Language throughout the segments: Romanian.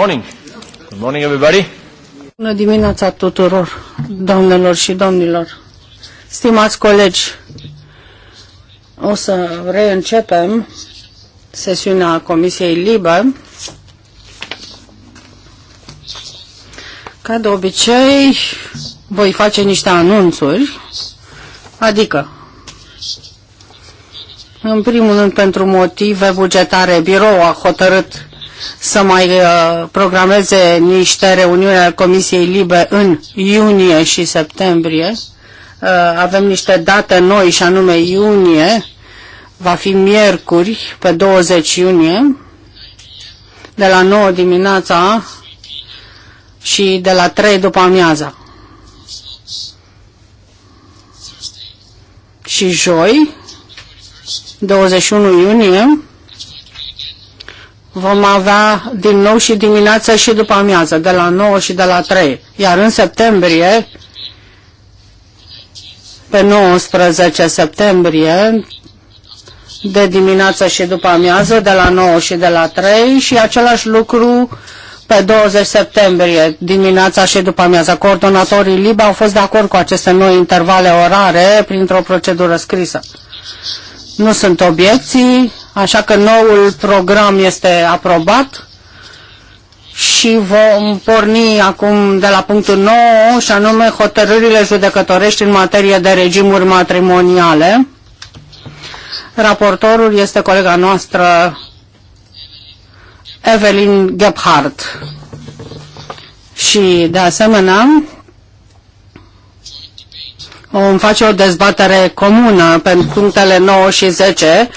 morning. Good morning, everybody. Bună dimineața tuturor, doamnelor și domnilor. Stimați colegi, o să reîncepem sesiunea Comisiei Libe. Ca de obicei, voi face niște anunțuri, adică în primul rând, pentru motive bugetare, birou a hotărât să mai uh, programeze niște reuniuni ale Comisiei Libe în iunie și septembrie. Uh, avem niște date noi și anume iunie, va fi miercuri pe 20 iunie, de la 9 dimineața și de la 3 după amiaza. Și joi, 21 iunie, vom avea din nou și dimineața și după amiază, de la 9 și de la 3. Iar în septembrie, pe 19 septembrie, de dimineață și după amiază, de la 9 și de la 3 și același lucru pe 20 septembrie, dimineața și după amiază. Coordonatorii LIBA au fost de acord cu aceste noi intervale orare printr-o procedură scrisă. Nu sunt obiecții, Așa că noul program este aprobat și vom porni acum de la punctul 9 și anume hotărârile judecătorești în materie de regimuri matrimoniale. Raportorul este colega noastră Evelyn Gebhardt. Și de asemenea vom face o dezbatere comună pentru punctele 9 și 10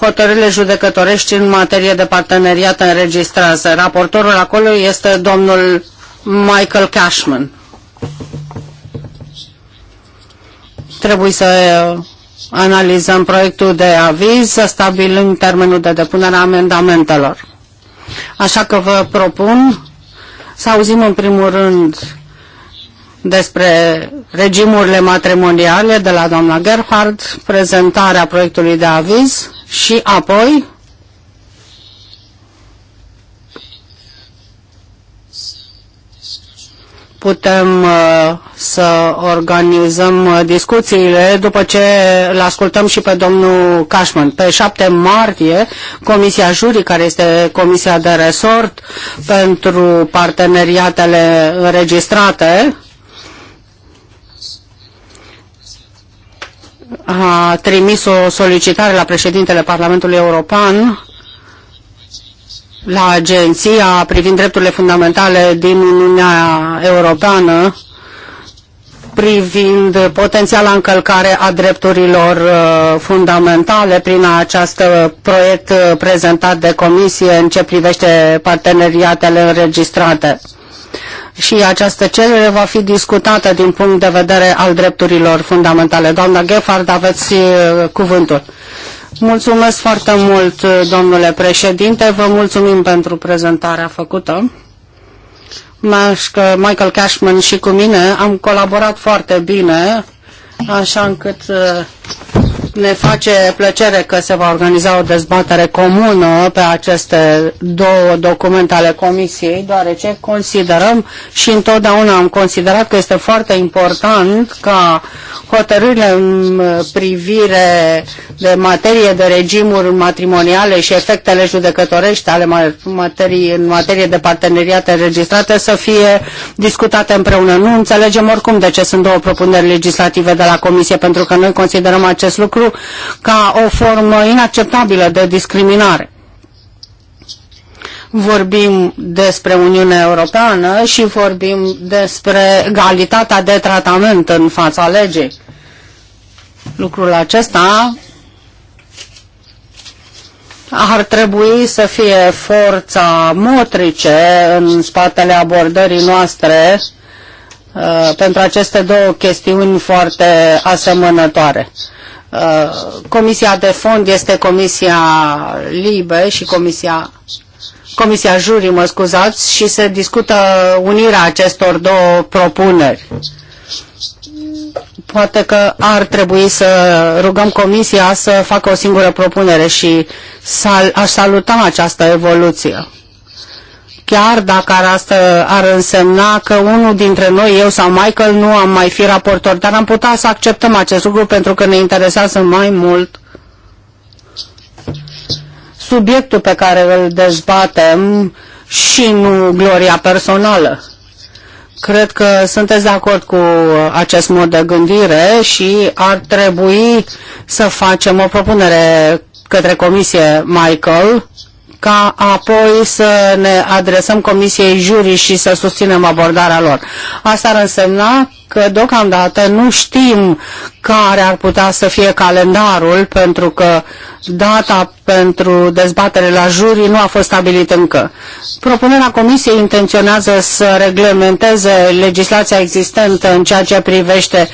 hotărârile judecătorești în materie de parteneriat înregistrează. Raportorul acolo este domnul Michael Cashman. Trebuie să uh, analizăm proiectul de aviz, să stabilim termenul de depunere a amendamentelor. Așa că vă propun să auzim în primul rând despre regimurile matrimoniale de la doamna Gerhard, prezentarea proiectului de aviz și apoi putem uh, să organizăm uh, discuțiile după ce îl ascultăm și pe domnul Cashman. Pe 7 martie, Comisia juri care este Comisia de Resort pentru parteneriatele înregistrate, a trimis o solicitare la președintele Parlamentului European la agenția privind drepturile fundamentale din Uniunea Europeană privind potențiala încălcare a drepturilor uh, fundamentale prin acest proiect uh, prezentat de comisie în ce privește parteneriatele înregistrate și această cerere va fi discutată din punct de vedere al drepturilor fundamentale. Doamna Geffard, aveți uh, cuvântul. Mulțumesc foarte mult, uh, domnule președinte. Vă mulțumim pentru prezentarea făcută. Michael Cashman și cu mine am colaborat foarte bine, așa încât uh, ne face plăcere că se va organiza o dezbatere comună pe aceste două documente ale Comisiei, deoarece considerăm și întotdeauna am considerat că este foarte important ca hotărârile în privire de materie de regimuri matrimoniale și efectele judecătorești ale materii, în materie de parteneriate registrate să fie discutate împreună. Nu înțelegem oricum de ce sunt două propuneri legislative de la Comisie, pentru că noi considerăm acest lucru lucru ca o formă inacceptabilă de discriminare. Vorbim despre Uniunea Europeană și vorbim despre egalitatea de tratament în fața legii. Lucrul acesta ar trebui să fie forța motrice în spatele abordării noastre uh, pentru aceste două chestiuni foarte asemănătoare. Uh, comisia de fond este Comisia Libe și Comisia, Comisia Jurii, mă scuzați, și se discută unirea acestor două propuneri. Poate că ar trebui să rugăm Comisia să facă o singură propunere și sal, aș saluta această evoluție chiar dacă ar, asta, ar însemna că unul dintre noi, eu sau Michael, nu am mai fi raportor, dar am putea să acceptăm acest lucru pentru că ne interesează mai mult subiectul pe care îl dezbatem și nu gloria personală. Cred că sunteți de acord cu acest mod de gândire și ar trebui să facem o propunere către comisie, Michael, ca apoi să ne adresăm Comisiei Juri și să susținem abordarea lor. Asta ar însemna că deocamdată nu știm care ar putea să fie calendarul, pentru că data pentru dezbatere la juri nu a fost stabilită încă. Propunerea Comisiei intenționează să reglementeze legislația existentă în ceea ce privește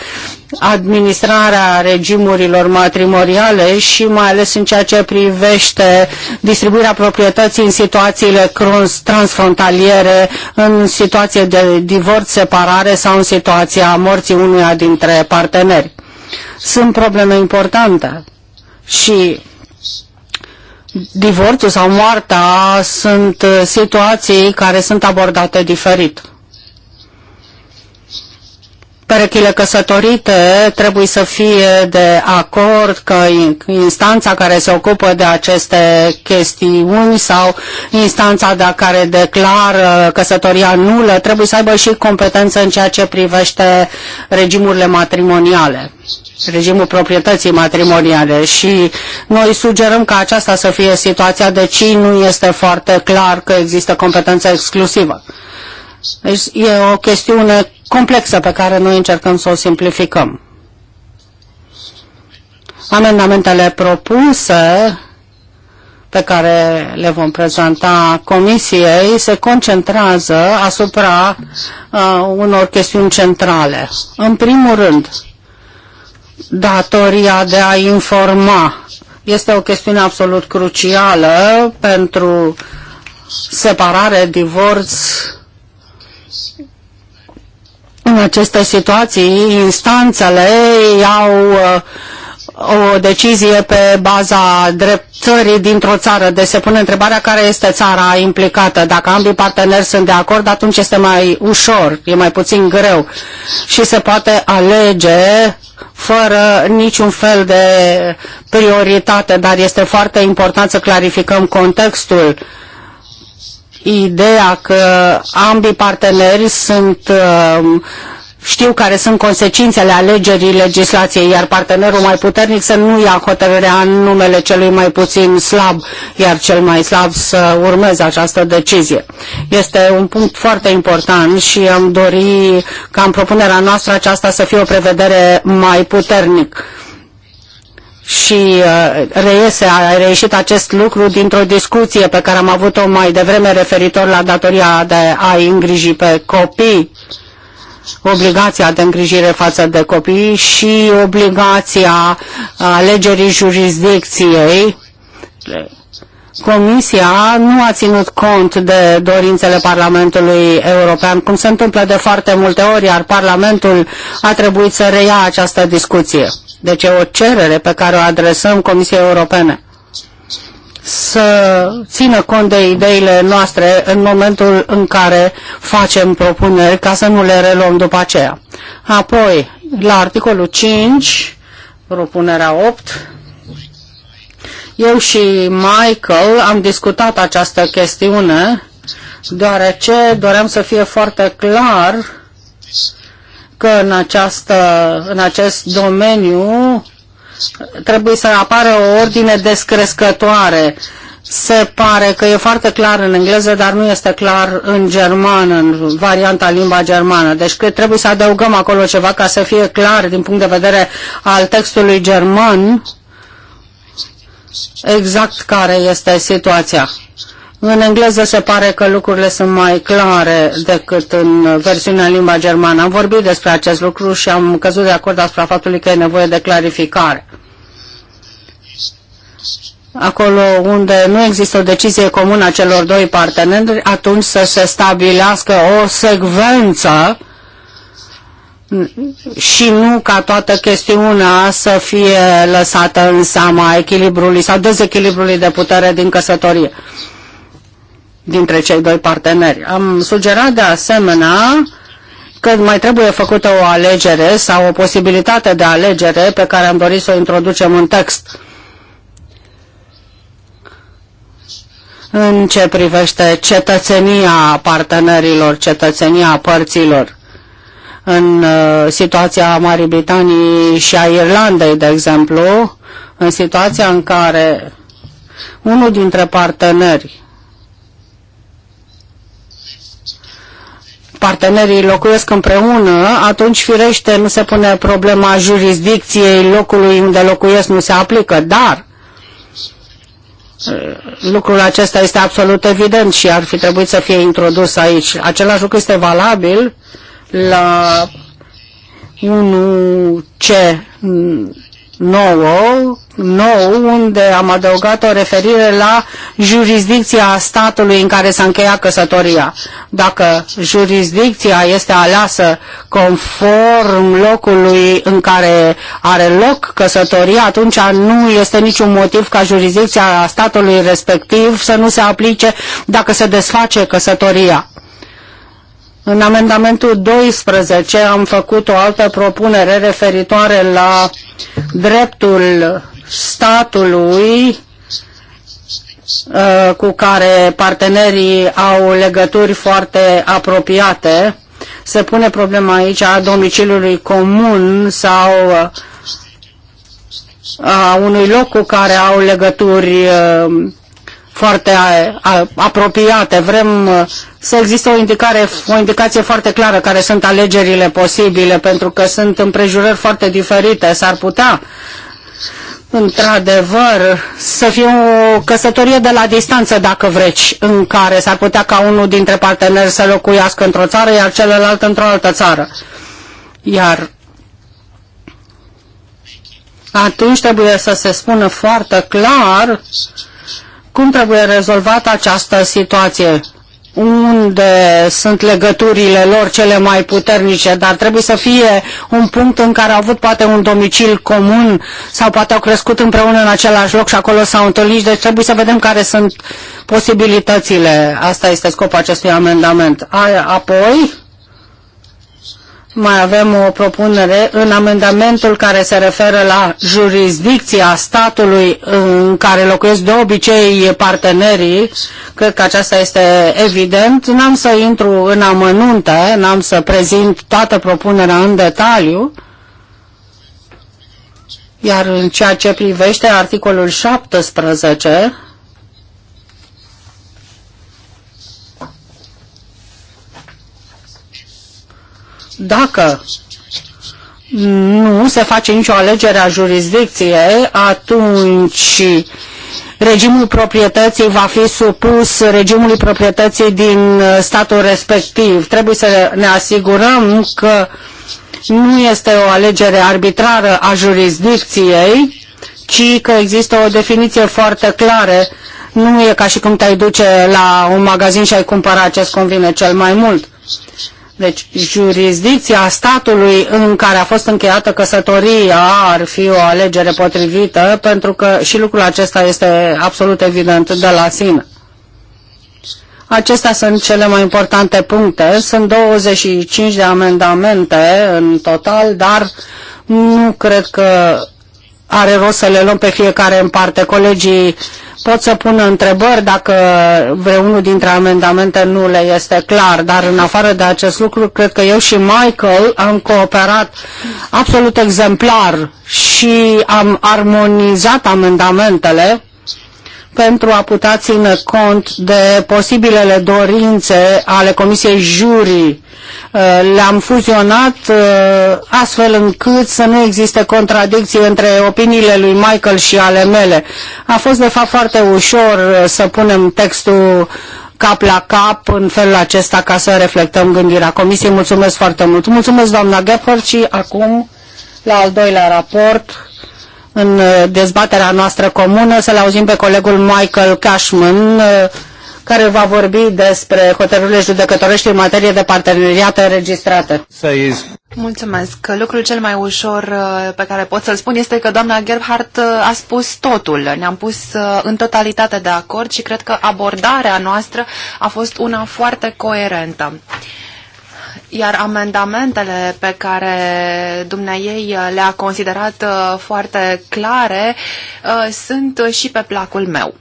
administrarea regimurilor matrimoniale și mai ales în ceea ce privește distribuirea proprietății în situațiile transfrontaliere, în situație de divorț, separare sau în situația morții unuia dintre parteneri. Sunt probleme importante și divorțul sau moartea sunt uh, situații care sunt abordate diferit perechile căsătorite trebuie să fie de acord că instanța care se ocupă de aceste chestiuni sau instanța de care declară căsătoria nulă trebuie să aibă și competență în ceea ce privește regimurile matrimoniale regimul proprietății matrimoniale și noi sugerăm ca aceasta să fie situația, deci nu este foarte clar că există competență exclusivă. Deci e o chestiune complexă pe care noi încercăm să o simplificăm. Amendamentele propuse pe care le vom prezenta comisiei se concentrează asupra uh, unor chestiuni centrale. În primul rând, datoria de a informa este o chestiune absolut crucială pentru separare, divorț, în aceste situații, instanțele iau uh, o decizie pe baza dreptării dintr-o țară. Deci se pune întrebarea care este țara implicată. Dacă ambii parteneri sunt de acord, atunci este mai ușor, e mai puțin greu și se poate alege fără niciun fel de prioritate, dar este foarte important să clarificăm contextul ideea că ambii parteneri sunt uh, știu care sunt consecințele alegerii legislației, iar partenerul mai puternic să nu ia hotărârea în numele celui mai puțin slab, iar cel mai slab să urmeze această decizie. Este un punct foarte important și am dori ca în propunerea noastră aceasta să fie o prevedere mai puternică și uh, reiese, a reieșit acest lucru dintr-o discuție pe care am avut-o mai devreme referitor la datoria de a îngriji pe copii, obligația de îngrijire față de copii și obligația alegerii jurisdicției. Comisia nu a ținut cont de dorințele Parlamentului European, cum se întâmplă de foarte multe ori, iar Parlamentul a trebuit să reia această discuție. Deci e o cerere pe care o adresăm Comisiei Europene să țină cont de ideile noastre în momentul în care facem propuneri ca să nu le reluăm după aceea. Apoi, la articolul 5, propunerea 8, eu și Michael am discutat această chestiune deoarece doream să fie foarte clar că în, această, în acest domeniu trebuie să apară o ordine descrescătoare. Se pare că e foarte clar în engleză, dar nu este clar în germană, în varianta limba germană. Deci cred trebuie să adăugăm acolo ceva ca să fie clar din punct de vedere al textului german exact care este situația. În engleză se pare că lucrurile sunt mai clare decât în versiunea în limba germană. Am vorbit despre acest lucru și am căzut de acord asupra faptului că e nevoie de clarificare. Acolo unde nu există o decizie comună a celor doi parteneri, atunci să se stabilească o secvență și nu ca toată chestiunea să fie lăsată în seama echilibrului sau dezechilibrului de putere din căsătorie dintre cei doi parteneri. Am sugerat de asemenea că mai trebuie făcută o alegere sau o posibilitate de alegere pe care am dorit să o introducem în text. În ce privește cetățenia partenerilor, cetățenia părților în uh, situația Marii Britanii și a Irlandei, de exemplu, în situația în care unul dintre parteneri partenerii locuiesc împreună, atunci firește nu se pune problema jurisdicției locului unde locuiesc nu se aplică, dar uh, lucrul acesta este absolut evident și ar fi trebuit să fie introdus aici. Același lucru este valabil la 1C9 nou, unde am adăugat o referire la jurisdicția statului în care s-a încheiat căsătoria. Dacă jurisdicția este aleasă conform locului în care are loc căsătoria, atunci nu este niciun motiv ca jurisdicția statului respectiv să nu se aplice dacă se desface căsătoria. În amendamentul 12 am făcut o altă propunere referitoare la dreptul statului uh, cu care partenerii au legături foarte apropiate. Se pune problema aici a domiciliului comun sau uh, a unui loc cu care au legături uh, foarte apropiate. Vrem să există o, indicare, o indicație foarte clară care sunt alegerile posibile, pentru că sunt împrejurări foarte diferite. S-ar putea într-adevăr, să fie o căsătorie de la distanță, dacă vreți, în care s-ar putea ca unul dintre parteneri să locuiască într-o țară, iar celălalt într-o altă țară. Iar atunci trebuie să se spună foarte clar cum trebuie rezolvată această situație unde sunt legăturile lor cele mai puternice, dar trebuie să fie un punct în care au avut poate un domicil comun sau poate au crescut împreună în același loc și acolo s-au întâlnit, deci trebuie să vedem care sunt posibilitățile. Asta este scopul acestui amendament. Apoi, mai avem o propunere în amendamentul care se referă la jurisdicția statului în care locuiesc de obicei partenerii. Cred că aceasta este evident. N-am să intru în amănunte, n-am să prezint toată propunerea în detaliu. Iar în ceea ce privește articolul 17, Dacă nu se face nicio alegere a jurisdicției, atunci regimul proprietății va fi supus regimului proprietății din uh, statul respectiv. Trebuie să ne asigurăm că nu este o alegere arbitrară a jurisdicției, ci că există o definiție foarte clară. Nu e ca și cum te-ai duce la un magazin și ai cumpăra ce-ți convine cel mai mult. Deci, jurisdicția statului în care a fost încheiată căsătoria ar fi o alegere potrivită, pentru că și lucrul acesta este absolut evident de la sine. Acestea sunt cele mai importante puncte. Sunt 25 de amendamente în total, dar nu cred că are rost să le luăm pe fiecare în parte. Colegii pot să pună întrebări dacă vreunul dintre amendamente nu le este clar, dar în afară de acest lucru, cred că eu și Michael am cooperat absolut exemplar și am armonizat amendamentele pentru a putea ține cont de posibilele dorințe ale Comisiei Jurii. Uh, le-am fuzionat uh, astfel încât să nu existe contradicții între opiniile lui Michael și ale mele. A fost de fapt foarte ușor uh, să punem textul cap la cap în felul acesta ca să reflectăm gândirea Comisiei. Mulțumesc foarte mult. Mulțumesc doamna Gephardt și acum la al doilea raport în uh, dezbaterea noastră comună, să-l auzim pe colegul Michael Cashman, uh, care va vorbi despre hotărârile judecătorești în materie de parteneriate înregistrate. Mulțumesc. Lucrul cel mai ușor uh, pe care pot să-l spun este că doamna Gerhardt a spus totul. Ne-am pus în totalitate de acord și cred că abordarea noastră a fost una foarte coerentă iar amendamentele pe care dumneai le-a considerat uh, foarte clare uh, sunt și pe placul meu.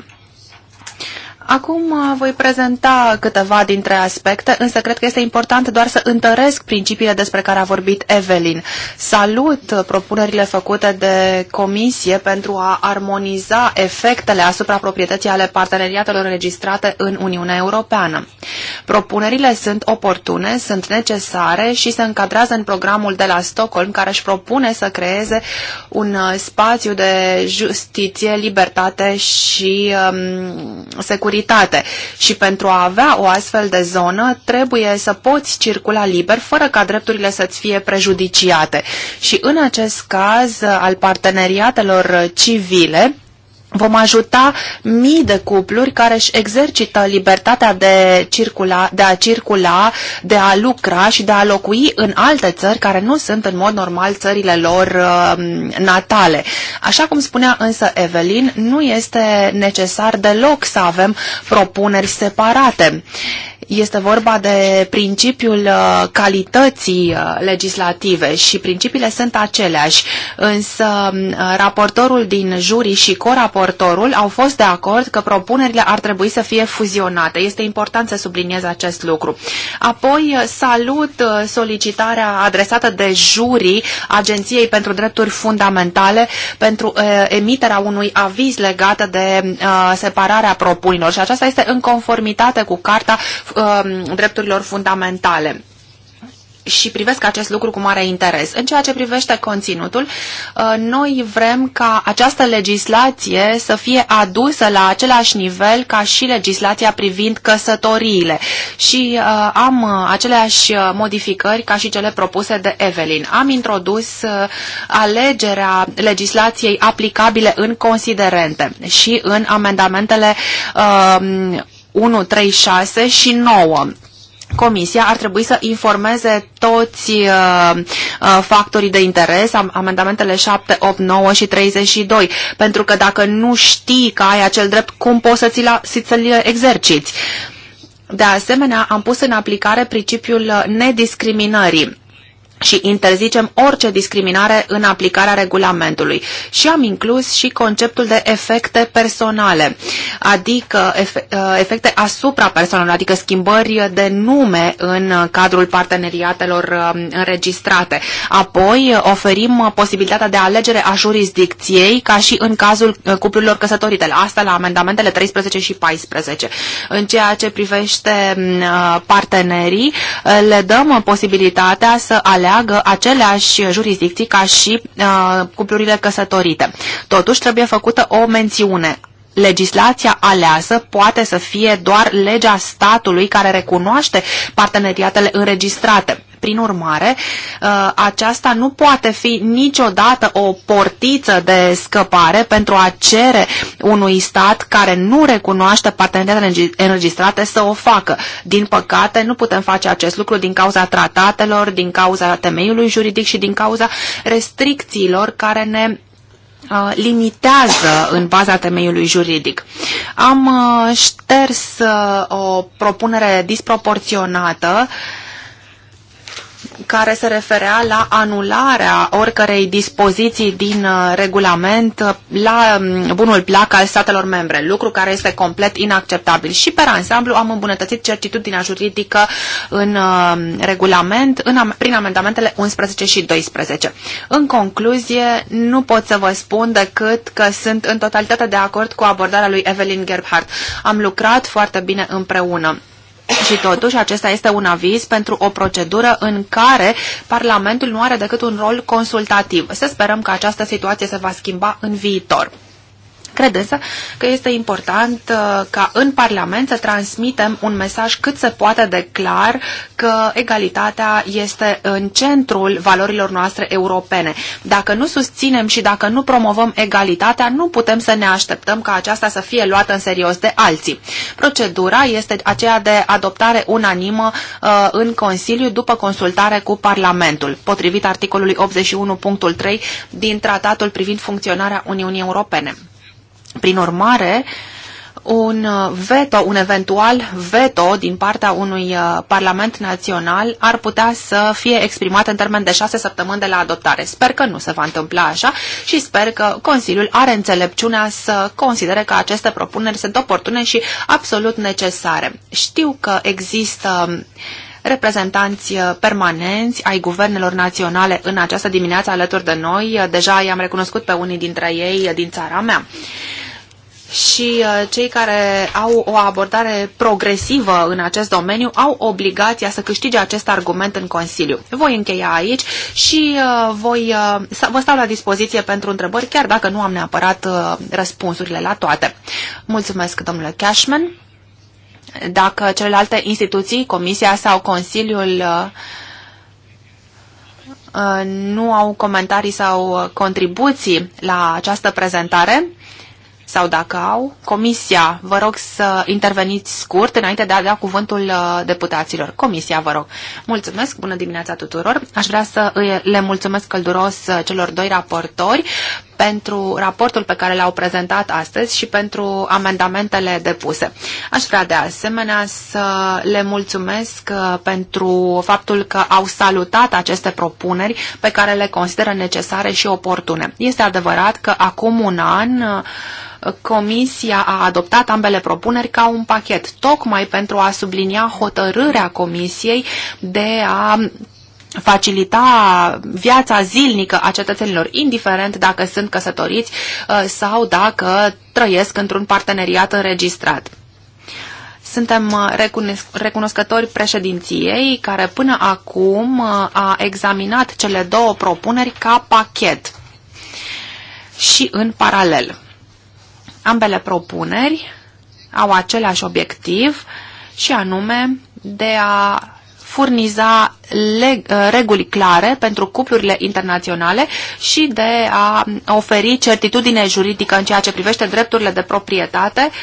Acum uh, voi prezenta câteva dintre aspecte, însă cred că este important doar să întăresc principiile despre care a vorbit Evelyn. Salut uh, propunerile făcute de comisie pentru a armoniza efectele asupra proprietății ale parteneriatelor înregistrate în Uniunea Europeană. Propunerile sunt oportune, sunt necesare și se încadrează în programul de la Stockholm care își propune să creeze un uh, spațiu de justiție, libertate și um, securitate securitate și pentru a avea o astfel de zonă trebuie să poți circula liber fără ca drepturile să-ți fie prejudiciate. Și în acest caz al parteneriatelor civile, Vom ajuta mii de cupluri care își exercită libertatea de, circula, de a circula, de a lucra și de a locui în alte țări care nu sunt în mod normal țările lor uh, natale. Așa cum spunea însă Evelyn, nu este necesar deloc să avem propuneri separate. Uh, este vorba de principiul uh, calității uh, legislative și principiile sunt aceleași, însă um, raportorul din juri și coraportorul au fost de acord că propunerile ar trebui să fie fuzionate. Este important să subliniez acest lucru. Apoi uh, salut solicitarea adresată de jurii Agenției pentru Drepturi Fundamentale pentru emiterea unui aviz legat de separarea propunilor. și aceasta este în conformitate cu Carta Um, drepturilor fundamentale și privesc acest lucru cu mare interes. În ceea ce privește conținutul, uh, noi vrem ca această legislație să fie adusă la același nivel ca și legislația privind căsătoriile și uh, am uh, aceleași modificări ca și cele propuse de Evelyn. Am introdus alegerea legislației aplicabile în considerente și în amendamentele um, 1, 3, 6 și 9. Comisia ar trebui să informeze toți uh, uh, factorii de interes, am, amendamentele 7, 8, 9 și 32, pentru că dacă nu știi că ai acel drept, cum poți să ți-l ți exerciți? De asemenea, am pus în aplicare principiul uh, nediscriminării și interzicem orice discriminare în aplicarea regulamentului. Și am inclus și conceptul de efecte personale, adică uh, efecte asupra persoanelor, adică schimbări de nume în cadrul parteneriatelor um, înregistrate. Apoi uh, oferim posibilitatea de alegere a jurisdicției, ca și în cazul uh, cuplurilor căsătorite. Asta la amendamentele 13 și 14. În ceea ce privește mm, partenerii, le dăm posibilitatea să aleagă înțeleagă aceleași jurisdicții ca și uh, cuplurile căsătorite. Totuși trebuie făcută o mențiune Legislația aleasă poate să fie doar legea statului care recunoaște parteneriatele înregistrate. Prin urmare, uh, aceasta nu poate fi niciodată o portiță de scăpare pentru a cere unui stat care nu recunoaște patentele înregistrate să o facă. Din păcate, nu putem face acest lucru din cauza tratatelor, din cauza temeiului juridic și din cauza restricțiilor care ne uh, limitează în baza temeiului juridic. Am uh, șters o propunere disproporționată care se referea la anularea oricărei dispoziții din uh, regulament uh, la um, bunul plac al statelor membre, lucru care este complet inacceptabil. Și pe ansamblu am îmbunătățit certitudinea juridică în uh, regulament în, prin amendamentele 11 și 12. În concluzie, nu pot să vă spun decât că sunt în totalitate de acord cu abordarea lui Evelyn Gerbhardt. Am lucrat foarte bine împreună. Și totuși acesta este un aviz pentru o procedură în care Parlamentul nu are decât un rol consultativ. Să sperăm că această situație se va schimba în viitor. Cred însă că este important uh, ca în Parlament să transmitem un mesaj cât se poate de clar că egalitatea este în centrul valorilor noastre europene. Dacă nu susținem și dacă nu promovăm egalitatea, nu putem să ne așteptăm ca aceasta să fie luată în serios de alții. Procedura este aceea de adoptare unanimă uh, în Consiliu după consultare cu Parlamentul, potrivit articolului 81.3 din Tratatul privind funcționarea Uniunii Europene. Prin urmare, un uh, veto, un eventual veto din partea unui uh, Parlament Național ar putea să fie exprimat în termen de șase săptămâni de la adoptare. Sper că nu se va întâmpla așa și sper că Consiliul are înțelepciunea să considere că aceste propuneri sunt oportune și absolut necesare. Știu că există um, reprezentanți uh, permanenți ai guvernelor naționale în această dimineață alături de noi. Deja i-am recunoscut pe unii dintre ei din țara mea și uh, cei care au o abordare progresivă în acest domeniu au obligația să câștige acest argument în Consiliu. Voi încheia aici și uh, voi, uh, vă stau la dispoziție pentru întrebări, chiar dacă nu am neapărat răspunsurile la toate. Mulțumesc, domnule Cashman. Dacă celelalte instituții, Comisia sau Consiliul nu au comentarii sau contribuții la această prezentare, sau dacă au. Comisia, vă rog să interveniți scurt înainte de a da cuvântul uh, deputaților. Comisia, vă rog. Mulțumesc, bună dimineața tuturor. Aș vrea să le mulțumesc călduros uh, celor doi raportori pentru raportul pe care l-au prezentat astăzi și pentru amendamentele depuse. Aș vrea de asemenea să le mulțumesc uh, pentru faptul că au salutat aceste propuneri pe care le consideră necesare și oportune. Este adevărat că acum un an Comisia a adoptat ambele propuneri ca un pachet, tocmai pentru a sublinia hotărârea Comisiei de a facilita viața zilnică a cetățenilor, indiferent dacă sunt căsătoriți uh, sau dacă trăiesc într-un parteneriat înregistrat. Suntem uh, recunoscători președinției care până acum uh, a examinat cele două propuneri ca pachet și în paralel. Ambele propuneri au același obiectiv și anume de a furniza reguli clare pentru cuplurile internaționale și de a oferi certitudine juridică în ceea ce privește drepturile de proprietate uh,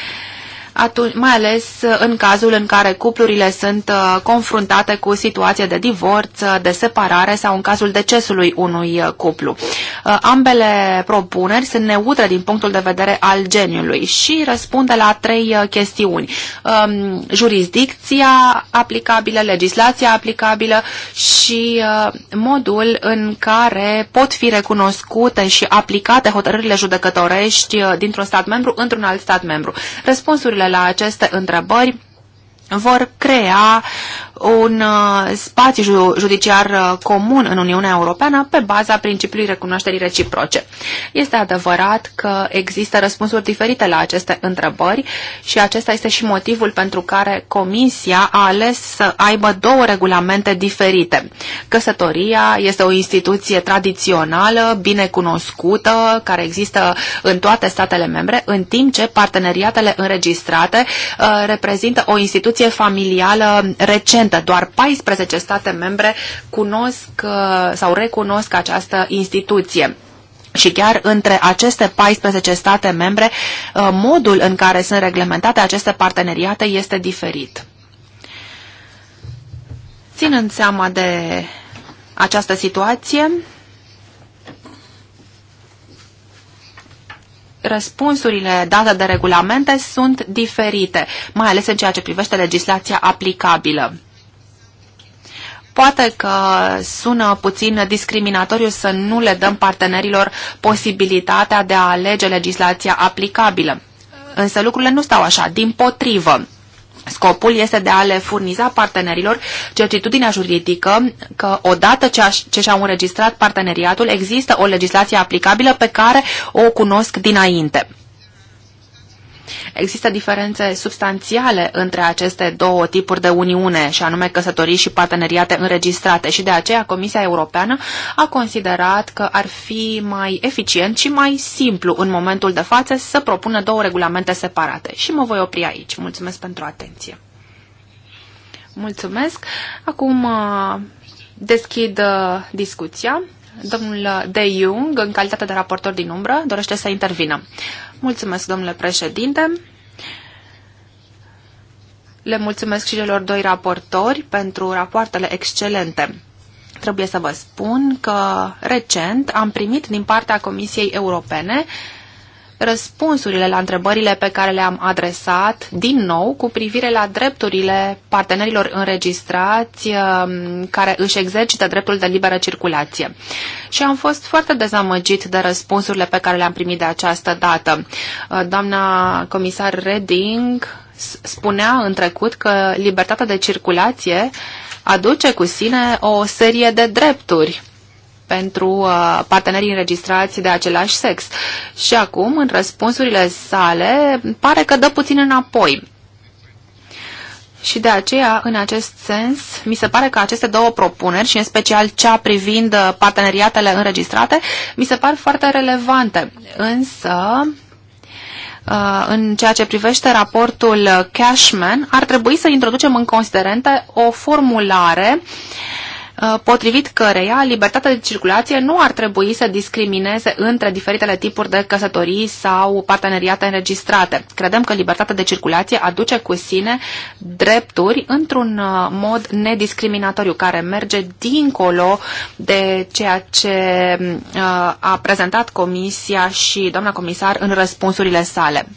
atunci, mai ales uh, în cazul în care cuplurile sunt uh, confruntate cu situație de divorț, uh, de separare sau în cazul decesului unui cuplu. Ambele propuneri sunt neutre din punctul de vedere al geniului și răspunde la trei chestiuni. Um, jurisdicția aplicabilă, legislația aplicabilă și modul în care pot fi recunoscute și aplicate hotărârile judecătorești dintr-un stat membru într-un alt stat membru. Răspunsurile răspunsurile la aceste întrebări vor crea un uh, spațiu judiciar uh, comun în Uniunea Europeană pe baza principiului recunoașterii reciproce. Este adevărat că există răspunsuri diferite la aceste întrebări și acesta este și motivul pentru care Comisia a ales să aibă două regulamente diferite. Căsătoria este o instituție tradițională, bine cunoscută, care există în toate statele membre, în timp ce parteneriatele înregistrate uh, reprezintă o instituție familială recentă prezentă. Doar 14 state membre cunosc uh, sau recunosc această instituție. Și chiar între aceste 14 state membre, uh, modul în care sunt reglementate aceste parteneriate este diferit. Ținând seama de această situație, răspunsurile date de regulamente sunt diferite, mai ales în ceea ce privește legislația aplicabilă. Poate că sună puțin discriminatoriu să nu le dăm partenerilor posibilitatea de a alege legislația aplicabilă. Însă lucrurile nu stau așa, din potrivă. Scopul este de a le furniza partenerilor certitudinea juridică că odată ce și-au înregistrat parteneriatul există o legislație aplicabilă pe care o cunosc dinainte. Există diferențe substanțiale între aceste două tipuri de uniune, și anume căsătorii și parteneriate înregistrate, și de aceea Comisia Europeană a considerat că ar fi mai eficient și mai simplu în momentul de față să propună două regulamente separate. Și mă voi opri aici. Mulțumesc pentru atenție. Mulțumesc. Acum uh, deschid uh, discuția. Domnul De Jung, în calitate de raportor din umbră, dorește să intervină. Mulțumesc, domnule președinte. Le mulțumesc și celor doi raportori pentru rapoartele excelente. Trebuie să vă spun că recent am primit din partea Comisiei Europene uh, răspunsurile la întrebările pe care le-am adresat, din nou, cu privire la drepturile partenerilor înregistrați um, care își exercită dreptul de liberă circulație. Și am fost foarte dezamăgit de răspunsurile pe care le-am primit de această dată. Uh, doamna comisar Reding spunea în trecut că libertatea de circulație aduce cu sine o serie de drepturi pentru uh, partenerii înregistrați de același sex. Și acum, în răspunsurile sale, pare că dă puțin înapoi. Și de aceea, în acest sens, mi se pare că aceste două propuneri, și în special cea privind uh, parteneriatele înregistrate, mi se par foarte relevante. Însă, uh, în ceea ce privește raportul Cashman, ar trebui să introducem în considerente o formulare uh, Uh, potrivit căreia libertatea de circulație nu ar trebui să discrimineze între diferitele tipuri de căsătorii sau parteneriate înregistrate. Credem că libertatea de circulație aduce cu sine drepturi într-un uh, mod nediscriminatoriu, care merge dincolo de ceea ce uh, a prezentat Comisia și doamna comisar în răspunsurile sale.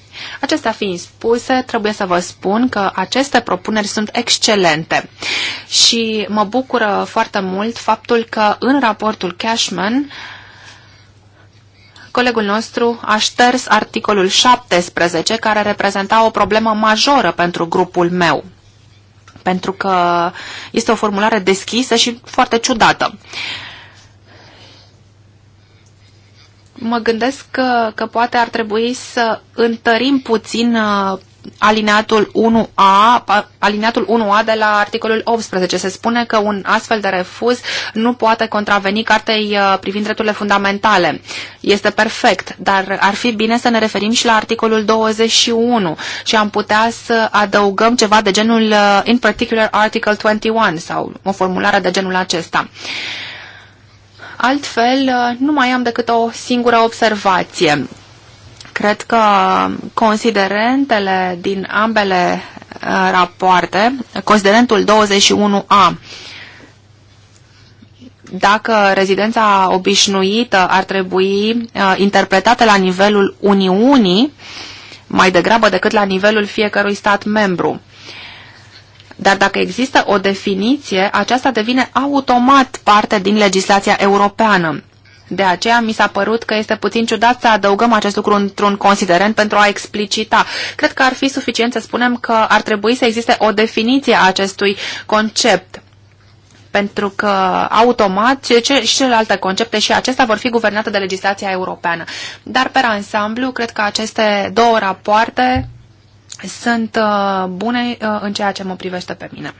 Acestea fiind spuse, trebuie să vă spun că aceste propuneri sunt excelente și mă bucură foarte mult faptul că în raportul Cashman Colegul nostru a șters articolul 17, care reprezenta o problemă majoră pentru grupul meu, pentru că este o formulare deschisă și foarte ciudată. mă gândesc că, că poate ar trebui să întărim puțin uh, alineatul 1A, alineatul 1A de la articolul 18. Se spune că un astfel de refuz nu poate contraveni cartei uh, privind drepturile fundamentale. Este perfect, dar ar fi bine să ne referim și la articolul 21 și am putea să adăugăm ceva de genul uh, in particular article 21 sau o formulare de genul acesta. Uh, Altfel, nu mai am decât o singură observație. Cred că considerentele din ambele uh, rapoarte, considerentul 21A, dacă rezidența obișnuită ar trebui uh, interpretată la nivelul Uniunii, mai degrabă decât la nivelul fiecărui stat membru. Dar dacă există o definiție, aceasta devine automat parte din legislația europeană. De aceea mi s-a părut că este puțin ciudat să adăugăm acest lucru într-un considerent pentru a explicita. Cred că ar fi suficient să spunem că ar trebui să existe o definiție a acestui concept pentru că automat ce, ce, și celelalte concepte și acestea vor fi guvernate de legislația europeană. Dar, pe ansamblu, cred că aceste două rapoarte sunt uh, bune uh, în ceea ce mă privește pe mine.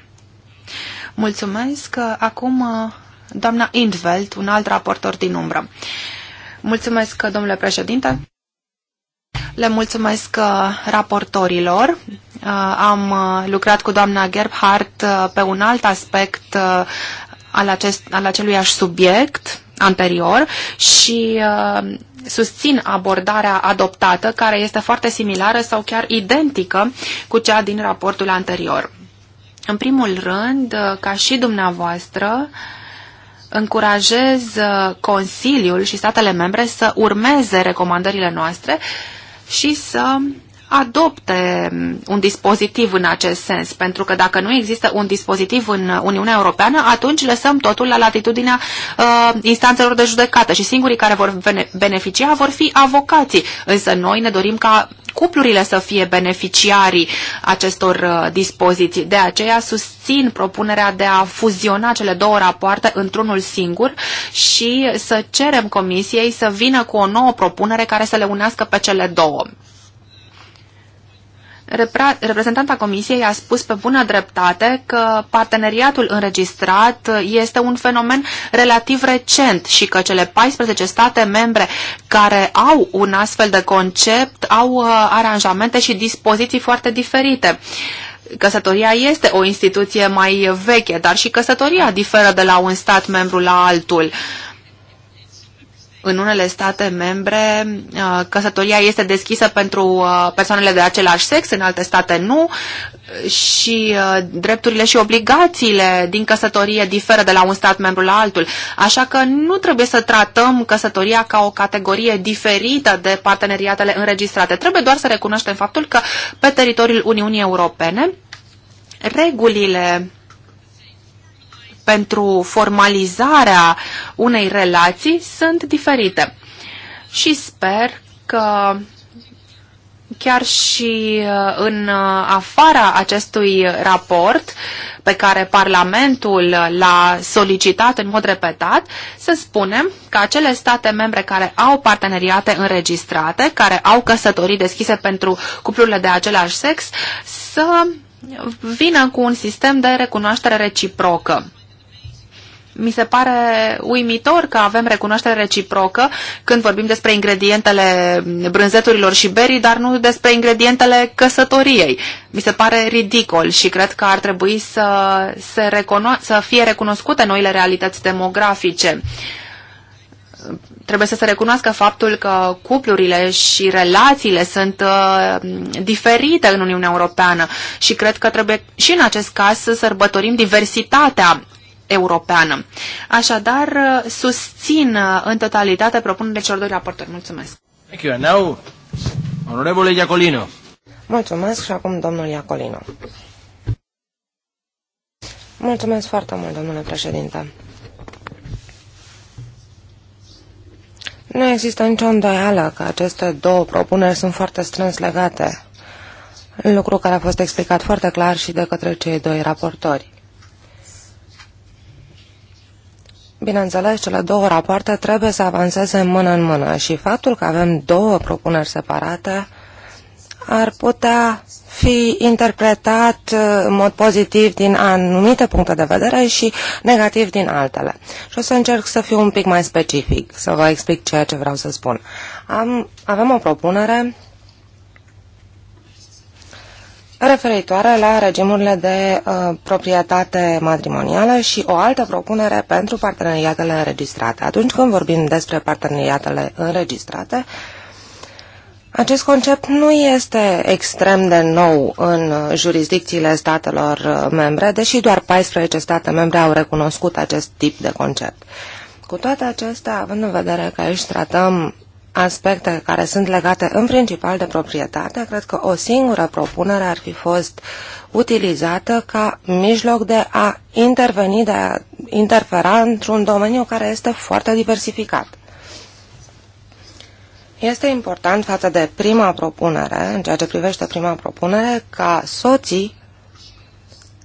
Mulțumesc. Uh, acum, doamna Indveld, un alt raportor din umbră. Mulțumesc, domnule președinte. Le mulțumesc raportorilor. Am lucrat cu doamna Gerbhardt pe un alt aspect al, acest, al aceluiași subiect anterior și uh, susțin abordarea adoptată, care este foarte similară sau chiar identică cu cea din raportul anterior. În primul rând, ca și dumneavoastră, încurajez uh, Consiliul și statele membre să urmeze recomandările noastre și să adopte mm, un dispozitiv în acest sens, pentru că dacă nu există un dispozitiv în Uniunea Europeană, atunci lăsăm totul la latitudinea uh, instanțelor de judecată și singurii care vor beneficia vor fi avocații. Însă noi ne dorim ca cuplurile să fie beneficiarii acestor uh, dispoziții. De aceea susțin propunerea de a fuziona cele două rapoarte într-unul singur și să cerem Comisiei să vină cu o nouă propunere care să le unească pe cele două reprezentanta Comisiei a spus pe bună dreptate că parteneriatul înregistrat este un fenomen relativ recent și că cele 14 state membre care au un astfel de concept au uh, aranjamente și dispoziții foarte diferite. Căsătoria este o instituție mai veche, dar și căsătoria diferă de la un stat membru la altul. Uh, în unele state membre uh, căsătoria este deschisă pentru uh, persoanele de același sex, în alte state nu și uh, drepturile și obligațiile din căsătorie diferă de la un stat membru la altul. Așa că nu trebuie să tratăm căsătoria ca o categorie diferită de parteneriatele înregistrate. Trebuie doar să recunoaștem faptul că pe teritoriul Uniunii Europene regulile pentru formalizarea unei relații sunt diferite. Și sper că chiar și uh, în uh, afara acestui raport pe care Parlamentul l-a solicitat în mod repetat, să spunem că acele state membre care au parteneriate înregistrate, care au căsătorii deschise pentru cuplurile de același sex, să vină cu un sistem de recunoaștere reciprocă mi se pare uimitor că avem recunoaștere reciprocă când vorbim despre ingredientele brânzeturilor și berii, dar nu despre ingredientele căsătoriei. Mi se pare ridicol și cred că ar trebui să, se să fie recunoscute noile realități demografice trebuie să se recunoască faptul că cuplurile și relațiile sunt uh, diferite în Uniunea Europeană și cred că trebuie și în acest caz să sărbătorim diversitatea europeană. Așadar, susțin uh, în totalitate propunerile celor doi raportori. Mulțumesc. Thank you. Now, Iacolino. Mulțumesc și acum domnul Iacolino. Mulțumesc foarte mult, domnule președinte. Nu există nicio îndoială că aceste două propuneri sunt foarte strâns legate, lucru care a fost explicat foarte clar și de către cei doi raportori. Bineînțeles, cele două rapoarte trebuie să avanseze mână în mână și faptul că avem două propuneri separate ar putea fi interpretat uh, în mod pozitiv din anumite puncte de vedere și negativ din altele. Și o să încerc să fiu un pic mai specific, să vă explic ceea ce vreau să spun. Am, avem o propunere referitoare la regimurile de uh, proprietate matrimonială și o altă propunere pentru parteneriatele înregistrate. Atunci când vorbim despre parteneriatele înregistrate, acest concept nu este extrem de nou în jurisdicțiile statelor uh, membre, deși doar 14 state membre au recunoscut acest tip de concept. Cu toate acestea, având în vedere că aici tratăm aspecte care sunt legate în principal de proprietate, cred că o singură propunere ar fi fost utilizată ca mijloc de a interveni, de a interfera într-un domeniu care este foarte diversificat. Este important față de prima propunere, în ceea ce privește prima propunere, ca soții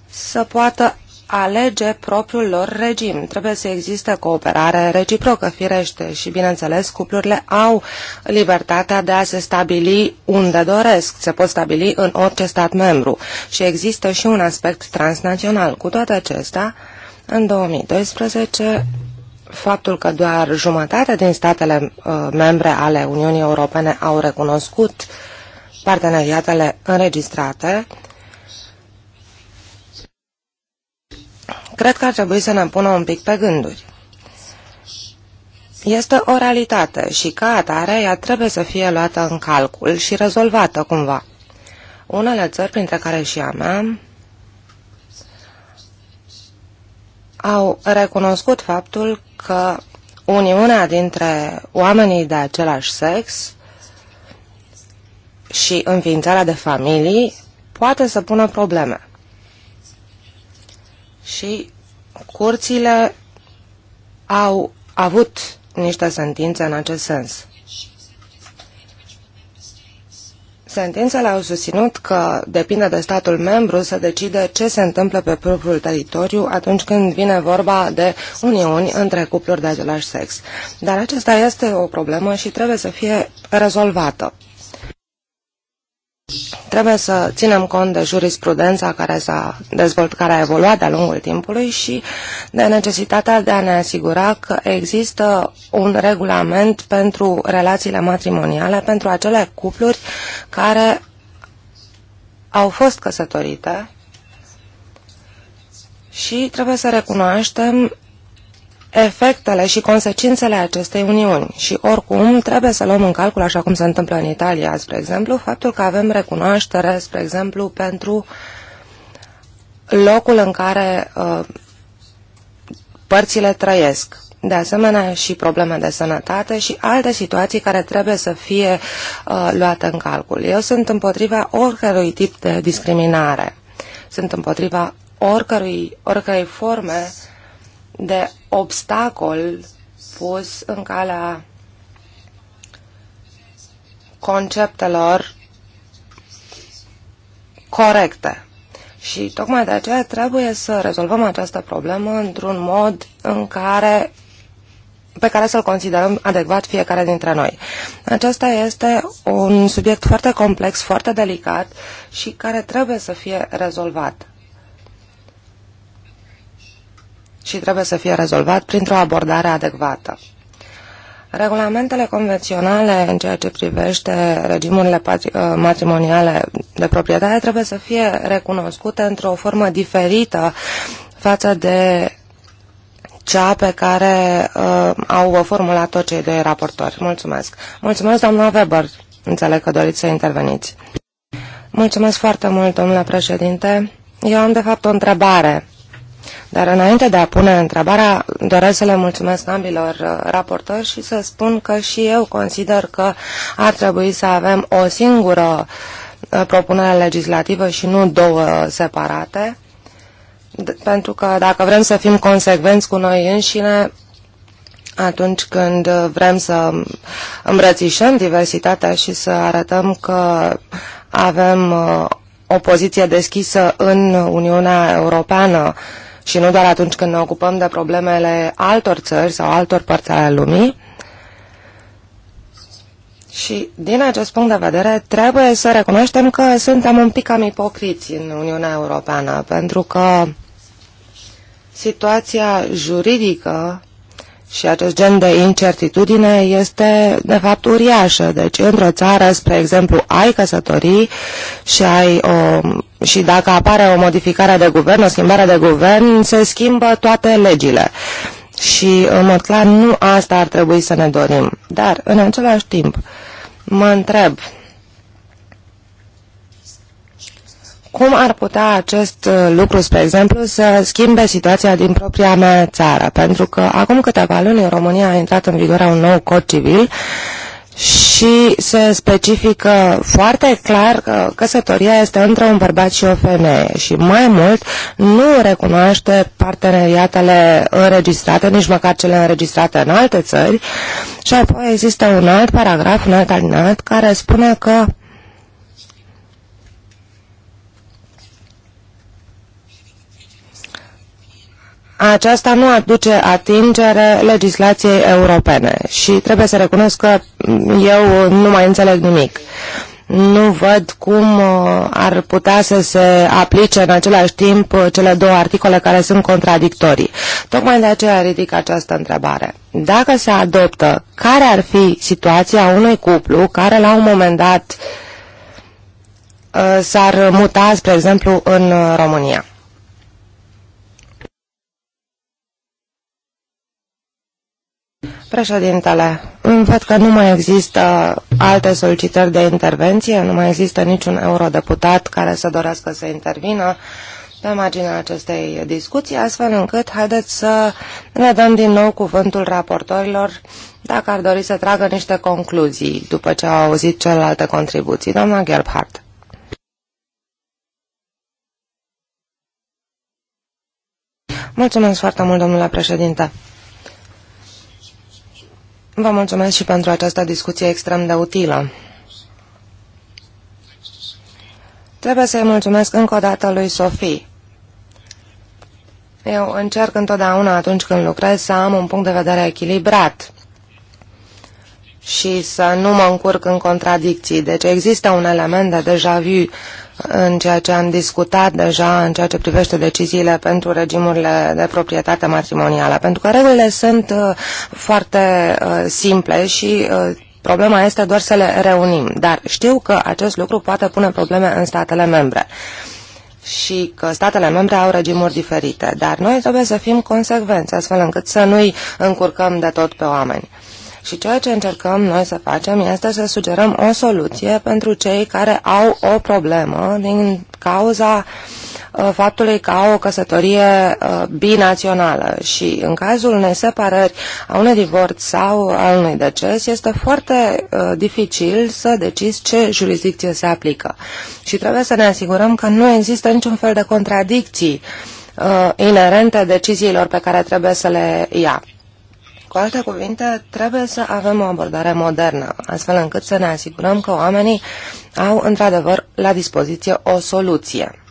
să poată alege propriul lor regim. Trebuie să existe cooperare reciprocă, firește, și, bineînțeles, cuplurile au libertatea de a se stabili unde doresc. Se pot stabili în orice stat membru și există și un aspect transnațional. Cu toate acestea, în 2012, faptul că doar jumătate din statele uh, membre ale Uniunii Europene au recunoscut parteneriatele înregistrate cred că ar trebui să ne pună un pic pe gânduri. Este o realitate și ca atare ea trebuie să fie luată în calcul și rezolvată cumva. Unele țări, printre care și a mea, au recunoscut faptul că uniunea dintre oamenii de același sex și înființarea de familii poate să pună probleme și curțile au avut niște sentințe în acest sens. Sentințele au susținut că depinde de statul membru să decide ce se întâmplă pe propriul teritoriu atunci când vine vorba de uniuni între cupluri de același sex. Dar aceasta este o problemă și trebuie să fie rezolvată. Trebuie să ținem cont de jurisprudența care s-a dezvoltat, care a evoluat de-a lungul timpului și de necesitatea de a ne asigura că există un regulament pentru relațiile matrimoniale, pentru acele cupluri care au fost căsătorite și trebuie să recunoaștem efectele și consecințele acestei uniuni și oricum trebuie să luăm în calcul, așa cum se întâmplă în Italia, spre exemplu, faptul că avem recunoaștere, spre exemplu, pentru locul în care uh, părțile trăiesc. De asemenea și probleme de sănătate și alte situații care trebuie să fie uh, luate în calcul. Eu sunt împotriva oricărui tip de discriminare. Sunt împotriva oricărui, oricărei forme de obstacol pus în calea conceptelor corecte. Și tocmai de aceea trebuie să rezolvăm această problemă într-un mod în care pe care să-l considerăm adecvat fiecare dintre noi. Acesta este un subiect foarte complex, foarte delicat și care trebuie să fie rezolvat. și trebuie să fie rezolvat printr-o abordare adecvată. Regulamentele convenționale în ceea ce privește regimurile ă, matrimoniale de proprietate trebuie să fie recunoscute într-o formă diferită față de cea pe care uh, au formulat-o cei doi raportori. Mulțumesc. Mulțumesc, doamna Weber. Înțeleg că doriți să interveniți. Mulțumesc foarte mult, domnule președinte. Eu am, de fapt, o întrebare dar înainte de a pune întrebarea, doresc să le mulțumesc ambilor uh, raportori și să spun că și eu consider că ar trebui să avem o singură uh, propunere legislativă și nu două separate, pentru că dacă vrem să fim consecvenți cu noi înșine, atunci când vrem să îmbrățișăm diversitatea și să arătăm că avem uh, o poziție deschisă în Uniunea Europeană și nu doar atunci când ne ocupăm de problemele altor țări sau altor părți ale lumii. Și din acest punct de vedere trebuie să recunoaștem că suntem un pic cam ipocriți în Uniunea Europeană, pentru că situația juridică și acest gen de incertitudine este de fapt uriașă. Deci într-o țară, spre exemplu, ai căsătorii și, ai o, și dacă apare o modificare de guvern, o schimbare de guvern, se schimbă toate legile. Și în mod clar nu asta ar trebui să ne dorim. Dar în același timp mă întreb Cum ar putea acest uh, lucru, spre exemplu, să schimbe situația din propria mea țară? Pentru că acum câteva luni în România a intrat în vigoare un nou cod civil și se specifică foarte clar că căsătoria este între un bărbat și o femeie și mai mult nu recunoaște parteneriatele înregistrate, nici măcar cele înregistrate în alte țări și apoi există un alt paragraf, un alt alinat, care spune că aceasta nu aduce atingere legislației europene și trebuie să recunosc că eu nu mai înțeleg nimic. Nu văd cum uh, ar putea să se aplice în același timp uh, cele două articole care sunt contradictorii. Tocmai de aceea ridic această întrebare. Dacă se adoptă, care ar fi situația unui cuplu care la un moment dat uh, s-ar muta, spre exemplu, în România? Președintele, văd că nu mai există alte solicitări de intervenție, nu mai există niciun eurodeputat care să dorească să intervină pe marginea acestei discuții, astfel încât haideți să ne dăm din nou cuvântul raportorilor dacă ar dori să tragă niște concluzii după ce au auzit celelalte contribuții. Doamna Gerbhardt. Mulțumesc foarte mult, domnule președinte. Vă mulțumesc și pentru această discuție extrem de utilă. Trebuie să-i mulțumesc încă o dată lui Sofie. Eu încerc întotdeauna atunci când lucrez să am un punct de vedere echilibrat și să nu mă încurc în contradicții. Deci există un element de deja vu în ceea ce am discutat deja în ceea ce privește deciziile pentru regimurile de proprietate matrimonială, pentru că regulile sunt uh, foarte uh, simple și uh, problema este doar să le reunim. Dar știu că acest lucru poate pune probleme în statele membre și că statele membre au regimuri diferite, dar noi trebuie să fim consecvenți, astfel încât să nu-i încurcăm de tot pe oameni. Și ceea ce încercăm noi să facem este să sugerăm o soluție pentru cei care au o problemă din cauza uh, faptului că au o căsătorie uh, binațională și în cazul unei separări, a unui divorț sau al unui deces, este foarte uh, dificil să decizi ce jurisdicție se aplică. Și trebuie să ne asigurăm că nu există niciun fel de contradicții inerente deciziilor pe care trebuie să le ia. Cu alte cuvinte, trebuie să avem o abordare modernă, astfel încât să ne asigurăm că oamenii au într-adevăr la dispoziție o soluție.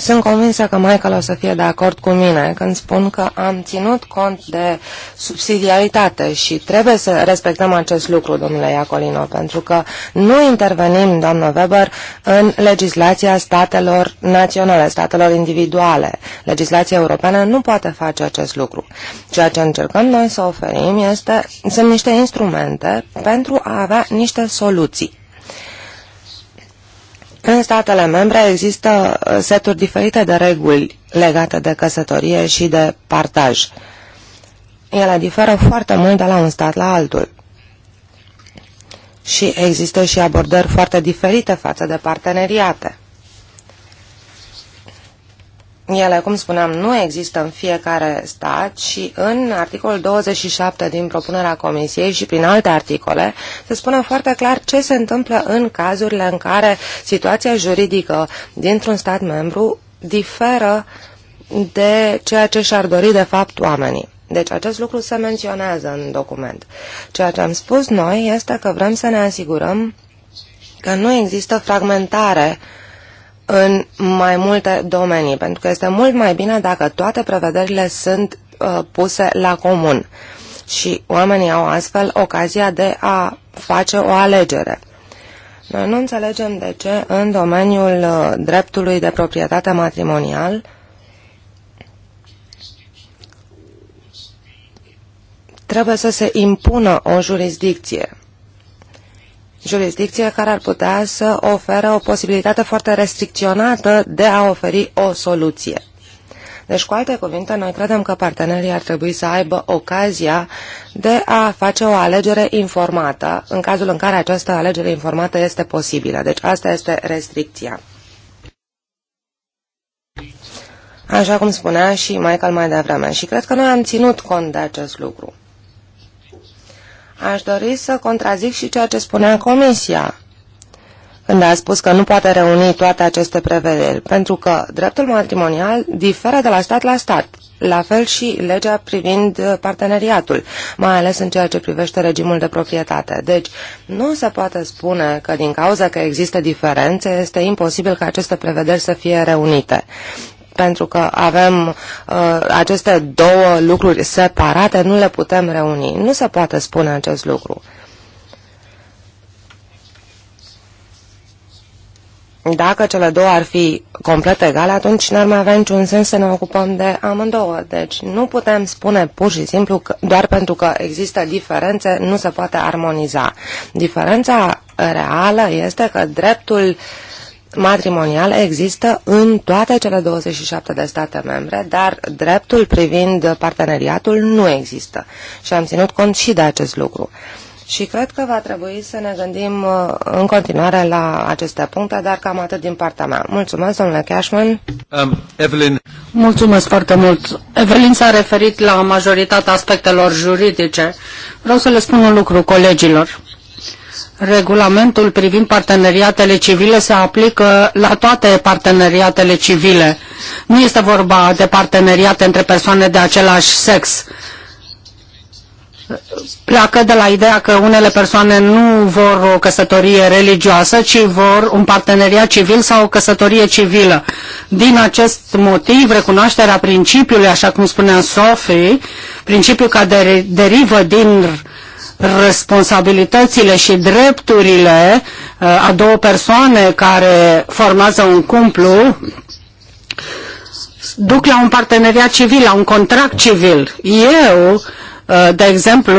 Sunt convinsă că Michael o să fie de acord cu mine când spun că am ținut cont de subsidiaritate și trebuie să respectăm acest lucru, domnule Iacolino, pentru că nu intervenim, doamnă Weber, în legislația statelor naționale, statelor individuale. Legislația europeană nu poate face acest lucru. Ceea ce încercăm noi să oferim este, sunt niște instrumente pentru a avea niște soluții. În statele membre există uh, seturi diferite de reguli legate de căsătorie și de partaj. Ele diferă foarte mult de la un stat la altul. Și există și abordări foarte diferite față de parteneriate. Ele, cum spuneam, nu există în fiecare stat și în articolul 27 din propunerea Comisiei și prin alte articole se spune foarte clar ce se întâmplă în cazurile în care situația juridică dintr-un stat membru diferă de ceea ce și-ar dori de fapt oamenii. Deci acest lucru se menționează în document. Ceea ce am spus noi este că vrem să ne asigurăm că nu există fragmentare uh, în mai multe domenii, pentru că este mult mai bine dacă toate prevederile sunt uh, puse la comun și oamenii au astfel ocazia de a face o alegere. Noi nu înțelegem de ce în domeniul uh, dreptului de proprietate matrimonial trebuie să se impună o jurisdicție jurisdicție care ar putea să ofere o posibilitate foarte restricționată de a oferi o soluție. Deci, cu alte cuvinte, noi credem că partenerii ar trebui să aibă ocazia de a face o alegere informată, în cazul în care această alegere informată este posibilă. Deci, asta este restricția. Așa cum spunea și Michael mai devreme. Și cred că noi am ținut cont de acest lucru. Aș dori să contrazic și ceea ce spunea Comisia când a spus că nu poate reuni toate aceste prevederi, pentru că dreptul matrimonial diferă de la stat la stat, la fel și legea privind parteneriatul, mai ales în ceea ce privește regimul de proprietate. Deci, nu se poate spune că din cauza că există diferențe, este imposibil ca aceste prevederi să fie reunite pentru că avem uh, aceste două lucruri separate, nu le putem reuni. Nu se poate spune acest lucru. Dacă cele două ar fi complet egale, atunci n-ar mai avea niciun sens să ne ocupăm de amândouă. Deci nu putem spune pur și simplu că doar pentru că există diferențe nu se poate armoniza. Diferența reală este că dreptul uh, matrimonial există în toate cele 27 de state membre, dar dreptul privind parteneriatul nu există. Și am ținut cont și de acest lucru. Și cred că va trebui să ne gândim uh, în continuare la aceste puncte, dar cam atât din partea mea. Mulțumesc, domnule Cashman. Um, Evelyn. Mulțumesc foarte mult. Evelyn s-a referit la majoritatea aspectelor juridice. Vreau să le spun un lucru colegilor regulamentul privind parteneriatele civile se aplică la toate parteneriatele civile. Nu este vorba de parteneriate între persoane de același sex. Pleacă de la ideea că unele persoane nu vor o căsătorie religioasă, ci vor un parteneriat civil sau o căsătorie civilă. Din acest motiv, recunoașterea principiului, așa cum spunea Sophie, principiul care derivă din responsabilitățile și drepturile uh, a două persoane care formează un cumplu duc la un parteneriat civil, la un contract civil. Eu Uh, de exemplu,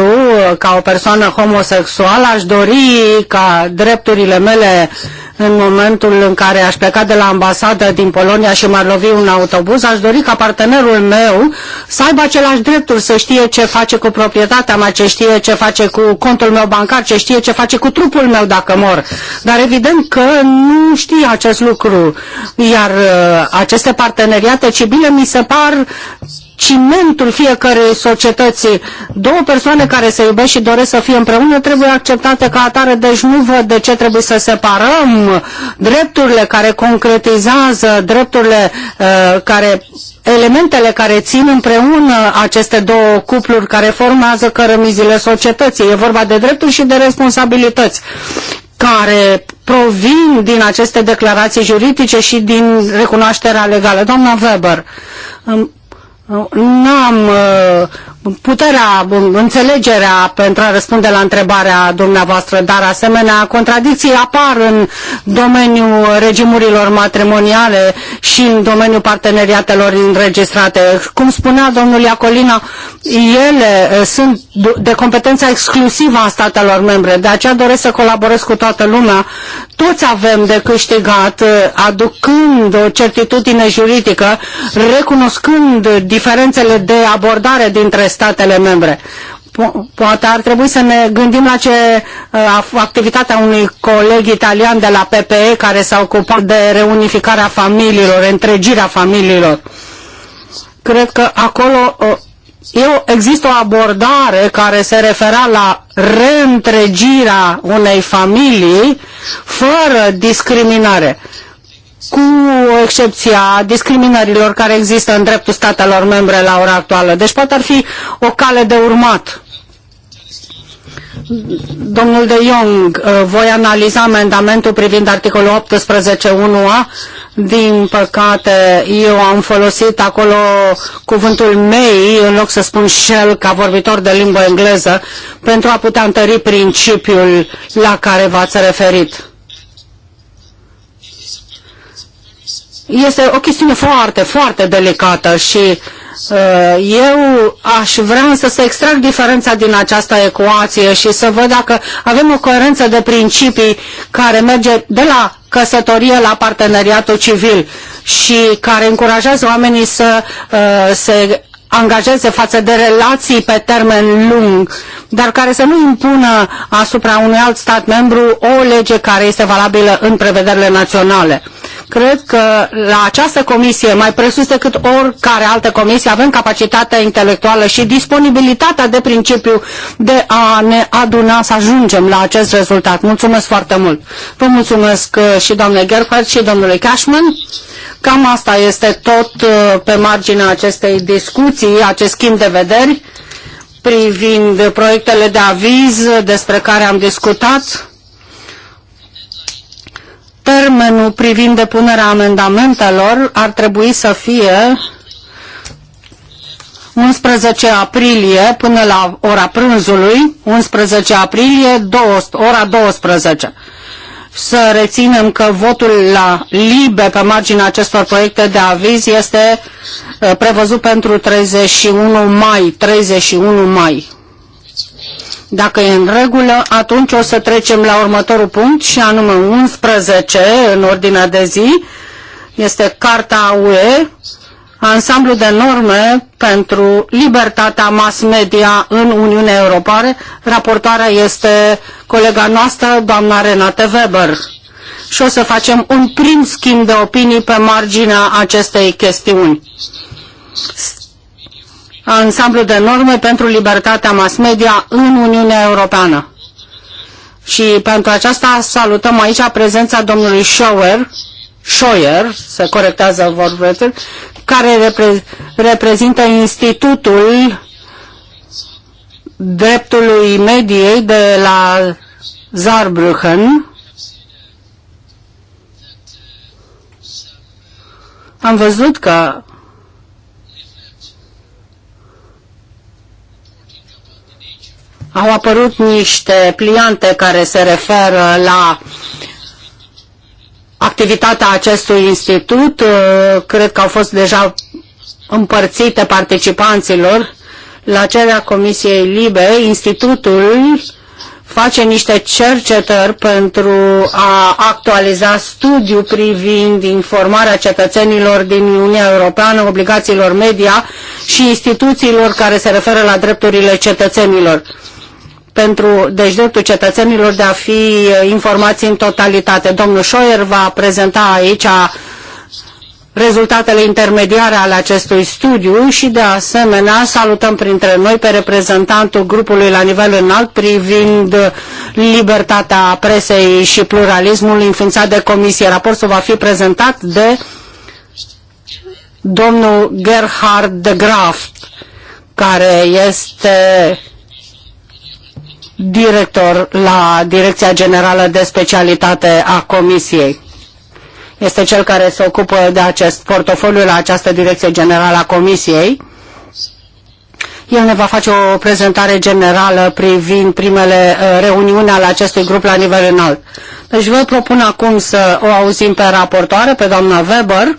ca o persoană homosexuală aș dori ca drepturile mele în momentul în care aș pleca de la ambasadă din Polonia și m-ar lovi un autobuz, aș dori ca partenerul meu să aibă același dreptul să știe ce face cu proprietatea mea, ce știe ce face cu contul meu bancar, ce știe ce face cu trupul meu dacă mor. Dar evident că nu știe acest lucru. Iar uh, aceste parteneriate ce bine mi se par cimentul fiecărei societăți. Două persoane care se iubesc și doresc să fie împreună trebuie acceptate ca atare, deci nu văd de ce trebuie să separăm drepturile care concretizează, drepturile uh, care elementele care țin împreună aceste două cupluri care formează cărămizile societății. E vorba de drepturi și de responsabilități care provin din aceste declarații juridice și din recunoașterea legală. Doamna Weber, nu am uh, puterea, înțelegerea pentru a răspunde la întrebarea dumneavoastră, dar asemenea contradicții apar în domeniul regimurilor matrimoniale și în domeniul parteneriatelor înregistrate. Cum spunea domnul Iacolina, ele eh, sunt de competența exclusivă a statelor membre, de aceea doresc să colaborez cu toată lumea. Toți avem de câștigat eh, aducând o certitudine juridică, recunoscând diferențele de abordare dintre statele membre. Po- poate ar trebui să ne gândim la ce uh, activitatea unui coleg italian de la PPE care s-a ocupat de reunificarea familiilor, întregirea familiilor. Cred că acolo uh, eu, există o abordare care se refera la reîntregirea unei familii fără discriminare cu excepția discriminărilor care există în dreptul statelor membre la ora actuală. Deci poate ar fi o cale de urmat. Domnul de Jong, uh, voi analiza amendamentul privind articolul 18.1a. Din păcate, eu am folosit acolo cuvântul mei, în loc să spun shell, ca vorbitor de limbă engleză, pentru a putea întări principiul la care v-ați referit. Este o chestiune foarte, foarte delicată și uh, eu aș vrea să se extrag diferența din această ecuație și să văd dacă avem o coerență de principii care merge de la căsătorie la parteneriatul civil și care încurajează oamenii să uh, se angajeze față de relații pe termen lung, dar care să nu impună asupra unui alt stat membru o lege care este valabilă în prevederile naționale. Cred că la această comisie, mai presus decât oricare altă comisie, avem capacitatea intelectuală și disponibilitatea de principiu de a ne aduna să ajungem la acest rezultat. Mulțumesc foarte mult! Vă mulțumesc uh, și doamne Gerhard și domnului Cashman. Cam asta este tot uh, pe marginea acestei discuții, acest schimb de vederi privind proiectele de aviz despre care am discutat. Termenul privind depunerea amendamentelor ar trebui să fie 11 aprilie până la ora prânzului, 11 aprilie, ora 12. Să reținem că votul la libe pe marginea acestor proiecte de aviz este eh, prevăzut pentru 31 mai, 31 mai. Dacă e în regulă, atunci o să trecem la următorul punct și anume 11 în ordinea de zi. Este Carta UE, ansamblu de norme pentru libertatea mass media în Uniunea Europeană. Raportoarea este colega noastră, doamna Renate Weber. Și o să facem un prim schimb de opinii pe marginea acestei chestiuni ansamblu de norme pentru libertatea mass media în Uniunea Europeană. Și pentru aceasta salutăm aici prezența domnului Schauer, Schauer, se corectează vorbetul, care repre reprezintă Institutul Dreptului Mediei de la Saarbrücken. Am văzut că au apărut niște pliante care se referă la activitatea acestui institut. Uh, cred că au fost deja împărțite participanților. La cererea Comisiei Libe, institutul face niște cercetări pentru a actualiza studiu privind informarea cetățenilor din Uniunea Europeană, obligațiilor media și instituțiilor care se referă la drepturile cetățenilor pentru, deci dreptul cetățenilor de a fi uh, informați în totalitate. Domnul Șoier va prezenta aici uh, rezultatele intermediare ale acestui studiu și de asemenea salutăm printre noi pe reprezentantul grupului la nivel înalt privind libertatea presei și pluralismul înființat de comisie. Raportul va fi prezentat de domnul Gerhard de Graaf, care este director la Direcția Generală de Specialitate a Comisiei. Este cel care se ocupă de acest portofoliu la această Direcție Generală a Comisiei. El ne va face o prezentare generală privind primele uh, reuniuni ale acestui grup la nivel înalt. Deci vă propun acum să o auzim pe raportoare, pe doamna Weber,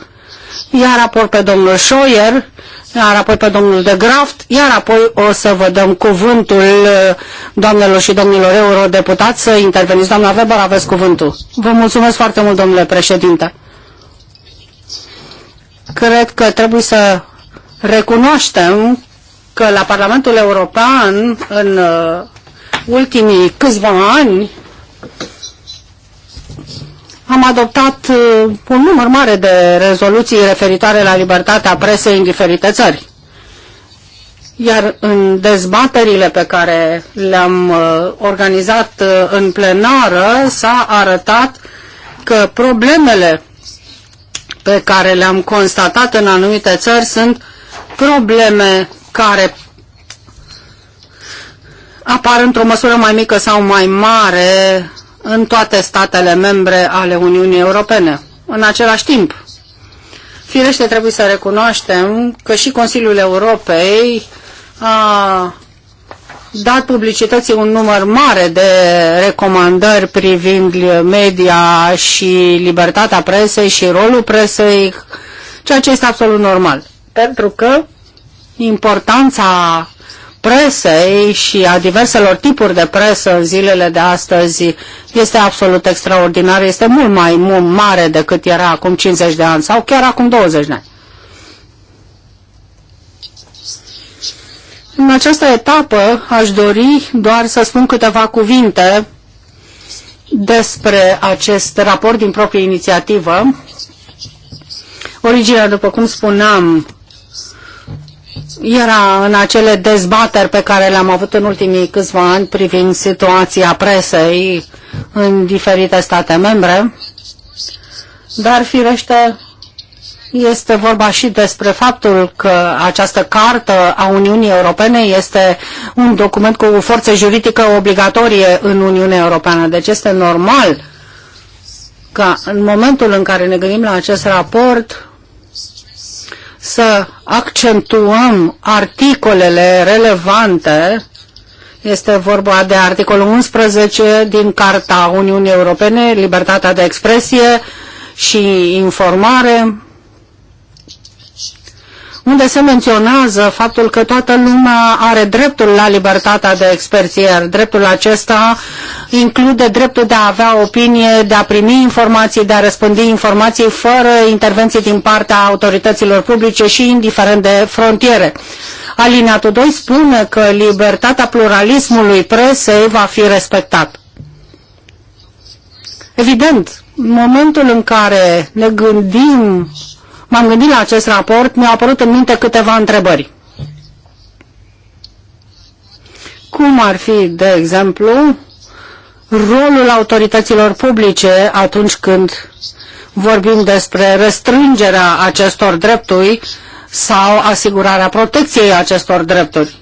iar apoi pe domnul Scheuer, iar apoi pe domnul de Graft, iar apoi o să vă dăm cuvântul uh, doamnelor și domnilor eurodeputați să interveniți. Doamna Weber, aveți cuvântul. Vă mulțumesc foarte mult, domnule președinte. Cred că trebuie să recunoaștem că la Parlamentul European în uh, ultimii câțiva ani am adoptat uh, un număr mare de rezoluții referitoare la libertatea presei în diferite țări. Iar în dezbaterile pe care le-am uh, organizat uh, în plenară s-a arătat că problemele pe care le-am constatat în anumite țări sunt probleme care apar într-o măsură mai mică sau mai mare în toate statele membre ale Uniunii Europene. În același timp, firește trebuie să recunoaștem că și Consiliul Europei a dat publicității un număr mare de recomandări privind media și libertatea presei și rolul presei, ceea ce este absolut normal. Pentru că importanța presei și a diverselor tipuri de presă în zilele de astăzi este absolut extraordinar, este mult mai mult mare decât era acum 50 de ani sau chiar acum 20 de ani. În această etapă aș dori doar să spun câteva cuvinte despre acest raport din proprie inițiativă. Originea, după cum spuneam, era în acele dezbateri pe care le-am avut în ultimii câțiva ani privind situația presei în diferite state membre, dar firește este vorba și despre faptul că această cartă a Uniunii Europene este un document cu forță juridică obligatorie în Uniunea Europeană. Deci este normal ca în momentul în care ne gândim la acest raport, să accentuăm articolele relevante. Este vorba de articolul 11 din Carta Uniunii Europene, libertatea de expresie și informare unde se menționează faptul că toată lumea are dreptul la libertatea de experție, iar dreptul acesta include dreptul de a avea opinie, de a primi informații, de a răspândi informații fără intervenții din partea autorităților publice și indiferent de frontiere. Alineatul 2 spune că libertatea pluralismului presei va fi respectată. Evident, momentul în care ne gândim m-am gândit la acest raport, mi-au apărut în minte câteva întrebări. Cum ar fi, de exemplu, rolul autorităților publice atunci când vorbim despre restrângerea acestor drepturi sau asigurarea protecției acestor drepturi.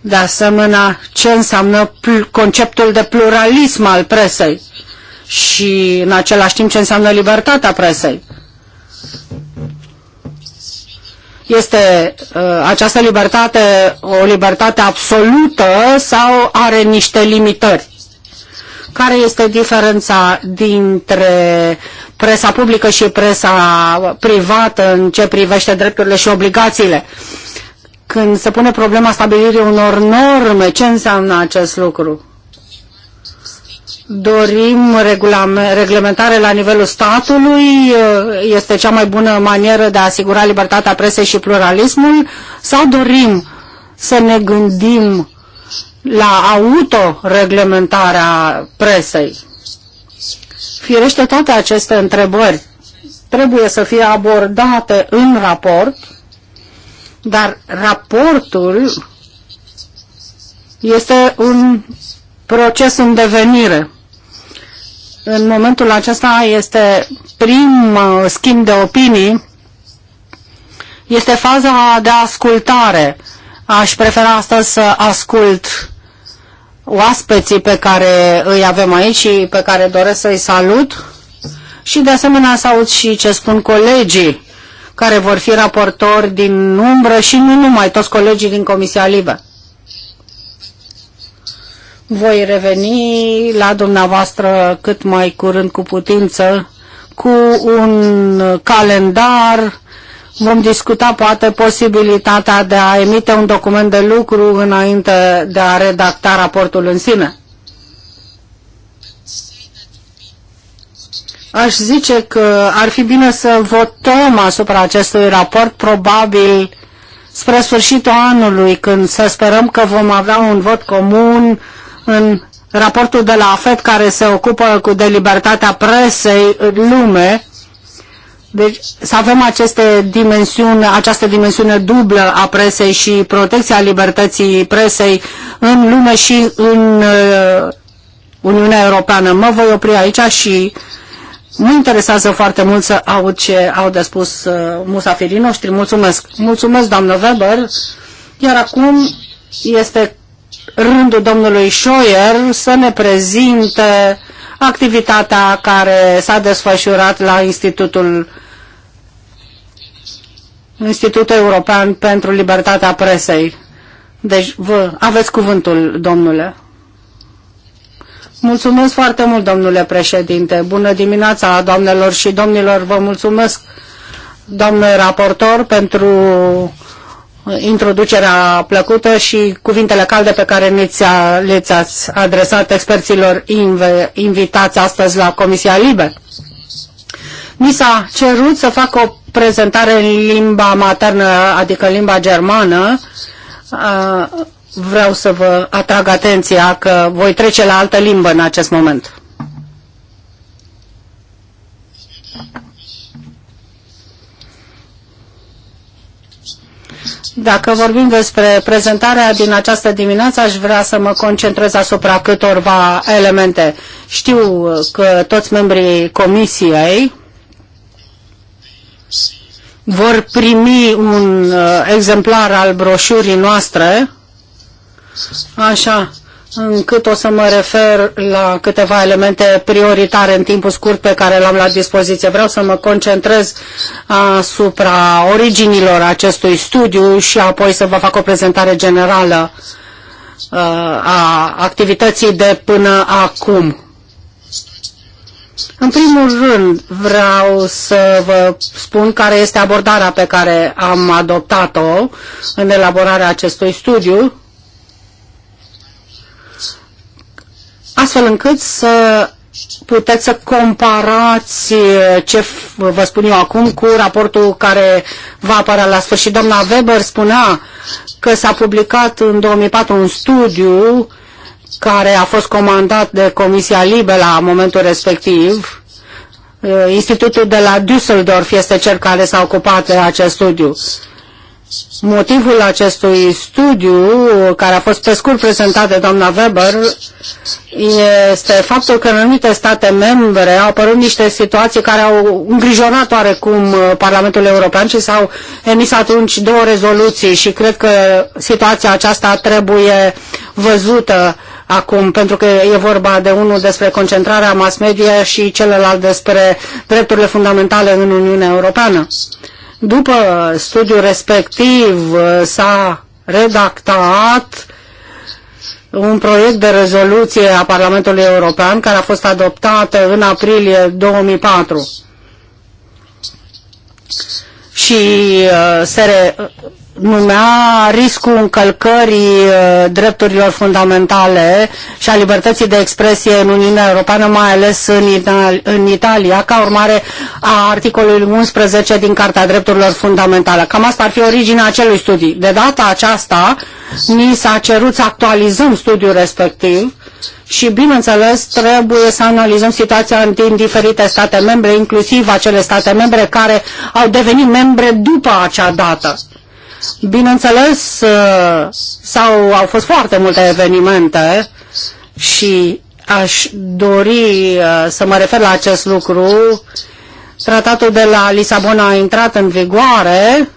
De asemenea, ce înseamnă conceptul de pluralism al presei și, în același timp, ce înseamnă libertatea presei. Este uh, această libertate o libertate absolută sau are niște limitări? Care este diferența dintre presa publică și presa privată în ce privește drepturile și obligațiile? Când se pune problema stabilirii unor norme, ce înseamnă acest lucru? dorim reglementare la nivelul statului, uh, este cea mai bună manieră de a asigura libertatea presei și pluralismul, sau dorim să ne gândim la autoreglementarea presei? Firește toate aceste întrebări trebuie să fie abordate în raport, dar raportul este un proces în devenire. În momentul acesta este prim uh, schimb de opinii, este faza de ascultare. Aș prefera astăzi să ascult oaspeții pe care îi avem aici și pe care doresc să-i salut și de asemenea să aud și ce spun colegii care vor fi raportori din umbră și nu numai, toți colegii din Comisia Liberă. Voi reveni la dumneavoastră cât mai curând cu putință cu un calendar. Vom discuta poate posibilitatea de a emite un document de lucru înainte de a redacta raportul în sine. Aș zice că ar fi bine să votăm asupra acestui raport, probabil spre sfârșitul anului, când să sperăm că vom avea un vot comun în raportul de la AFET care se ocupă cu de libertatea presei în lume, deci să avem aceste dimensiune, această dimensiune dublă a presei și protecția libertății presei în lume și în uh, Uniunea Europeană. Mă voi opri aici și mă interesează foarte mult să aud ce au de spus uh, musafirii noștri. Mulțumesc! Mulțumesc, doamnă Weber! Iar acum este rândul domnului Scheuer să ne prezinte activitatea care s-a desfășurat la Institutul Institutul European pentru Libertatea Presei. Deci, vă aveți cuvântul, domnule. Mulțumesc foarte mult, domnule președinte. Bună dimineața, doamnelor și domnilor. Vă mulțumesc, domnule raportor, pentru introducerea plăcută și cuvintele calde pe care le-ați adresat experților inv invitați astăzi la Comisia Libe. Mi s-a cerut să fac o prezentare în limba maternă, adică limba germană. Vreau să vă atrag atenția că voi trece la altă limbă în acest moment. Dacă vorbim despre prezentarea din această dimineață, aș vrea să mă concentrez asupra câtorva elemente. Știu că toți membrii comisiei vor primi un uh, exemplar al broșurii noastre, așa încât o să mă refer la câteva elemente prioritare în timpul scurt pe care l-am la dispoziție. Vreau să mă concentrez asupra originilor acestui studiu și apoi să vă fac o prezentare generală uh, a activității de până acum. În primul rând, vreau să vă spun care este abordarea pe care am adoptat-o în elaborarea acestui studiu astfel încât să puteți să comparați eh, ce vă spun eu acum cu raportul care va apărea la sfârșit. Doamna Weber spunea că s-a publicat în 2004 un studiu care a fost comandat de Comisia Libe la momentul respectiv. Eh, Institutul de la Düsseldorf este cel care s-a ocupat de acest studiu. Motivul acestui studiu, care a fost pe scurt prezentat de doamna Weber, este faptul că în anumite state membre au apărut niște situații care au îngrijorat oarecum uh, Parlamentul European și s-au emis atunci două rezoluții și cred că situația aceasta trebuie văzută acum, pentru că e vorba de unul despre concentrarea mass media și celălalt despre drepturile fundamentale în Uniunea Europeană. După studiul respectiv uh, s-a redactat un proiect de rezoluție a Parlamentului European care a fost adoptat în aprilie 2004 și uh, se numea riscul încălcării uh, drepturilor fundamentale și a libertății de expresie în Uniunea Europeană, mai ales în, Ital- în Italia, ca urmare a articolului 11 din Carta Drepturilor Fundamentale. Cam asta ar fi originea acelui studiu. De data aceasta, ni s-a cerut să actualizăm studiul respectiv și, bineînțeles, trebuie să analizăm situația din diferite state membre, inclusiv acele state membre care au devenit membre după acea dată. Bineînțeles, uh, sau au fost foarte multe evenimente și aș dori uh, să mă refer la acest lucru. Tratatul de la Lisabona a intrat în vigoare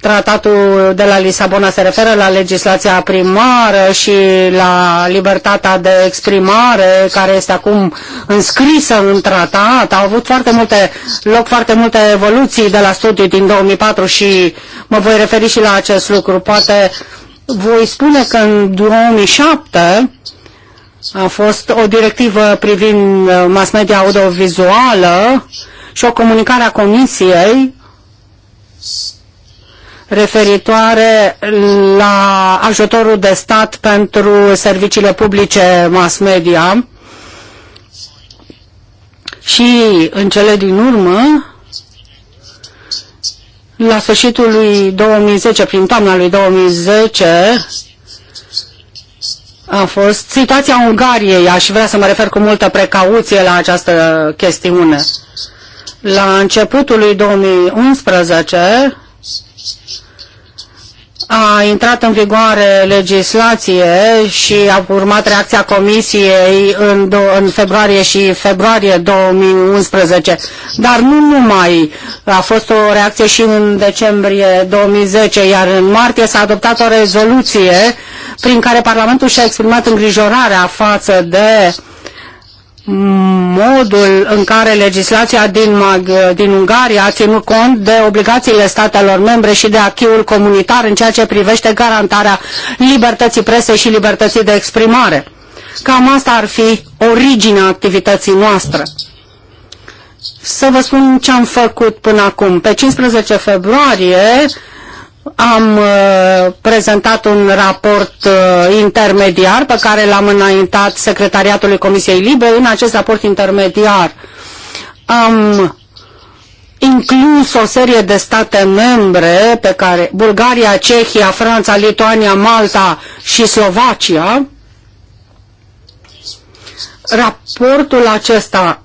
Tratatul de la Lisabona se referă la legislația primară și la libertatea de exprimare care este acum înscrisă în tratat. Au avut foarte multe loc, foarte multe evoluții de la studiu din 2004 și mă voi referi și la acest lucru. Poate voi spune că în 2007 a fost o directivă privind uh, mass media audiovizuală și o comunicare a Comisiei referitoare la ajutorul de stat pentru serviciile publice mass media și în cele din urmă la sfârșitul lui 2010, prin toamna lui 2010, a fost situația Ungariei. Aș vrea să mă refer cu multă precauție la această chestiune. La începutul lui 2011, a intrat în vigoare legislație și a urmat reacția Comisiei în, în februarie și februarie 2011, dar nu numai. A fost o reacție și în decembrie 2010, iar în martie s-a adoptat o rezoluție prin care Parlamentul și-a exprimat îngrijorarea față de uh, modul în care legislația din, Mag- din Ungaria a ținut cont de obligațiile statelor membre și de achiul comunitar în ceea ce privește garantarea libertății presei și libertății de exprimare. Cam asta ar fi originea activității noastre. Să vă spun ce am făcut până acum. Pe 15 februarie am uh, prezentat un raport uh, intermediar pe care l-am înaintat Secretariatului Comisiei Libe. În acest raport intermediar am inclus o serie de state membre pe care Bulgaria, Cehia, Franța, Lituania, Malta și Slovacia. Raportul acesta,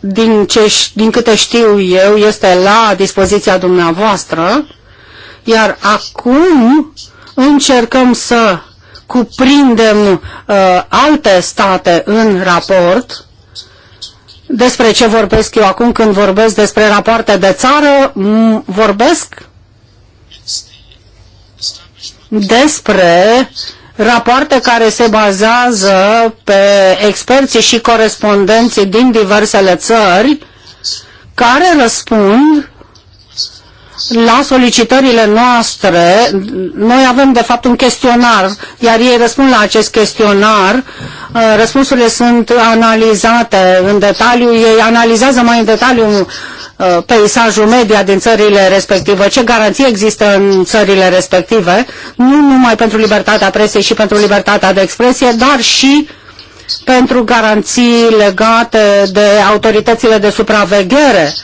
din, ce, din câte știu eu, este la dispoziția dumneavoastră iar acum încercăm să cuprindem uh, alte state în raport. Despre ce vorbesc eu acum când vorbesc despre rapoarte de țară? Vorbesc despre rapoarte care se bazează pe experții și corespondenții din diversele țări care răspund la solicitările noastre, noi avem de fapt un chestionar, iar ei răspund la acest chestionar. Uh, răspunsurile sunt analizate în detaliu, ei analizează mai în detaliu uh, peisajul media din țările respective, ce garanții există în țările respective, nu numai pentru libertatea presei și pentru libertatea de expresie, dar și uh, pentru garanții legate de autoritățile de supraveghere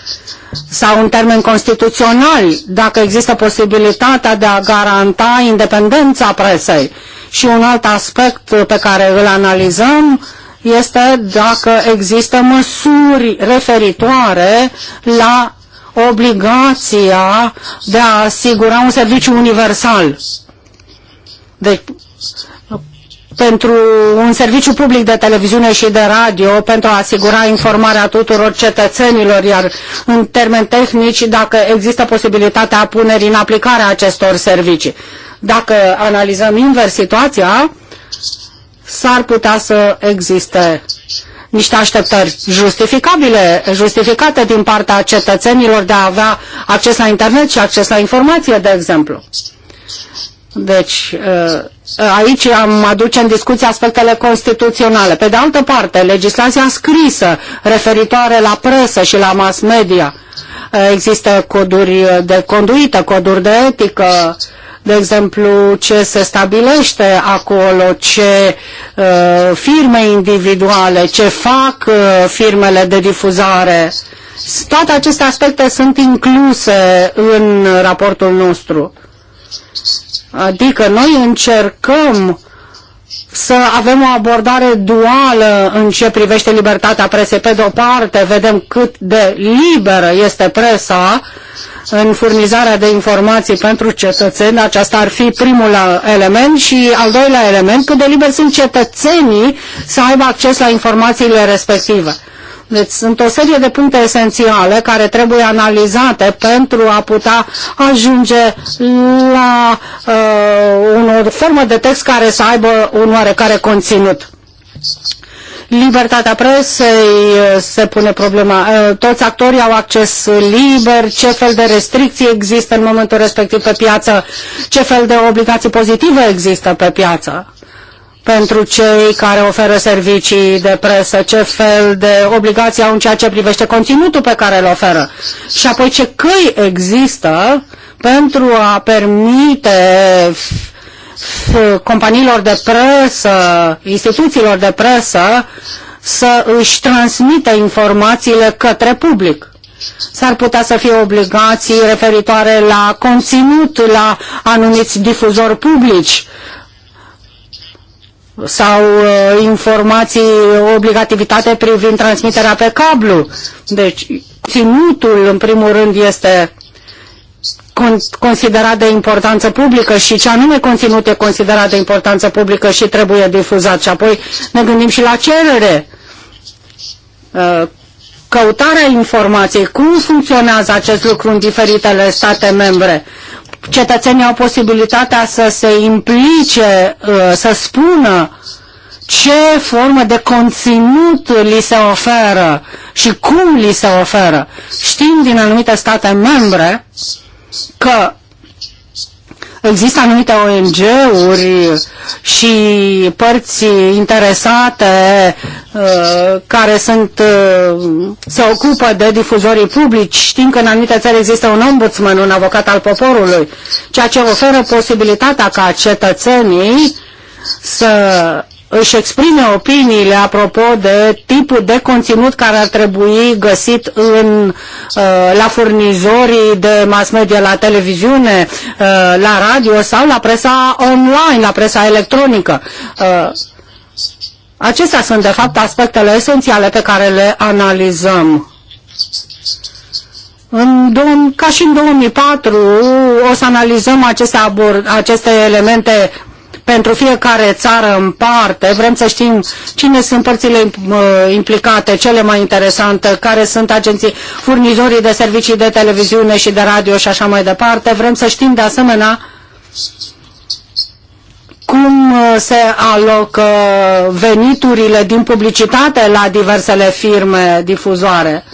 sau în termeni constituționali, dacă există posibilitatea de a garanta independența presei. Și un alt aspect pe care îl analizăm este dacă există măsuri referitoare la obligația de a asigura un serviciu universal. Deci, pentru un serviciu public de televiziune și de radio pentru a asigura informarea tuturor cetățenilor, iar în termeni tehnici dacă există posibilitatea punerii în aplicare a acestor servicii. Dacă analizăm invers situația, s-ar putea să existe niște așteptări justificabile, justificate din partea cetățenilor de a avea acces la internet și acces la informație, de exemplu. Deci, uh, aici am aduce în discuție aspectele constituționale. Pe de altă parte, legislația scrisă referitoare la presă și la mass media. Uh, există coduri de conduită, coduri de etică, de exemplu, ce se stabilește acolo, ce uh, firme individuale, ce fac firmele de difuzare. Toate aceste aspecte sunt incluse în raportul nostru. Adică noi încercăm să avem o abordare duală în ce privește libertatea presei. Pe de o parte, vedem cât de liberă este presa în furnizarea de informații pentru cetățeni. Aceasta ar fi primul element și al doilea element, cât de liberi sunt cetățenii să aibă acces la informațiile respective. Deci sunt o serie de puncte esențiale care trebuie analizate pentru a putea ajunge la uh, o formă de text care să aibă un oarecare conținut libertatea presei uh, se pune problema. Uh, toți actorii au acces liber, ce fel de restricții există în momentul respectiv pe piață, ce fel de obligații pozitive există pe piață pentru cei care oferă servicii de presă, ce fel de obligații au în ceea ce privește conținutul pe care îl oferă și apoi ce căi există pentru a permite companiilor de presă, instituțiilor de presă să își transmită informațiile către public. S-ar putea să fie obligații referitoare la conținut, la anumiți difuzori publici, sau uh, informații, obligativitate privind transmiterea pe cablu. Deci, ținutul, în primul rând, este considerat de importanță publică și ce anume conținut e considerat de importanță publică și trebuie difuzat. Și apoi ne gândim și la cerere. Uh, căutarea informației, cum funcționează acest lucru în diferitele state membre cetățenii au posibilitatea să se implice, uh, să spună ce formă de conținut li se oferă și cum li se oferă. Știm din anumite state membre că Există anumite ONG-uri și părți interesate uh, care sunt, uh, se ocupă de difuzorii publici. Știm că în anumite țări există un ombudsman, un avocat al poporului, ceea ce oferă posibilitatea ca cetățenii să își exprime opiniile apropo de tipul de conținut care ar trebui găsit în, uh, la furnizorii de mass media, la televiziune, uh, la radio sau la presa online, la presa electronică. Uh, acestea sunt, de fapt, aspectele esențiale pe care le analizăm. În, ca și în 2004 o să analizăm aceste, abord, aceste elemente pentru fiecare țară în parte. Vrem să știm cine sunt părțile uh, implicate, cele mai interesante, care sunt agenții, furnizorii de servicii de televiziune și de radio și așa mai departe. Vrem să știm de asemenea cum uh, se alocă veniturile din publicitate la diversele firme difuzoare.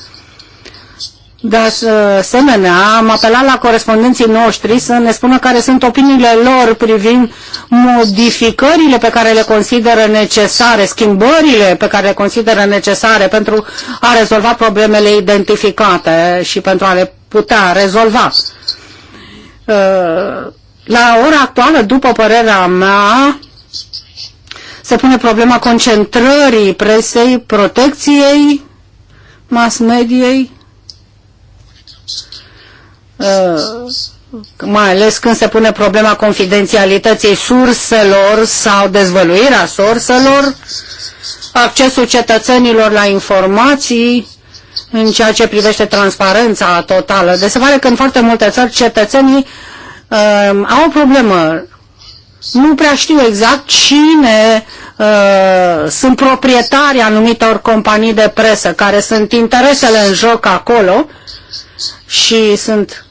De da, uh, asemenea, am apelat la corespondenții noștri să ne spună care sunt opiniile lor privind modificările pe care le consideră necesare, schimbările pe care le consideră necesare pentru a rezolva problemele identificate și pentru a le putea rezolva. Uh, la ora actuală, după părerea mea, se pune problema concentrării presei, protecției mass mediei, Uh, mai ales când se pune problema confidențialității surselor sau dezvăluirea surselor, accesul cetățenilor la informații în ceea ce privește transparența totală. De se pare că în foarte multe țări cetățenii uh, au o problemă. Nu prea știu exact cine uh, sunt proprietarii anumitor companii de presă, care sunt interesele în joc acolo uh, și sunt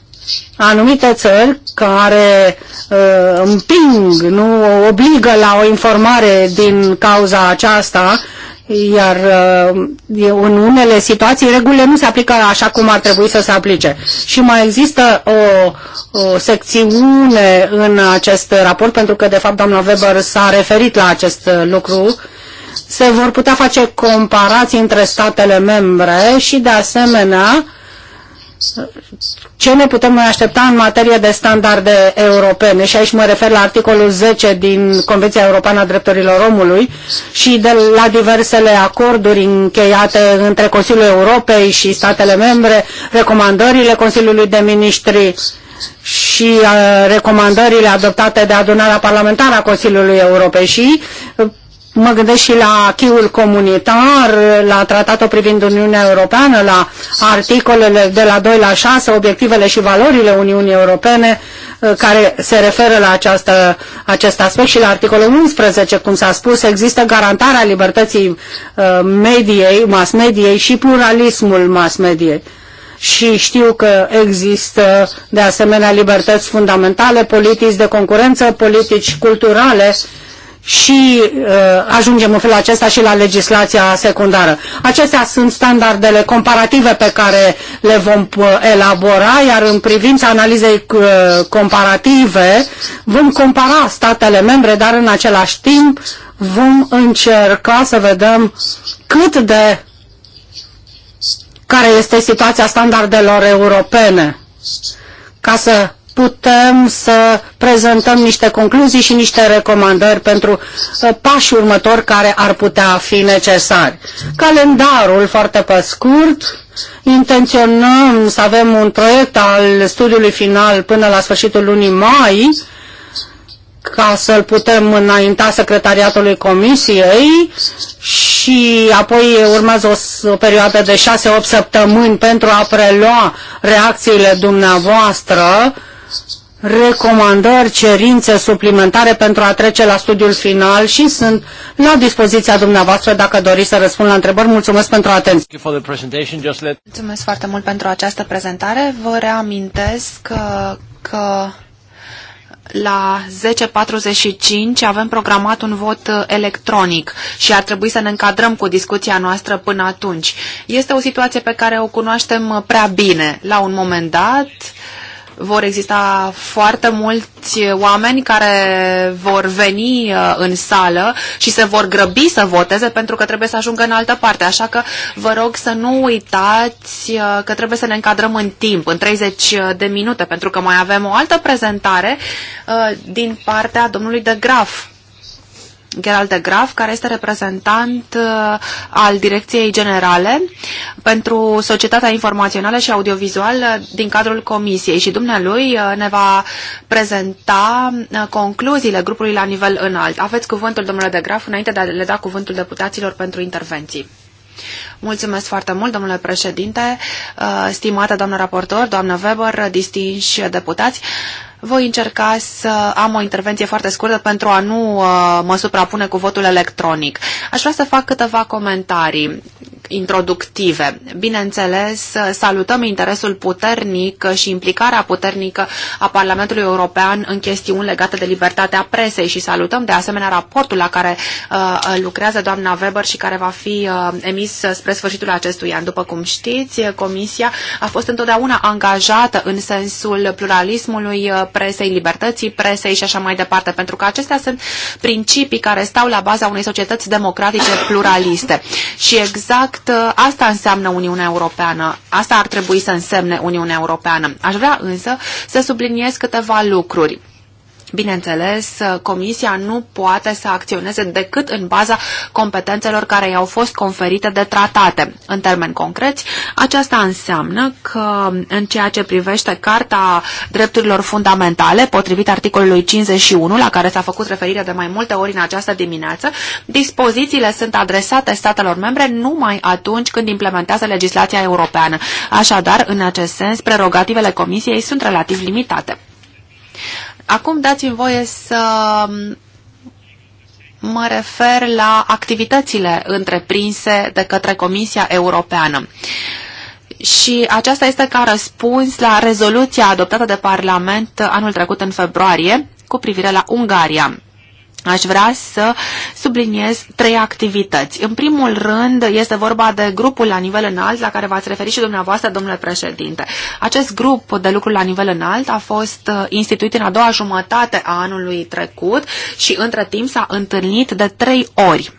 anumite țări care uh, împing, nu obligă la o informare din cauza aceasta, iar uh, în unele situații regulile nu se aplică așa cum ar trebui să se aplice. Și mai există o, o secțiune în acest raport, pentru că de fapt doamna Weber s-a referit la acest lucru, se vor putea face comparații între statele membre și de asemenea uh, ce ne putem noi aștepta în materie de standarde europene și aici mă refer la articolul 10 din Convenția Europeană a Drepturilor Omului și de la diversele acorduri încheiate între Consiliul Europei și statele membre, recomandările Consiliului de Ministri și uh, recomandările adoptate de adunarea parlamentară a Consiliului Europei și uh, Mă gândesc și la chiul comunitar, la tratatul privind Uniunea Europeană, la articolele de la 2 la 6, obiectivele și valorile Uniunii Europene, uh, care se referă la această, acest aspect și la articolul 11, cum s-a spus, există garantarea libertății uh, mediei, mass mediei și pluralismul mass mediei și știu că există de asemenea libertăți fundamentale, politici de concurență, politici culturale și uh, ajungem în felul acesta și la legislația secundară. Acestea sunt standardele comparative pe care le vom uh, elabora, iar în privința analizei uh, comparative vom compara statele membre, dar în același timp vom încerca să vedem cât de care este situația standardelor europene ca să putem să prezentăm niște concluzii și niște recomandări pentru uh, pașii următori care ar putea fi necesari. Calendarul, foarte pe scurt, intenționăm să avem un proiect al studiului final până la sfârșitul lunii mai, ca să-l putem înainta secretariatului comisiei și apoi urmează o, o perioadă de 6-8 săptămâni pentru a prelua reacțiile dumneavoastră recomandări, cerințe suplimentare pentru a trece la studiul final și sunt la dispoziția dumneavoastră dacă doriți să răspund la întrebări. Mulțumesc pentru atenție. Mulțumesc foarte mult pentru această prezentare. Vă reamintesc că, uh, că la 10.45 avem programat un vot uh, electronic și ar trebui să ne încadrăm cu discuția noastră până atunci. Este o situație pe care o cunoaștem uh, prea bine. La un moment dat, vor exista foarte mulți oameni care vor veni uh, în sală și se vor grăbi să voteze pentru că trebuie să ajungă în altă parte. Așa că vă rog să nu uitați uh, că trebuie să ne încadrăm în timp, în 30 uh, de minute, pentru că mai avem o altă prezentare din partea domnului de Graf. Gerald de Graf, care este reprezentant uh, al Direcției Generale pentru Societatea Informațională și Audiovizuală uh, din cadrul Comisiei și dumnealui uh, ne va prezenta concluziile grupului la nivel înalt. Aveți cuvântul, domnule de Graf, înainte de a le da cuvântul deputaților pentru intervenții. Mulțumesc foarte mult, domnule președinte, stimată doamnă raportor, doamnă Weber, distinși deputați. Voi încerca să am o intervenție foarte scurtă pentru a nu uh, mă suprapune cu votul electronic. Aș vrea să fac câteva comentarii introductive. Bineînțeles, salutăm interesul puternic și implicarea puternică a Parlamentului European în chestiuni legate de libertatea presei și salutăm de asemenea raportul la care uh, lucrează doamna Weber și care va fi uh, emis spre sfârșitul acestui an. După cum știți, Comisia a fost întotdeauna angajată în sensul pluralismului uh, presei, libertății presei și așa mai departe, pentru că acestea sunt principii care stau la baza unei societăți democratice pluraliste. Și exact fapt, exact, asta înseamnă Uniunea Europeană. Asta ar trebui să însemne Uniunea Europeană. Aș vrea însă să subliniez câteva lucruri. Bineînțeles, Comisia nu poate să acționeze decât în baza competențelor care i-au fost conferite de tratate. În termeni concreți, aceasta înseamnă că în ceea ce privește Carta Drepturilor Fundamentale, potrivit articolului 51, la care s-a făcut referire de mai multe ori în această dimineață, dispozițiile sunt adresate statelor membre numai atunci când implementează legislația europeană. Așadar, în acest sens, prerogativele Comisiei sunt relativ limitate. Acum dați-mi voie să mă refer la activitățile întreprinse de către Comisia Europeană. Și aceasta este ca răspuns la rezoluția adoptată de Parlament anul trecut în februarie cu privire la Ungaria aș vrea să subliniez trei activități. În primul rând, este vorba de grupul la nivel înalt, la care v-ați referit și dumneavoastră, domnule președinte. Acest grup de lucru la nivel înalt a fost uh, instituit în a doua jumătate a anului trecut și între timp s-a întâlnit de trei ori.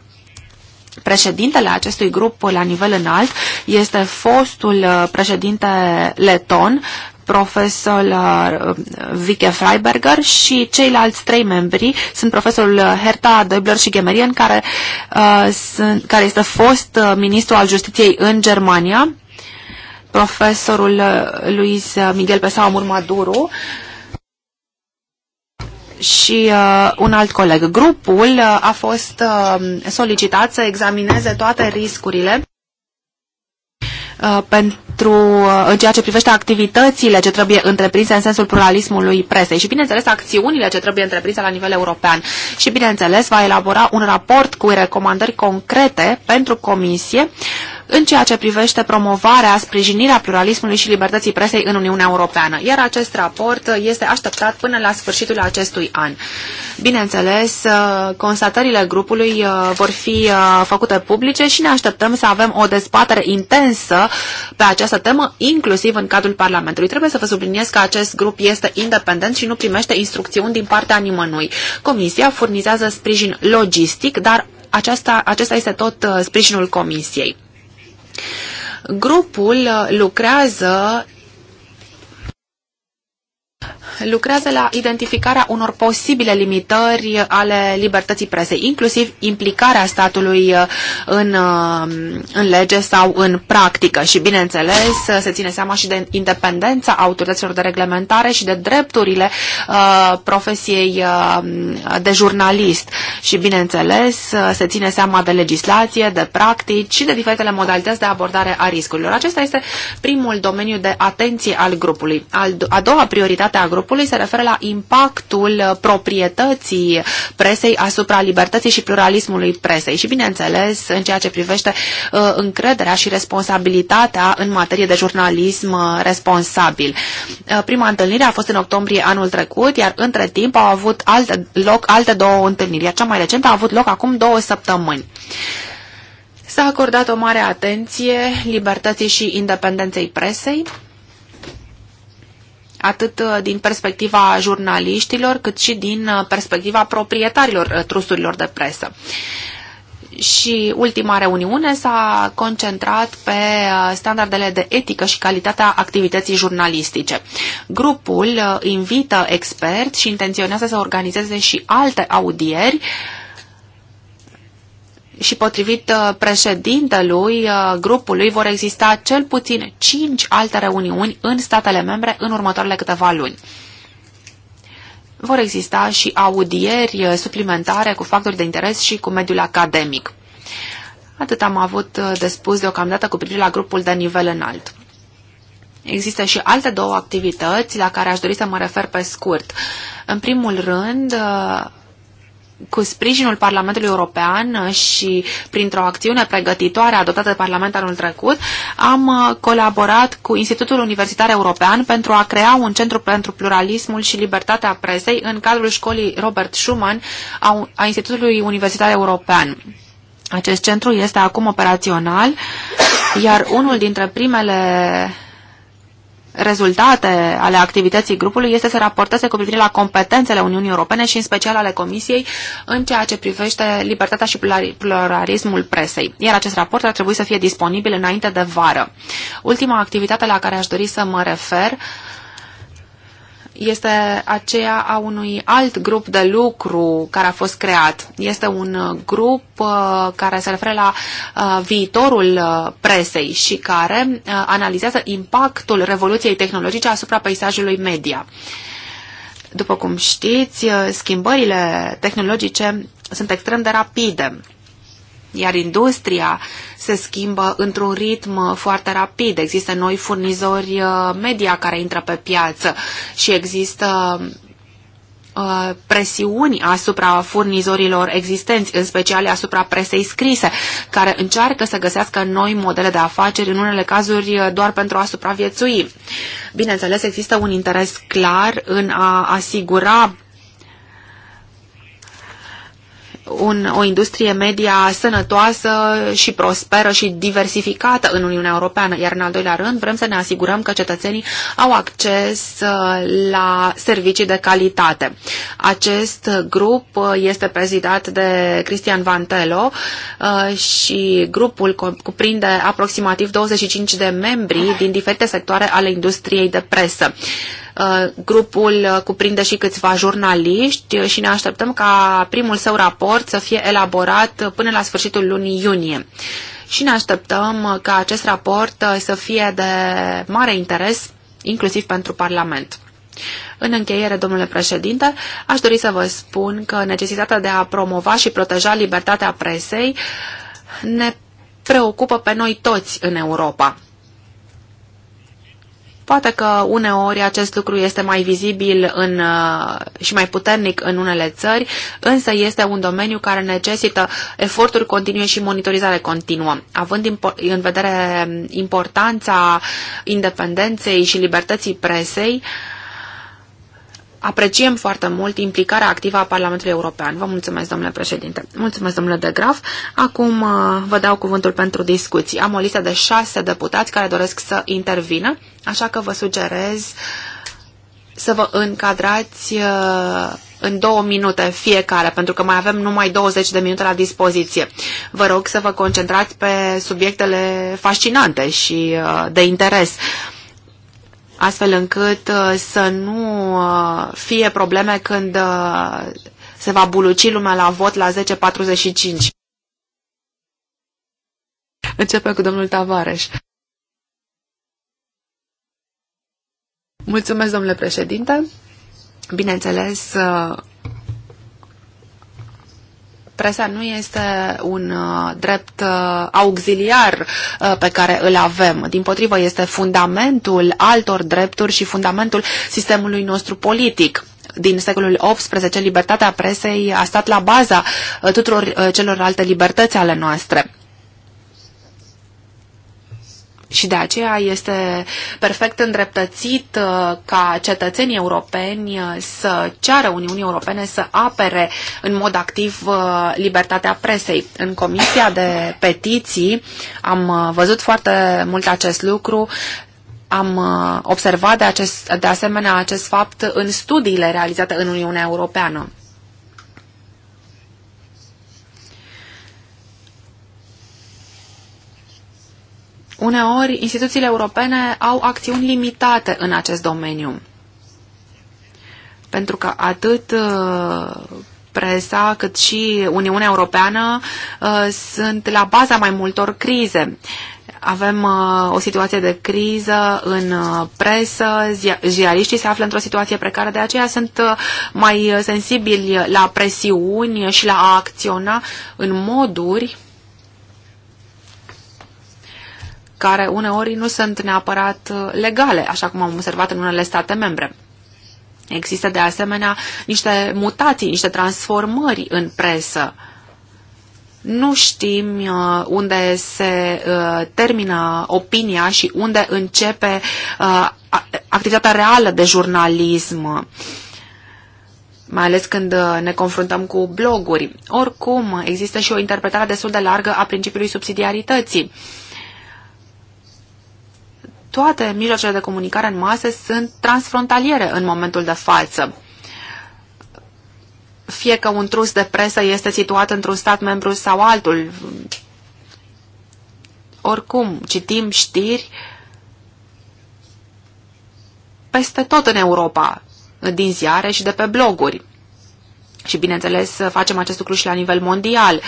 Președintele acestui grup la nivel înalt este fostul uh, președinte leton, Profesorul uh, Vike Freiberger și ceilalți trei membri sunt profesorul Herta Döbler și Gemerien, care, uh, care este fost uh, ministru al justiției în Germania, profesorul Luis Miguel Pesau Murmaduru, și uh, un alt coleg. Grupul uh, a fost uh, solicitat să examineze toate riscurile Uh, pentru, uh, în ceea ce privește activitățile ce trebuie întreprinse în sensul pluralismului presei și, bineînțeles, acțiunile ce trebuie întreprinse la nivel european. Și, bineînțeles, va elabora un raport cu recomandări concrete pentru comisie în ceea ce privește promovarea, sprijinirea pluralismului și libertății presei în Uniunea Europeană, iar acest raport este așteptat până la sfârșitul acestui an. Bineînțeles, uh, constatările grupului uh, vor fi uh, făcute publice și ne așteptăm să avem o dezbatere intensă pe această temă, inclusiv în cadrul Parlamentului. Trebuie să vă subliniez că acest grup este independent și nu primește instrucțiuni din partea nimănui. Comisia furnizează sprijin logistic, dar aceasta, acesta este tot sprijinul Comisiei. Grupul uh, lucrează lucrează la identificarea unor posibile limitări ale libertății presei, inclusiv implicarea statului uh, în, uh, în lege sau în practică și, bineînțeles, uh, se ține seama și de independența autorităților de reglementare și de drepturile uh, profesiei uh, de jurnalist și, bineînțeles, se ține seama de legislație, de practici și de diferitele modalități de abordare a riscurilor. Acesta este primul domeniu de atenție al grupului. Al, a doua prioritate parte grupului se referă la impactul uh, proprietății presei asupra libertății și pluralismului presei și, bineînțeles, în ceea ce privește uh, încrederea și responsabilitatea în materie de jurnalism uh, responsabil. Prima întâlnire a fost în octombrie anul trecut, iar între timp au avut alte, loc alte două întâlniri, iar cea mai recentă a avut loc acum două săptămâni. S-a acordat o mare atenție libertății și independenței presei atât uh, din perspectiva jurnaliștilor, cât și din uh, perspectiva proprietarilor uh, trusturilor de presă. Și ultima reuniune s-a concentrat pe standardele de etică și calitatea activității jurnalistice. Grupul invită experți și intenționează să organizeze și alte audieri uh, și potrivit uh, președintelui uh, grupului vor exista cel puțin cinci alte reuniuni în statele membre în următoarele câteva luni. Vor exista și audieri uh, suplimentare cu factori de interes și cu mediul academic. Atât am avut de spus deocamdată cu privire la grupul de nivel înalt. Există și alte două activități la care aș dori să mă refer pe scurt. În primul rând, cu sprijinul Parlamentului European și printr-o acțiune pregătitoare adoptată de Parlament anul trecut, am uh, colaborat cu Institutul Universitar European pentru a crea un centru pentru pluralismul și libertatea presei în cadrul școlii Robert Schuman a Institutului Universitar European. Acest centru este acum operațional, iar unul dintre primele rezultate ale activității grupului este să raporteze cu privire la competențele Uniunii Europene și în special ale Comisiei în ceea ce privește libertatea și pluralismul presei. Iar acest raport ar trebui să fie disponibil înainte de vară. Ultima activitate la care aș dori să mă refer uh, este aceea a unui alt grup de lucru care a fost creat. Este un grup uh, care se referă la uh, viitorul uh, presei și care analizează impactul revoluției tehnologice asupra peisajului media. După cum știți, schimbările tehnologice sunt extrem de rapide iar industria se schimbă într-un ritm uh, foarte rapid. Există noi furnizori uh, media care intră pe piață și există uh, presiuni asupra furnizorilor existenți, în special asupra presei scrise, care încearcă să găsească noi modele de afaceri, în unele cazuri doar pentru a supraviețui. Bineînțeles, există un interes clar în a asigura un, o industrie media sănătoasă și prosperă și diversificată în Uniunea Europeană, iar în al doilea rând vrem să ne asigurăm că cetățenii au acces uh, la servicii de calitate. Acest grup uh, este prezidat de Cristian Vantelo uh, și grupul cuprinde aproximativ 25 de membri din diferite sectoare ale industriei de presă. Uh, grupul uh, cuprinde și câțiva jurnaliști uh, și ne așteptăm ca primul său raport să fie elaborat până la sfârșitul lunii iunie. Și ne așteptăm ca acest raport să fie de mare interes, inclusiv pentru Parlament. În încheiere, domnule președinte, aș dori să vă spun că necesitatea de a promova și proteja libertatea presei ne preocupă pe noi toți în Europa. Poate că uneori acest lucru este mai vizibil în, uh, și mai puternic în unele țări, însă este un domeniu care necesită eforturi continue și monitorizare continuă. Având în vedere importanța independenței și libertății presei, apreciem foarte mult implicarea activă a Parlamentului European. Vă mulțumesc, domnule președinte. Mulțumesc, domnule De Graf. Acum uh, vă dau cuvântul pentru discuții. Am o listă de șase deputați care doresc să intervină, așa că vă sugerez să vă încadrați uh, în două minute fiecare, pentru că mai avem numai 20 de minute la dispoziție. Vă rog să vă concentrați pe subiectele fascinante și uh, de interes astfel încât uh, să nu uh, fie probleme când uh, se va buluci lumea la vot la 10.45. începe cu domnul Tavares. Mulțumesc, domnule președinte. Bineînțeles, presa nu este un uh, drept uh, auxiliar uh, pe care îl avem. Din potrivă, este fundamentul altor drepturi și fundamentul sistemului nostru politic din secolul XVIII, libertatea presei a stat la baza tuturor celorlalte libertăți ale noastre. Și de aceea este perfect îndreptățit uh, ca cetățenii europeni uh, să ceară Uniunii Europene să apere în mod activ uh, libertatea presei. În Comisia de Petiții am văzut foarte mult acest lucru. Am observat de, acest, de asemenea acest fapt în studiile realizate în Uniunea Europeană. Uneori, instituțiile europene au acțiuni limitate în acest domeniu, pentru că atât uh, presa cât și Uniunea Europeană uh, sunt la baza mai multor crize avem uh, o situație de criză în presă, ziariștii se află într-o situație precară, de aceea sunt mai sensibili la presiuni și la a acționa în moduri care uneori nu sunt neapărat uh, legale, așa cum am observat în unele state membre. Există de asemenea niște mutații, niște transformări în presă. Nu știm uh, unde se uh, termină opinia și unde începe activitatea reală de jurnalism mai ales când ne confruntăm cu bloguri. Oricum, există și o interpretare destul de largă a principiului subsidiarității. Uh, toate mijloacele de comunicare în masă sunt transfrontaliere în momentul de față. Fie că un trus de presă este situat într-un stat membru sau altul. Oricum, citim știri peste tot în Europa, din ziare și de pe bloguri. Și, bineînțeles, facem acest lucru și la nivel mondial. Uh,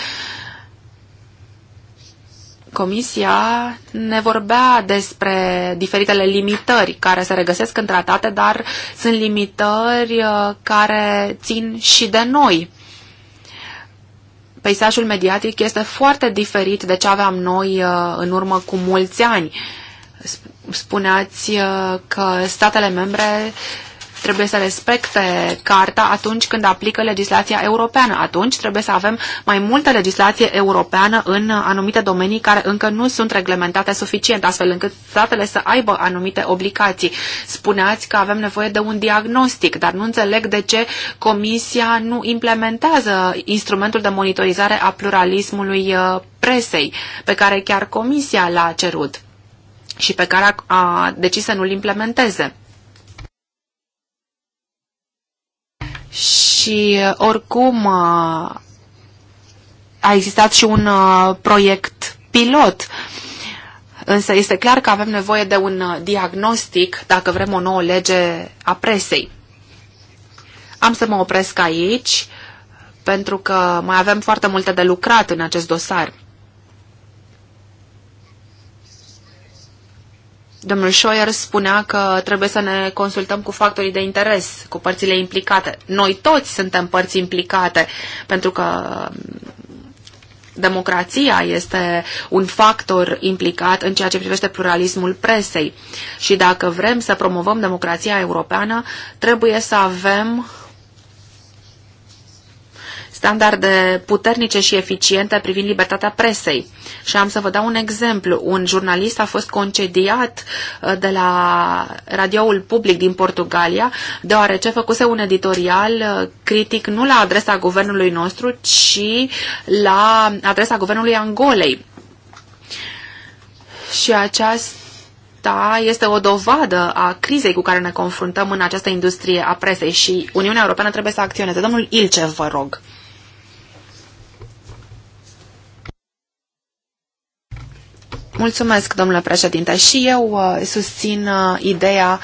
Comisia ne vorbea despre diferitele limitări care se regăsesc în tratate, dar sunt limitări uh, care țin și de noi. Peisajul mediatic este foarte diferit de ce aveam noi uh, în urmă cu mulți ani. Spuneați uh, că statele membre trebuie să respecte carta atunci când aplică legislația europeană. Atunci trebuie să avem mai multă legislație europeană în anumite domenii care încă nu sunt reglementate suficient, astfel încât statele să aibă anumite obligații. Spuneați că avem nevoie de un diagnostic, dar nu înțeleg de ce Comisia nu implementează instrumentul de monitorizare a pluralismului uh, presei, pe care chiar Comisia l-a cerut și pe care a, decis să nu-l implementeze. și uh, oricum uh, a existat și un uh, proiect pilot. Însă este clar că avem nevoie de un diagnostic dacă vrem o nouă lege a presei. Am să mă opresc aici pentru că mai avem foarte multe de lucrat în acest dosar. Domnul Scheuer spunea că trebuie să ne consultăm cu factorii de interes, cu părțile implicate. Noi toți suntem părți implicate, pentru că mm, democrația este un factor implicat în ceea ce privește pluralismul presei. Și dacă vrem să promovăm democrația europeană, trebuie să avem standarde puternice și eficiente privind libertatea presei. Și am să vă dau un exemplu. Un jurnalist a fost concediat uh, de la radioul public din Portugalia, deoarece făcuse un editorial uh, critic nu la adresa guvernului nostru, ci la adresa guvernului Angolei. Și această da, este o dovadă a crizei cu care ne confruntăm în această industrie a presei și Uniunea Europeană trebuie să acționeze. Domnul Ilce, vă rog. Mulțumesc, domnule președinte. Și eu uh, susțin uh, ideea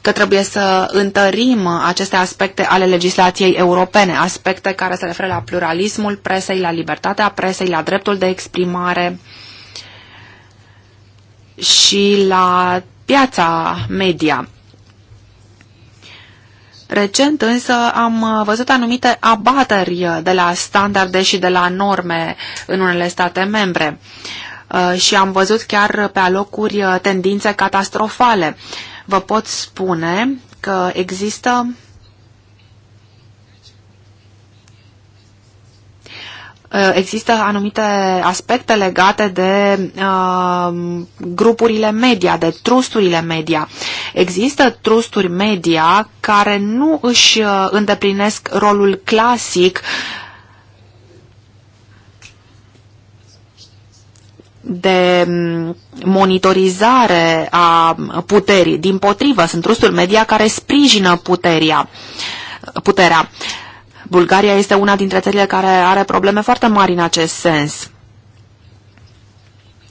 că trebuie să întărim uh, aceste aspecte ale legislației europene, aspecte care se referă la pluralismul presei, la libertatea presei, la dreptul de exprimare și la piața media. Recent însă am văzut anumite abateri de la standarde și de la norme în unele state membre. Uh, Uh, și am văzut chiar pe alocuri uh, tendințe catastrofale. Vă pot spune că există uh, există anumite aspecte legate de uh, grupurile media, de trusturile media. Există trusturi media care nu își îndeplinesc rolul clasic uh, de mm, monitorizare a puterii. Din potrivă, sunt trusturi media care sprijină puteria, puterea. Bulgaria este una dintre țările care are probleme foarte mari în acest sens.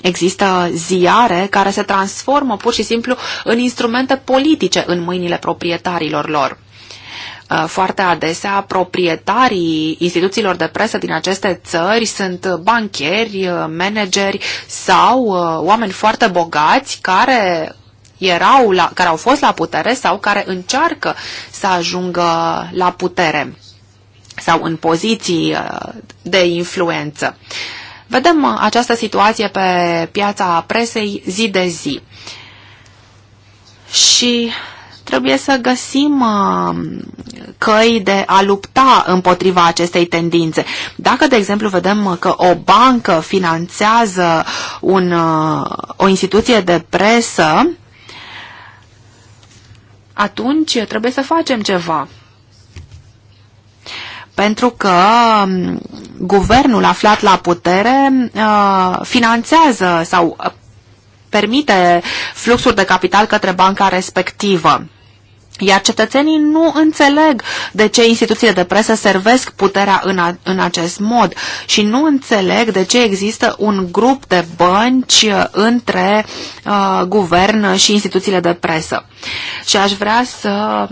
Există ziare care se transformă pur și simplu în instrumente politice în mâinile proprietarilor lor. Uh, foarte adesea, proprietarii instituțiilor de presă din aceste țări sunt bancheri, uh, manageri sau uh, oameni foarte bogați care erau la, care au fost la putere sau care încearcă să ajungă la putere sau în poziții de influență. Vedem această situație pe piața presei zi de zi. Și Trebuie să găsim um, căi de a lupta împotriva acestei tendințe. Dacă, de exemplu, vedem că o bancă finanțează un, uh, o instituție de presă, atunci trebuie să facem ceva pentru că um, guvernul aflat la putere uh, finanțează sau uh, permite fluxuri de capital către banca respectivă. Iar cetățenii nu înțeleg de ce instituțiile de presă servesc puterea în, a, în acest mod și nu înțeleg de ce există un grup de bănci uh, între uh, guvern și instituțiile de presă. Și aș vrea să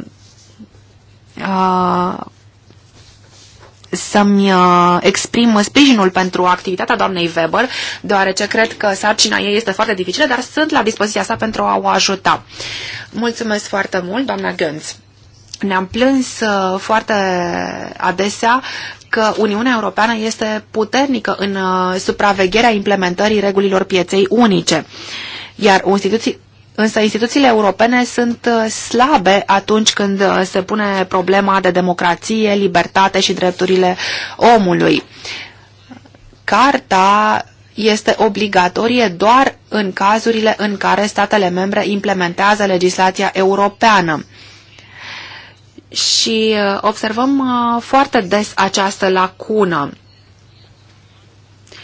uh, să-mi uh, exprim sprijinul pentru activitatea doamnei Weber, deoarece cred că sarcina ei este foarte dificilă, dar sunt la dispoziția sa pentru a o ajuta. Mulțumesc foarte mult, doamna Gânț. Ne-am plâns uh, foarte adesea că Uniunea Europeană este puternică în uh, supravegherea implementării regulilor pieței unice iar Însă instituțiile europene sunt uh, slabe atunci când uh, se pune problema de democrație, libertate și drepturile omului. Carta este obligatorie doar în cazurile în care statele membre implementează legislația europeană. Și uh, observăm foarte des această lacună.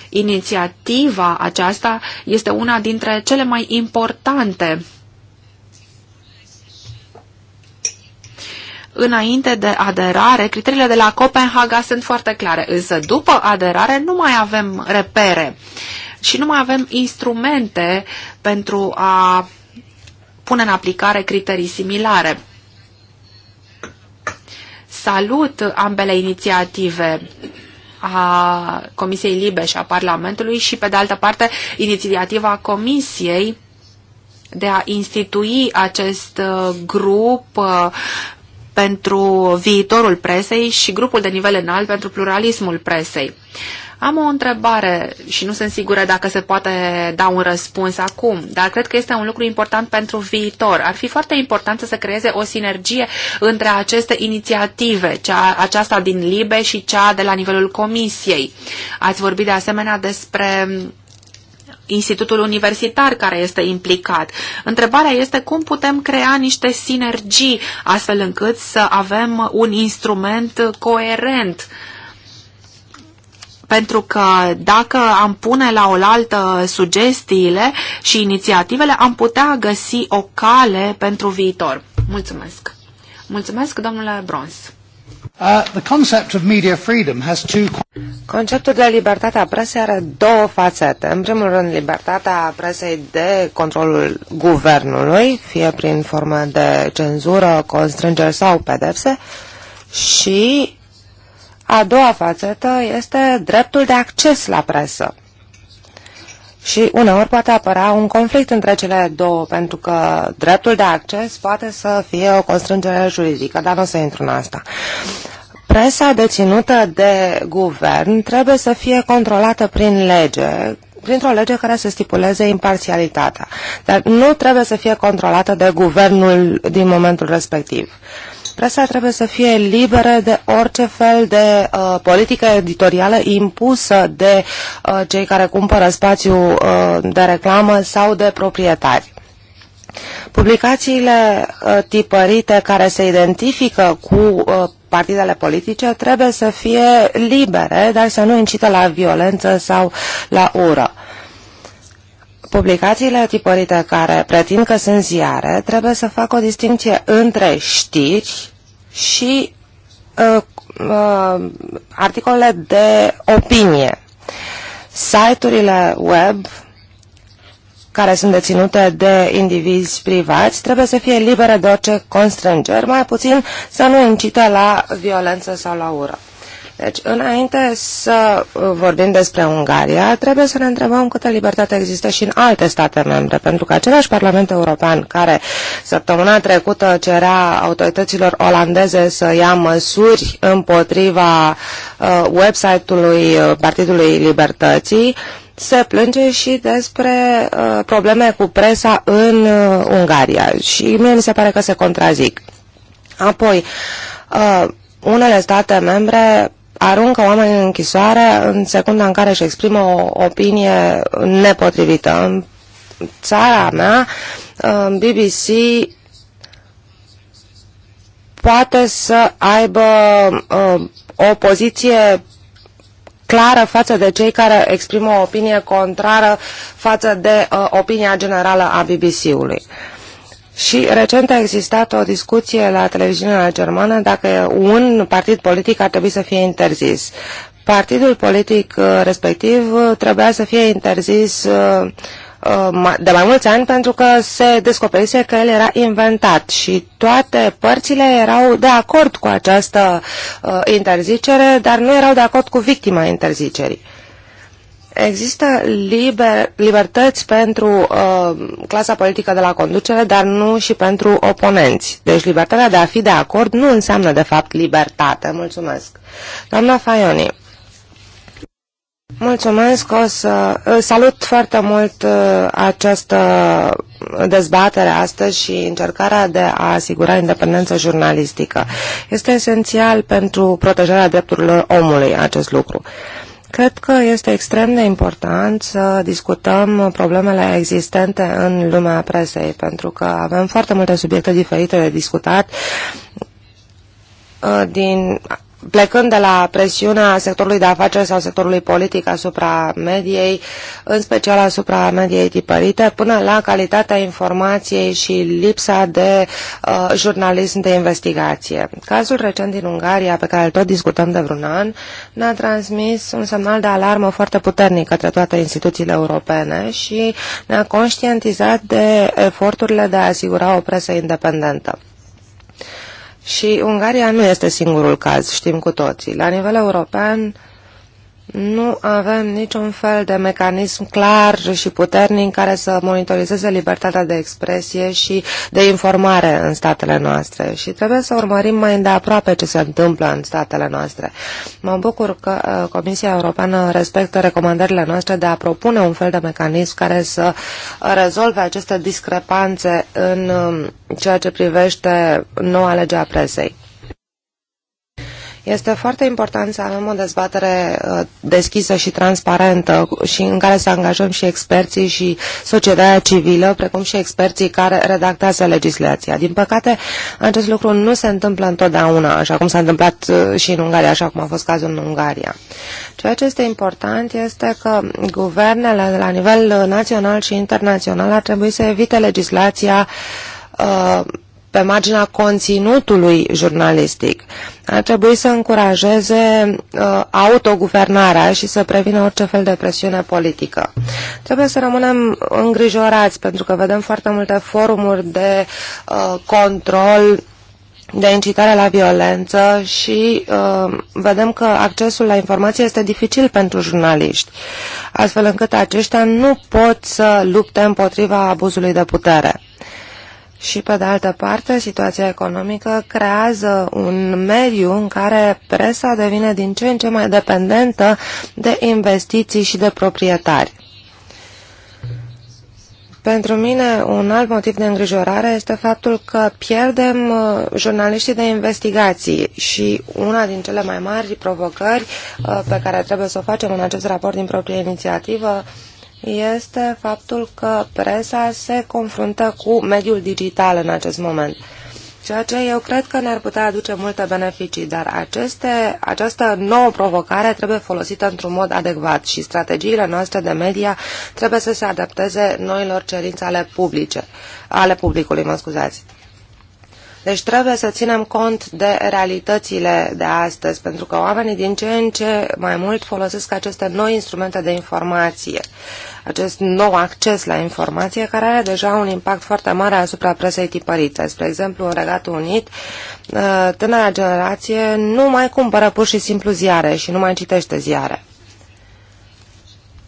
Inițiativa aceasta este una dintre cele mai importante înainte de aderare, criteriile de la Copenhaga sunt foarte clare, însă după aderare nu mai avem repere și nu mai avem instrumente pentru a pune în aplicare criterii similare. Salut ambele inițiative a Comisiei Libe și a Parlamentului și, pe de altă parte, inițiativa Comisiei de a institui acest uh, grup uh, pentru viitorul presei și grupul de nivel înalt pentru pluralismul presei. Am o întrebare și nu sunt sigură dacă se poate da un răspuns acum, dar cred că este un lucru important pentru viitor. Ar fi foarte important să se creeze o sinergie între aceste inițiative, cea, aceasta din LIBE și cea de la nivelul Comisiei. Ați vorbit de asemenea despre institutul universitar care este implicat. Întrebarea este cum putem crea niște sinergii astfel încât să avem un instrument coerent uh, pentru că dacă am pune la oaltă sugestiile și inițiativele, am putea găsi o cale pentru viitor. Mulțumesc! Mulțumesc, domnule Brons! Uh, the concept of media freedom has two... Conceptul de a presei are două fațete. În primul rând, libertatea presei de controlul guvernului, fie prin formă de cenzură, constrângeri sau pedepse, și a doua fațetă este dreptul de acces la presă. Și uneori poate apărea un conflict între cele două, pentru că dreptul de acces poate să fie o constrângere juridică, dar nu o să intru în asta. Presa deținută de guvern trebuie să fie controlată prin lege, printr-o lege care să stipuleze imparțialitatea, dar nu trebuie să fie controlată de guvernul din momentul respectiv. Uh, Presa trebuie să fie libere de orice fel de uh, politică editorială impusă de uh, cei care cumpără spațiu uh, de reclamă sau de proprietari. Publicațiile uh, tipărite care se identifică cu uh, partidele politice trebuie să fie libere, dar să nu incită la violență sau la ură publicațiile tipărite care pretind că sunt ziare trebuie să facă o distinție între știri și uh, uh, articole de opinie. Site-urile web care sunt deținute de indivizi privați trebuie să fie libere de orice constrângeri, mai puțin să nu incite la violență sau la ură. Deci, înainte să vorbim despre Ungaria, trebuie să ne întrebăm câtă libertate există și în alte state membre, pentru că același Parlament European care săptămâna trecută cerea autorităților olandeze să ia măsuri împotriva uh, website-ului uh, Partidului Libertății, se plânge și despre uh, probleme cu presa în uh, Ungaria și mie mi se pare că se contrazic. Apoi, uh, unele state membre aruncă oameni în închisoare în secunda în care își exprimă o opinie nepotrivită. În țara mea, BBC poate să aibă uh, o poziție clară față de cei care exprimă o opinie contrară față de uh, opinia generală a BBC-ului. Și recent a existat o discuție la televiziunea germană dacă un partid politic ar trebui să fie interzis. Partidul politic uh, respectiv uh, trebuia să fie interzis uh, de mai mulți ani pentru că se descoperise că el era inventat și toate părțile erau de acord cu această interzicere, dar nu erau de acord cu victima interzicerii există liber, libertăți pentru uh, clasa politică de la conducere, dar nu și pentru oponenți. Deci libertatea de a fi de acord nu înseamnă de fapt libertate. Mulțumesc. Doamna Faioni. Mulțumesc, o să salut foarte mult uh, această dezbatere astăzi și încercarea de a asigura independența jurnalistică. Este esențial pentru protejarea drepturilor omului acest lucru. Uh, Cred că este extrem de important să discutăm problemele existente în lumea presei, pentru că avem foarte multe subiecte diferite de discutat Uh, din, plecând de la presiunea sectorului de afaceri sau sectorului politic asupra mediei, în special asupra mediei tipărite, până la calitatea informației și lipsa de uh, jurnalism de investigație. Cazul recent din Ungaria, pe care îl tot discutăm de vreun an, ne-a transmis un semnal de alarmă foarte puternic către toate instituțiile europene și ne-a conștientizat de eforturile de a asigura o presă independentă. Și Ungaria nu este singurul caz, știm cu toții. La nivel european, nu avem niciun fel de mecanism clar și puternic care să monitorizeze libertatea de expresie și de informare în statele noastre și trebuie să urmărim mai îndeaproape ce se întâmplă în statele noastre. Mă bucur că uh, Comisia Europeană respectă recomandările noastre de a propune un fel de mecanism care să uh, rezolve aceste discrepanțe în um, ceea ce privește noua lege a presei. Este foarte important să avem o dezbatere uh, deschisă și transparentă și în care să angajăm și experții și societatea civilă, precum și experții care redactează legislația. Din păcate, acest lucru nu se întâmplă întotdeauna, așa cum s-a întâmplat uh, și în Ungaria, așa cum a fost cazul în Ungaria. Ceea ce este important este că guvernele la nivel uh, național și internațional ar trebui să evite legislația uh, pe marginea conținutului jurnalistic. Ar trebui să încurajeze uh, autoguvernarea și să prevină orice fel de presiune politică. Trebuie să rămânem îngrijorați pentru că vedem foarte multe forumuri de uh, control de incitare la violență și uh, vedem că accesul la informație este dificil pentru jurnaliști, astfel încât aceștia nu pot să lupte împotriva abuzului de putere. Și pe de altă parte, situația economică creează un mediu în care presa devine din ce în ce mai dependentă de investiții și de proprietari. Pentru mine, un alt motiv de îngrijorare este faptul că pierdem uh, jurnaliștii de investigații și una din cele mai mari provocări uh, pe care trebuie să o facem în acest raport din proprie inițiativă este faptul că presa se confruntă cu mediul digital în acest moment ceea ce eu cred că ne-ar putea aduce multe beneficii, dar aceste, această nouă provocare trebuie folosită într-un mod adecvat și strategiile noastre de media trebuie să se adapteze noilor cerințe ale publice, ale publicului, mă scuzați. Deci trebuie să ținem cont de realitățile de astăzi, pentru că oamenii din ce în ce mai mult folosesc aceste noi instrumente de informație, acest nou acces la informație care are deja un impact foarte mare asupra presei tipărite. Spre exemplu, în Regatul Unit, ă, tânăra generație nu mai cumpără pur și simplu ziare și nu mai citește ziare.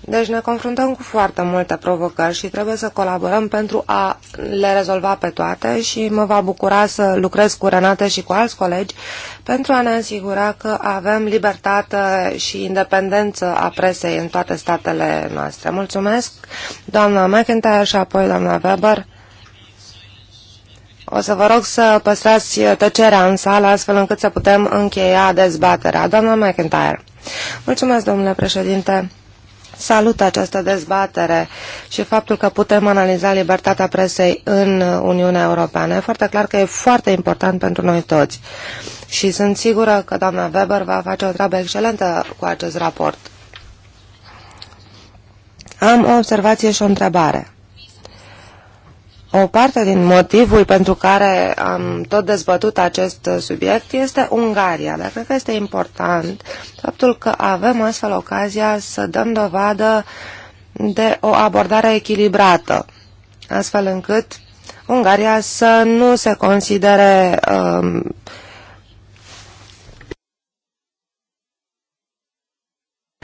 Deci ne confruntăm cu foarte multe provocări și trebuie să colaborăm pentru a le rezolva pe toate și mă va bucura să lucrez cu Renate și cu alți colegi pentru a ne asigura că avem libertate și independență a presei în toate statele noastre. Mulțumesc, doamna McIntyre și apoi doamna Weber. O să vă rog să păstrați tăcerea în sală astfel încât să putem încheia dezbaterea. Doamna McIntyre. Mulțumesc, domnule președinte salut această dezbatere și faptul că putem analiza libertatea presei în Uniunea Europeană. E foarte clar că e foarte important pentru noi toți. Și sunt sigură că doamna Weber va face o treabă excelentă cu acest raport. Am o observație și o întrebare. O parte din motivul pentru care am tot dezbătut acest subiect este Ungaria, dar cred că este important faptul că avem astfel ocazia să dăm dovadă de o abordare echilibrată, astfel încât Ungaria să nu se considere um,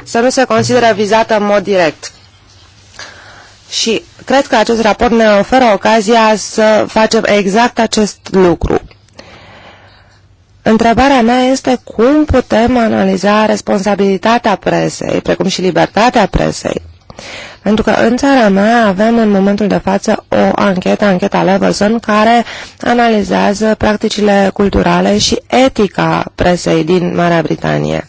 să nu se considere vizată în mod direct. Și cred că acest raport ne oferă ocazia să facem exact acest lucru. Întrebarea mea este cum putem analiza responsabilitatea presei, precum și libertatea presei. Pentru că în țara mea avem în momentul de față o anchetă, ancheta Leverson, care analizează practicile culturale și etica presei din Marea Britanie.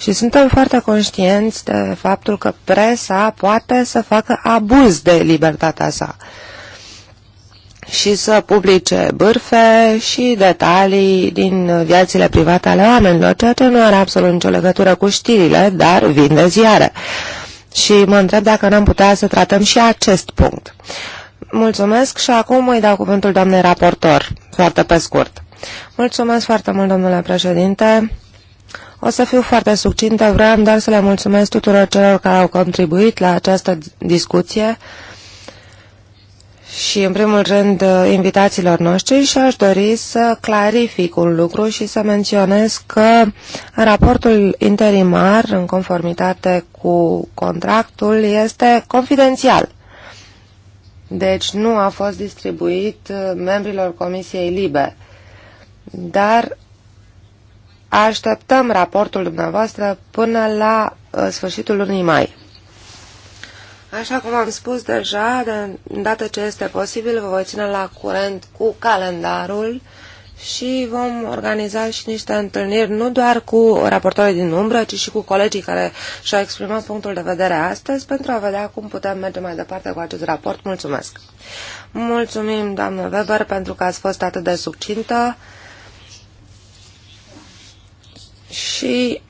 Și suntem foarte conștienți de faptul că presa poate să facă abuz de libertatea sa și să publice bârfe și detalii din viețile private ale oamenilor, ceea ce nu are absolut nicio legătură cu știrile, dar de ziare. Uh, și mă întreb dacă n-am putea să tratăm și acest punct. Mulțumesc și acum îi dau cuvântul doamnei raportor, foarte pe scurt. Mulțumesc foarte mult, domnule președinte. O să fiu foarte succintă, vreau doar să le mulțumesc tuturor celor care au contribuit la această discuție și, în primul rând, uh, invitațiilor noștri și aș dori să clarific un lucru și să menționez că raportul interimar, în conformitate cu contractul, este confidențial. Deci nu a fost distribuit uh, membrilor Comisiei Libe, dar așteptăm raportul dumneavoastră până la uh, sfârșitul lunii mai. Așa cum am spus deja, de îndată ce este posibil, vă voi ține la curent cu calendarul și vom organiza și niște întâlniri nu doar cu raportorii din umbră, ci și cu colegii care și-au exprimat punctul de vedere astăzi pentru a vedea cum putem merge mai departe cu acest raport. Mulțumesc! Mulțumim, doamnă Weber, pentru că ați fost atât de succintă și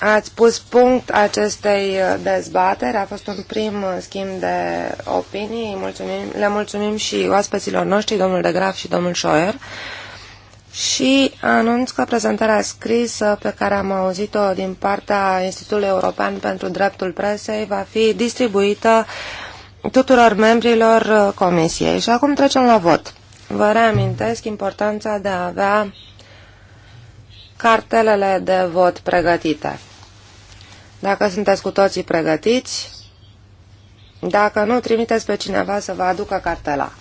ați pus punct acestei uh, dezbateri. A fost un prim uh, schimb de opinii. Mulțumim, le mulțumim și oaspeților noștri, domnul de Graf și domnul Șoer. Și anunț că prezentarea scrisă pe care am auzit-o din partea Institutului European pentru Dreptul Presei va fi distribuită tuturor membrilor uh, comisiei. Și acum trecem la vot. Vă reamintesc importanța de a avea cartelele de vot pregătite. Dacă sunteți cu toții pregătiți, dacă nu, trimiteți pe cineva să vă aducă cartela.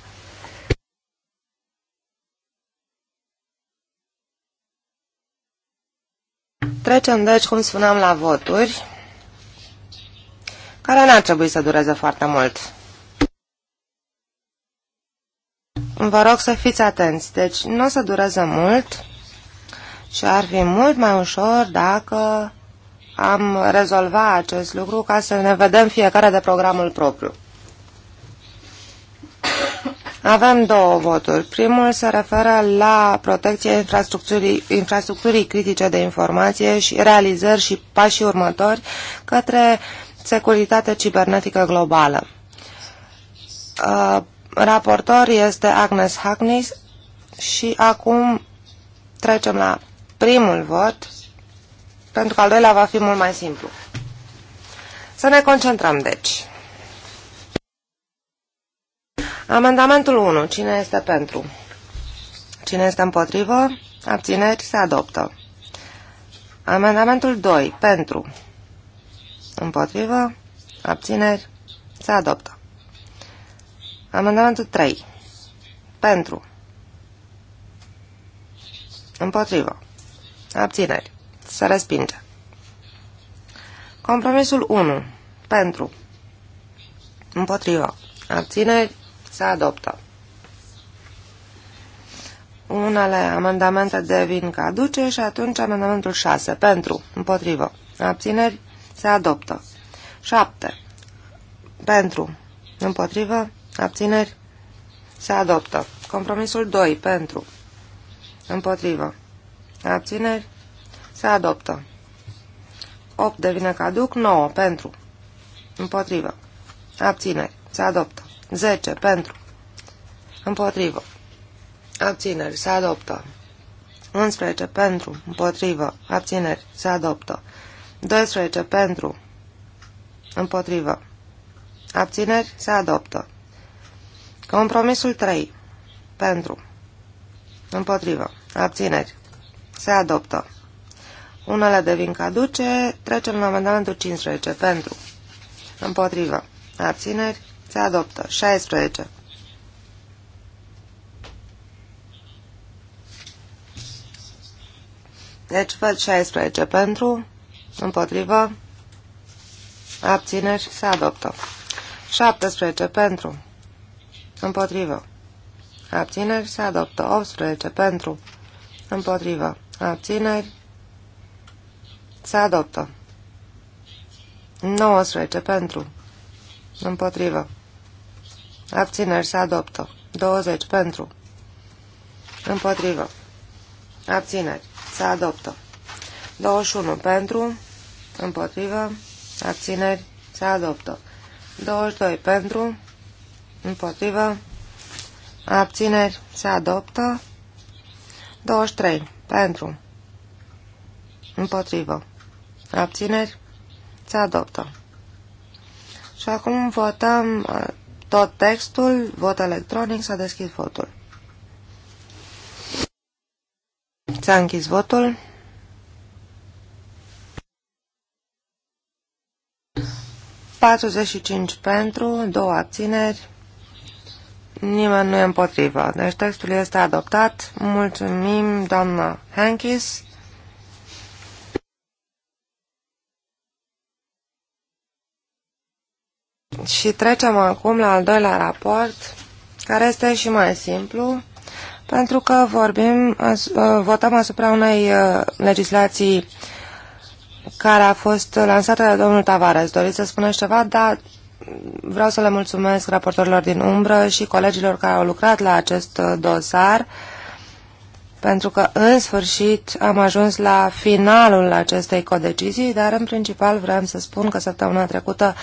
Trecem, deci, cum spuneam, la voturi, care n-ar trebui să dureze foarte mult. Vă rog să fiți atenți, deci nu o să dureze mult și ar fi mult mai ușor dacă am rezolva acest lucru ca să ne vedem fiecare de programul propriu. Avem două voturi. Primul se referă la protecția infrastructurii, infrastructurii critice de informație și realizări și pașii următori către securitate cibernetică globală. Uh, raportor este Agnes Hacknis și acum trecem la primul vot pentru că al doilea va fi mult mai simplu. Să ne concentrăm, deci. Amendamentul 1. Cine este pentru? Cine este împotrivă? Abțineri se adoptă. Amendamentul 2. Pentru. Împotrivă. Abțineri se adoptă. Amendamentul 3. Pentru. Împotrivă. Abțineri. Se respinge. Compromisul 1. Pentru. Împotrivă. Abține. Se adoptă. Unele amendamente devin caduce și atunci amendamentul 6. Pentru. Împotrivă. Abțineri. Se adoptă. 7. Pentru. Împotrivă. Abțineri. Se adoptă. Compromisul 2. Pentru. Împotrivă. Abțineri. Se adoptă. 8 devine caduc, 9 pentru. Împotrivă. Abțineri. Se adoptă. 10 pentru. Împotrivă. Abțineri. Se adoptă. 11 pentru. Împotrivă. Abțineri. Se adoptă. 12 pentru. Împotrivă. Abțineri. Se adoptă. Compromisul 3. Pentru. Împotrivă. Abțineri. Se adoptă. Unele devin caduce. Trecem la amendamentul 15. Pentru. Împotrivă. Abțineri. Se adoptă. 16. Deci văd 16 pentru, împotrivă, abțineri, se adoptă. 17 pentru, împotrivă, abțineri, se adoptă. 18 pentru, împotrivă, abțineri, se adoptă. 19 pentru. Împotrivă. Abțineri se adoptă. 20 pentru. Împotrivă. Abțineri. Se adoptă. 21 pentru. Împotrivă. Abțineri. Se adoptă. 22 pentru. Împotrivă. Abțineri. Se adoptă. 23 pentru. Împotrivă. Abțineri? Se adoptă. Și acum votăm uh, tot textul, vot electronic, s-a deschis votul. S-a închis votul. Patruzeci pentru, două abțineri, nimeni nu e împotrivă. Deci textul este adoptat. Mulțumim, doamna Hankis. Și trecem acum la al doilea raport, care este și mai simplu, pentru că vorbim, uh, votăm asupra unei uh, legislații care a fost lansată de domnul Tavares. Doriți să spuneți ceva? dar vreau să le mulțumesc raportorilor din umbră și colegilor care au lucrat la acest uh, dosar, pentru că în sfârșit am ajuns la finalul acestei codecizii, dar în principal vreau să spun că săptămâna trecută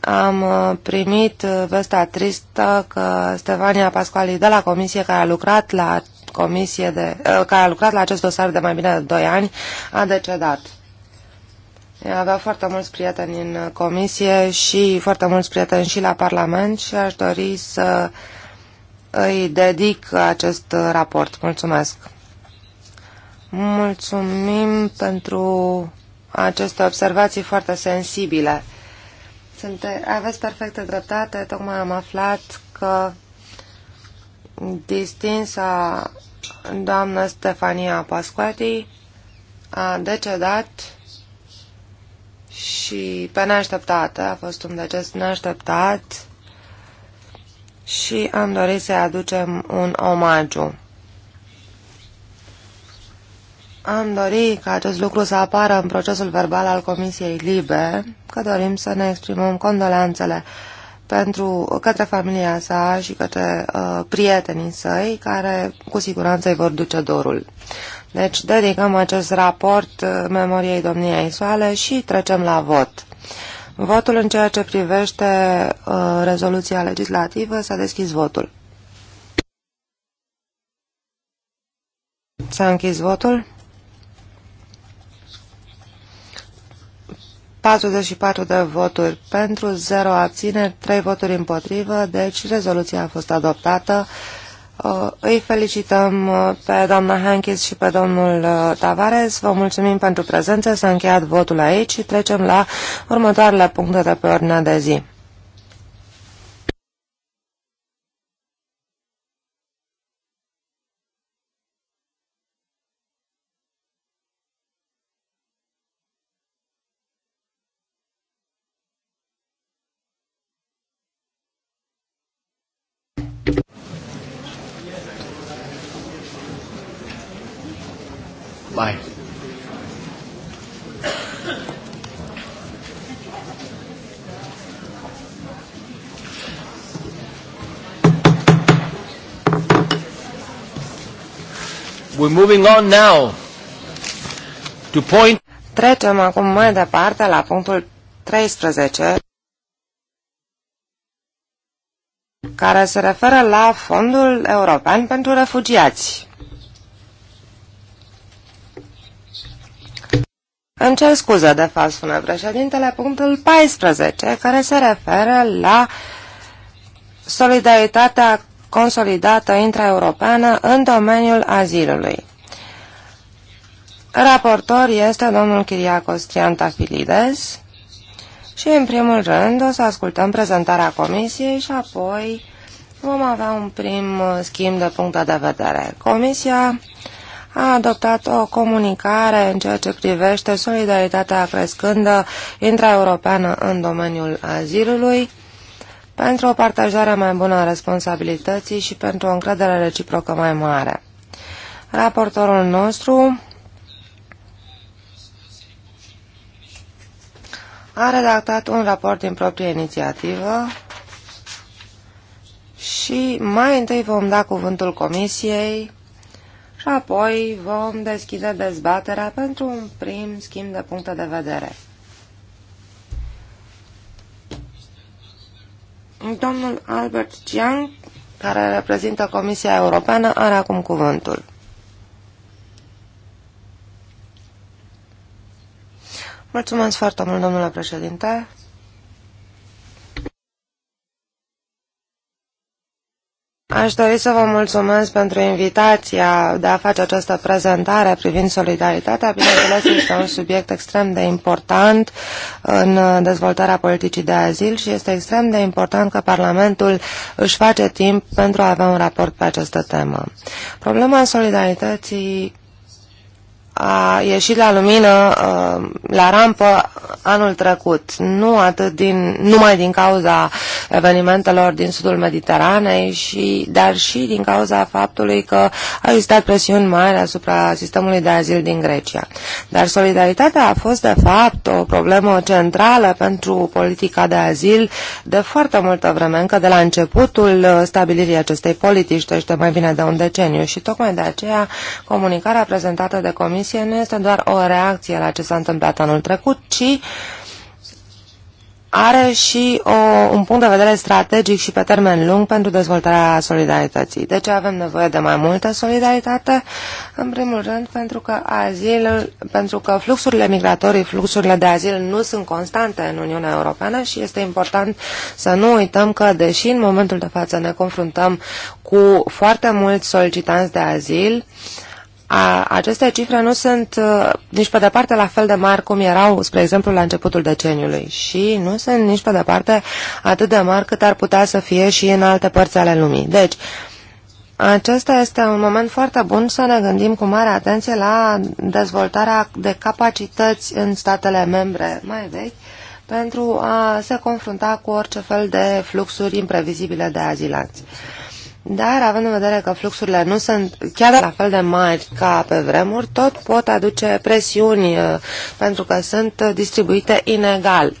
am uh, primit uh, vestea tristă că Stefania Pascuali de la comisie care a lucrat la comisie de, uh, care a lucrat la acest dosar de mai bine de 2 ani a decedat. Avea foarte mulți prieteni în comisie și foarte mulți prieteni și la Parlament și aș dori să îi dedic acest raport. Mulțumesc! Mulțumim pentru aceste observații foarte sensibile. Sunte, aveți perfectă dreptate, tocmai am aflat că distinsa doamnă Stefania Pasquati a decedat și pe neașteptate, a fost un deces neașteptat și am dorit să-i aducem un omagiu. Am dorit ca acest lucru să apară în procesul verbal al Comisiei Libe, că dorim să ne exprimăm condolențele pentru, către familia sa și către uh, prietenii săi, care cu siguranță îi vor duce dorul. Deci dedicăm acest raport uh, memoriei domniei soale și trecem la vot. Votul în ceea ce privește uh, rezoluția legislativă s-a deschis votul. S-a închis votul. 44 de voturi pentru, 0 abțineri, 3 voturi împotrivă, deci rezoluția a fost adoptată. Uh, îi felicităm uh, pe doamna Hankis și pe domnul uh, Tavares. Vă mulțumim pentru prezență. S-a încheiat votul aici și trecem la următoarele puncte de pe ordinea de zi. moving on now to point... Trecem acum mai departe la punctul 13 care se referă la Fondul European pentru Refugiați. În ce scuze, de fapt, spune președintele, punctul 14, care se referă la solidaritatea consolidată intraeuropeană în domeniul azilului. Raportor este domnul Chiriacos Triantafilides și, în primul rând, o să ascultăm prezentarea comisiei și apoi vom avea un prim schimb de puncte de vedere. Comisia a adoptat o comunicare în ceea ce privește solidaritatea crescândă intraeuropeană în domeniul azilului pentru o partajare mai bună a responsabilității și pentru o încredere reciprocă mai mare. Raportorul nostru a redactat un raport din proprie inițiativă și mai întâi vom da cuvântul comisiei și apoi vom deschide dezbaterea pentru un prim schimb de puncte de vedere. Domnul Albert Jiang, care reprezintă Comisia Europeană, are acum cuvântul. Mulțumesc foarte mult, domnule președinte. Aș dori să vă mulțumesc pentru invitația de a face această prezentare privind solidaritatea. Bineînțeles, este un subiect extrem de important în dezvoltarea politicii de azil și este extrem de important că Parlamentul își face timp pentru a avea un raport pe această temă. Problema solidarității a ieșit la lumină la rampă anul trecut, nu atât din, numai din cauza evenimentelor din sudul Mediteranei, și, dar și din cauza faptului că au existat presiuni mari asupra sistemului de azil din Grecia. Dar solidaritatea a fost, de fapt, o problemă centrală pentru politica de azil de foarte multă vreme, încă de la începutul stabilirii acestei politici, deci de mai bine de un deceniu. Și tocmai de aceea comunicarea prezentată de Comisia Comisie nu este doar o reacție la ce s-a întâmplat anul trecut, ci are și o, un punct de vedere strategic și pe termen lung pentru dezvoltarea solidarității. De ce avem nevoie de mai multă solidaritate? În primul rând pentru că, azil, pentru că fluxurile migratorii, fluxurile de azil nu sunt constante în Uniunea Europeană și este important să nu uităm că, deși în momentul de față ne confruntăm cu foarte mulți solicitanți de azil, uh, a, aceste cifre nu sunt uh, nici pe departe la fel de mari cum erau, spre exemplu, la începutul deceniului și nu sunt nici pe departe atât de mari cât ar putea să fie și în alte părți ale lumii. Deci, acesta este un moment foarte bun să ne gândim cu mare atenție la dezvoltarea de capacități în statele membre mai vechi pentru a se confrunta cu orice fel de fluxuri imprevizibile de azilanți. Uh, dar având în vedere că fluxurile nu sunt chiar la fel de mari ca pe vremuri, tot pot aduce presiuni uh, pentru că sunt uh, distribuite inegal.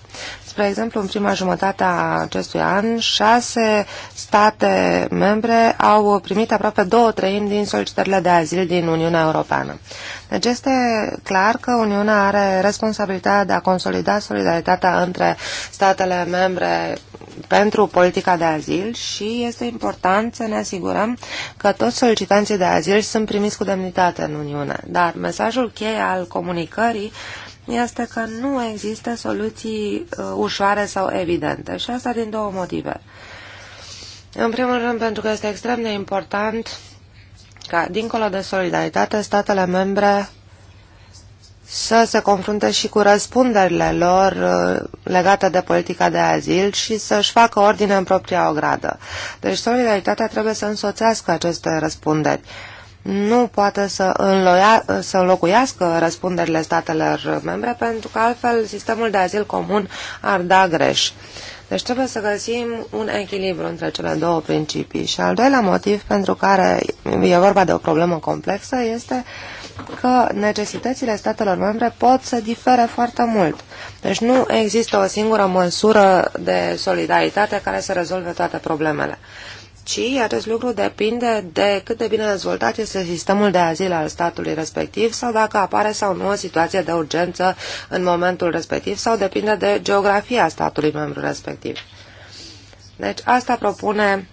Spre exemplu, în prima jumătate a acestui an, șase state membre au primit aproape două treimi din solicitările de azil din Uniunea Europeană. Deci este clar că Uniunea are responsabilitatea de a consolida solidaritatea între statele membre pentru politica de azil și este important să ne asigurăm că toți solicitanții de azil sunt primiți cu demnitate în Uniune. Dar mesajul cheie al comunicării este că nu există soluții uh, ușoare sau evidente și asta din două motive. În primul rând pentru că este extrem de important ca, dincolo de solidaritate, statele membre să se confrunte și cu răspunderile lor uh, legate de politica de azil și să-și facă ordine în propria ogradă. Deci solidaritatea trebuie să însoțească aceste răspunderi nu poate să, înloia, să înlocuiască răspunderile statelor membre, pentru că altfel sistemul de azil comun ar da greș. Deci trebuie să găsim un echilibru între cele două principii. Și al doilea motiv pentru care e vorba de o problemă complexă este că necesitățile statelor membre pot să difere foarte mult. Deci nu există o singură măsură de solidaritate care să rezolve toate problemele ci acest lucru depinde de cât de bine dezvoltat este sistemul de azil al statului respectiv sau dacă apare sau nu o situație de urgență în momentul respectiv sau depinde de geografia statului membru respectiv. Deci asta propune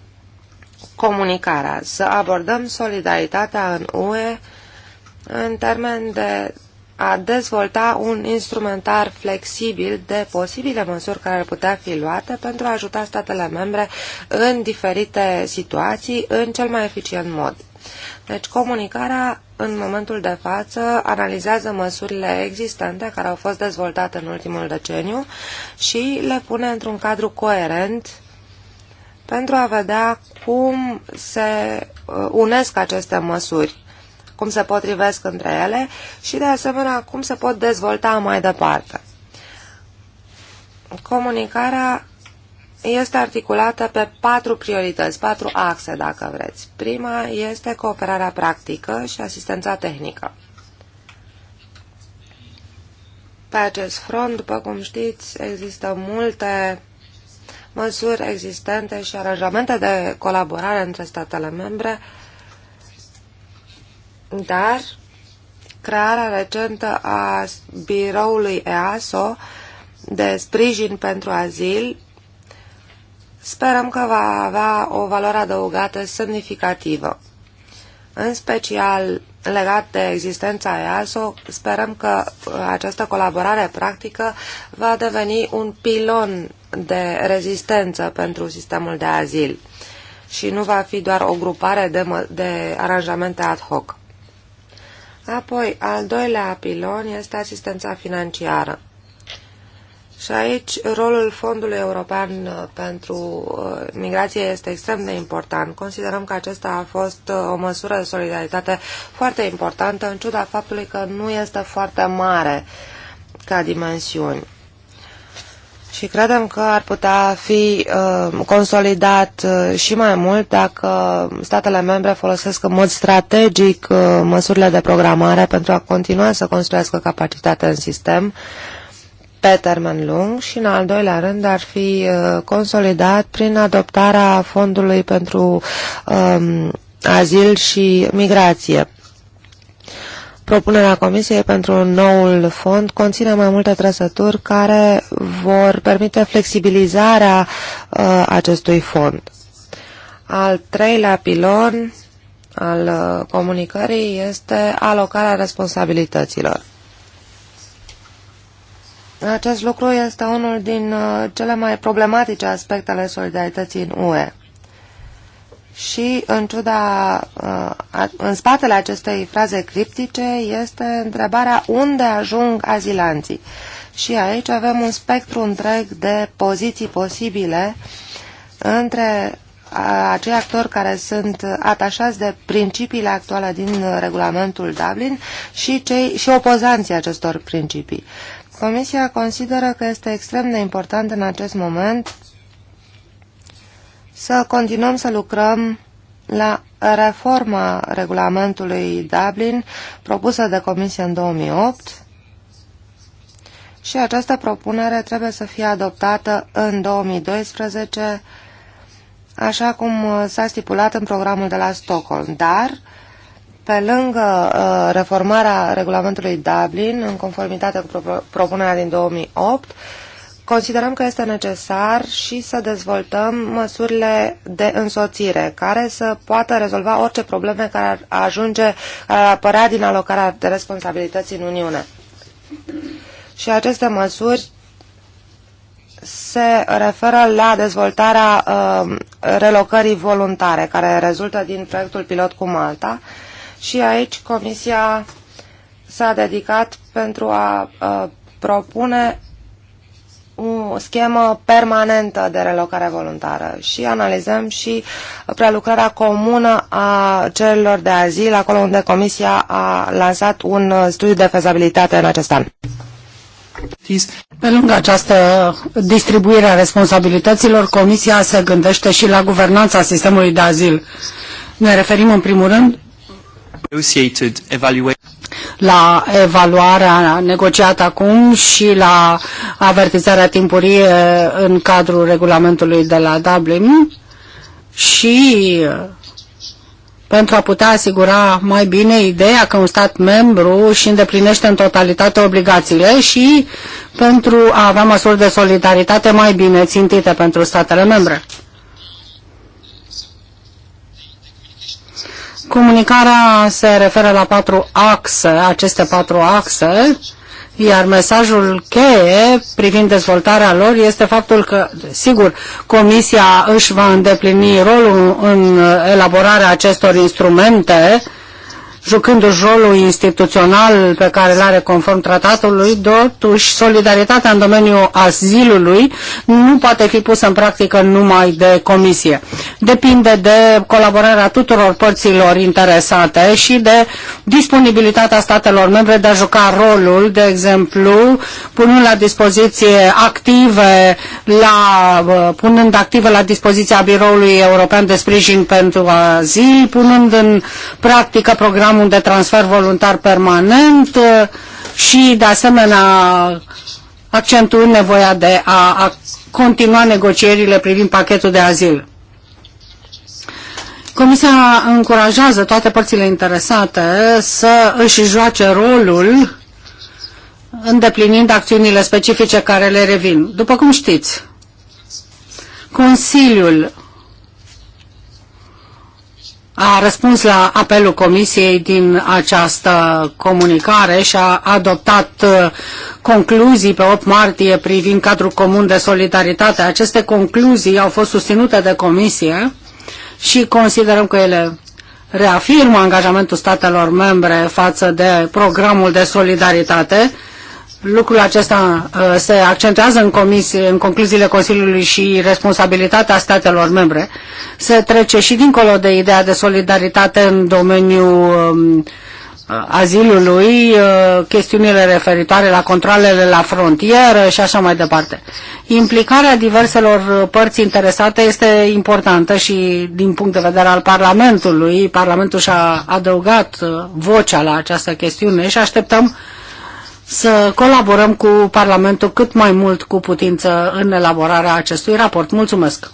comunicarea, să abordăm solidaritatea în UE în termen de a dezvolta un instrumentar flexibil de posibile măsuri care ar putea fi luate pentru a ajuta statele membre în diferite situații în cel mai eficient mod. Deci comunicarea în momentul de față analizează măsurile existente care au fost dezvoltate în ultimul deceniu și le pune într-un cadru coerent pentru a vedea cum se uh, unesc aceste măsuri cum se potrivesc între ele și, de asemenea, cum se pot dezvolta mai departe. Comunicarea este articulată pe patru priorități, patru axe, dacă vreți. Prima este cooperarea practică și asistența tehnică. Pe acest front, după cum știți, există multe măsuri existente și aranjamente de colaborare între statele membre, uh, dar crearea recentă a biroului EASO de sprijin pentru azil sperăm că va avea o valoare adăugată semnificativă. În special legat de existența EASO, sperăm că această colaborare practică va deveni un pilon de rezistență pentru sistemul de azil și nu va fi doar o grupare de, de aranjamente ad hoc. Apoi, al doilea pilon este asistența financiară. Și aici rolul Fondului European uh, pentru uh, Migrație este extrem de important. Considerăm că acesta a fost uh, o măsură de solidaritate foarte importantă, în ciuda faptului că nu este foarte mare ca dimensiuni și credem că ar putea fi uh, consolidat uh, și mai mult dacă statele membre folosesc în mod strategic uh, măsurile de programare pentru a continua să construiască capacitate în sistem pe termen lung și, în al doilea rând, ar fi uh, consolidat prin adoptarea fondului pentru um, azil și migrație Propunerea Comisiei pentru noul fond conține mai multe trăsături care vor permite flexibilizarea uh, acestui fond. Al treilea pilon al uh, comunicării este alocarea responsabilităților. Acest lucru este unul din uh, cele mai problematice aspecte ale solidarității în UE. Și, în ciuda, uh, în spatele acestei fraze criptice este întrebarea unde ajung azilanții. Și aici avem un spectru întreg de poziții posibile între acei actori care sunt atașați de principiile actuale din regulamentul Dublin și, cei, și opozanții acestor principii. Comisia consideră că este extrem de important în acest moment să continuăm să lucrăm la reforma regulamentului Dublin propusă de Comisie în 2008 și această propunere trebuie să fie adoptată în 2012, așa cum s-a stipulat în programul de la Stockholm. Dar, pe lângă uh, reformarea regulamentului Dublin, în conformitate cu propunerea din 2008, Considerăm că este necesar și să dezvoltăm măsurile de însoțire, care să poată rezolva orice probleme care ar ajunge, care ar apărea din alocarea de responsabilități în Uniune. Și aceste măsuri se referă la dezvoltarea uh, relocării voluntare, care rezultă din proiectul pilot cu Malta. Și aici Comisia s-a dedicat pentru a uh, propune o schemă permanentă de relocare voluntară și analizăm și prelucrarea comună a cererilor de azil, acolo unde Comisia a lansat un studiu de fezabilitate în acest an. Pe lângă această distribuire a responsabilităților, Comisia se gândește și la guvernanța sistemului de azil. Ne referim în primul rând la evaluarea negociată acum și la avertizarea timpurie în cadrul regulamentului de la Dublin și pentru a putea asigura mai bine ideea că un stat membru își îndeplinește în totalitate obligațiile și pentru a avea măsuri de solidaritate mai bine țintite pentru statele membre. Comunicarea se referă la patru axe, aceste patru axe, iar mesajul cheie privind dezvoltarea lor este faptul că, sigur, Comisia își va îndeplini rolul în elaborarea acestor instrumente, jucându-și rolul instituțional pe care îl are conform tratatului, totuși solidaritatea în domeniul azilului nu poate fi pusă în practică numai de comisie. Depinde de colaborarea tuturor părților interesate și de disponibilitatea statelor membre de a juca rolul, de exemplu, punând la dispoziție active, la, punând active la dispoziția Biroului European de Sprijin pentru Azil, punând în practică programul programul de transfer voluntar permanent uh, și, de asemenea, accentuând nevoia de a, a continua negocierile privind pachetul de azil. Comisia încurajează toate părțile interesate să își joace rolul îndeplinind acțiunile specifice care le revin. După cum știți, Consiliul a răspuns la apelul Comisiei din această comunicare și a adoptat uh, concluzii pe 8 martie privind cadrul comun de solidaritate. Aceste concluzii au fost susținute de Comisie și considerăm că ele reafirmă angajamentul statelor membre față de programul de solidaritate Lucrul acesta uh, se accentuează în, comisie, în concluziile Consiliului și responsabilitatea statelor membre. Se trece și dincolo de ideea de solidaritate în domeniul um, azilului, uh, chestiunile referitoare la controlele la frontieră și așa mai departe. Implicarea diverselor părți interesate este importantă și din punct de vedere al Parlamentului. Parlamentul și-a adăugat uh, vocea la această chestiune și așteptăm să colaborăm cu Parlamentul cât mai mult cu putință în elaborarea acestui raport. Mulțumesc!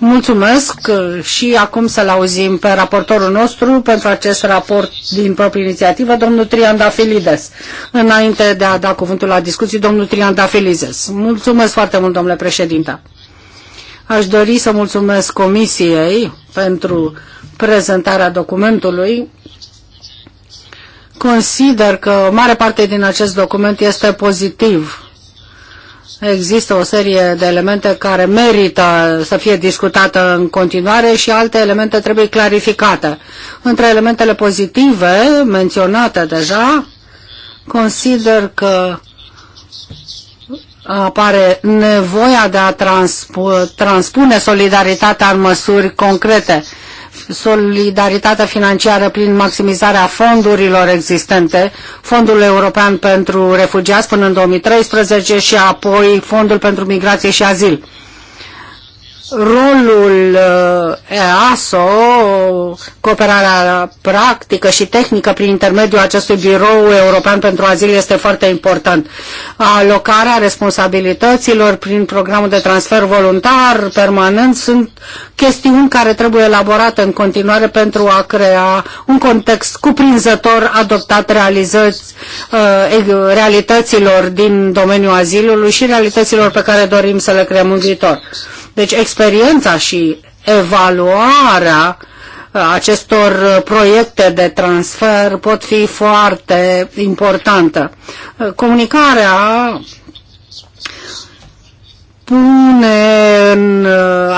Mulțumesc și acum să-l auzim pe raportorul nostru pentru acest raport din proprie inițiativă, domnul Triandafilides. Înainte de a da cuvântul la discuții, domnul Triandafilides. Mulțumesc foarte mult, domnule președinte. Aș dori să mulțumesc Comisiei pentru prezentarea documentului Consider că o mare parte din acest document este pozitiv. Există o serie de elemente care merită să fie discutată în continuare și alte elemente trebuie clarificate. Între elementele pozitive menționate deja, consider că apare nevoia de a transpune solidaritatea în măsuri concrete solidaritatea financiară prin maximizarea fondurilor existente, Fondul European pentru Refugiați până în 2013 și apoi Fondul pentru Migrație și Azil rolul uh, EASO, cooperarea practică și tehnică prin intermediul acestui birou european pentru azil este foarte important. Alocarea responsabilităților prin programul de transfer voluntar permanent sunt chestiuni care trebuie elaborate în continuare pentru a crea un context cuprinzător adoptat uh, realităților din domeniul azilului și realităților pe care dorim să le creăm în viitor. Deci experiența și evaluarea uh, acestor uh, proiecte de transfer pot fi foarte importantă. Uh, comunicarea pune în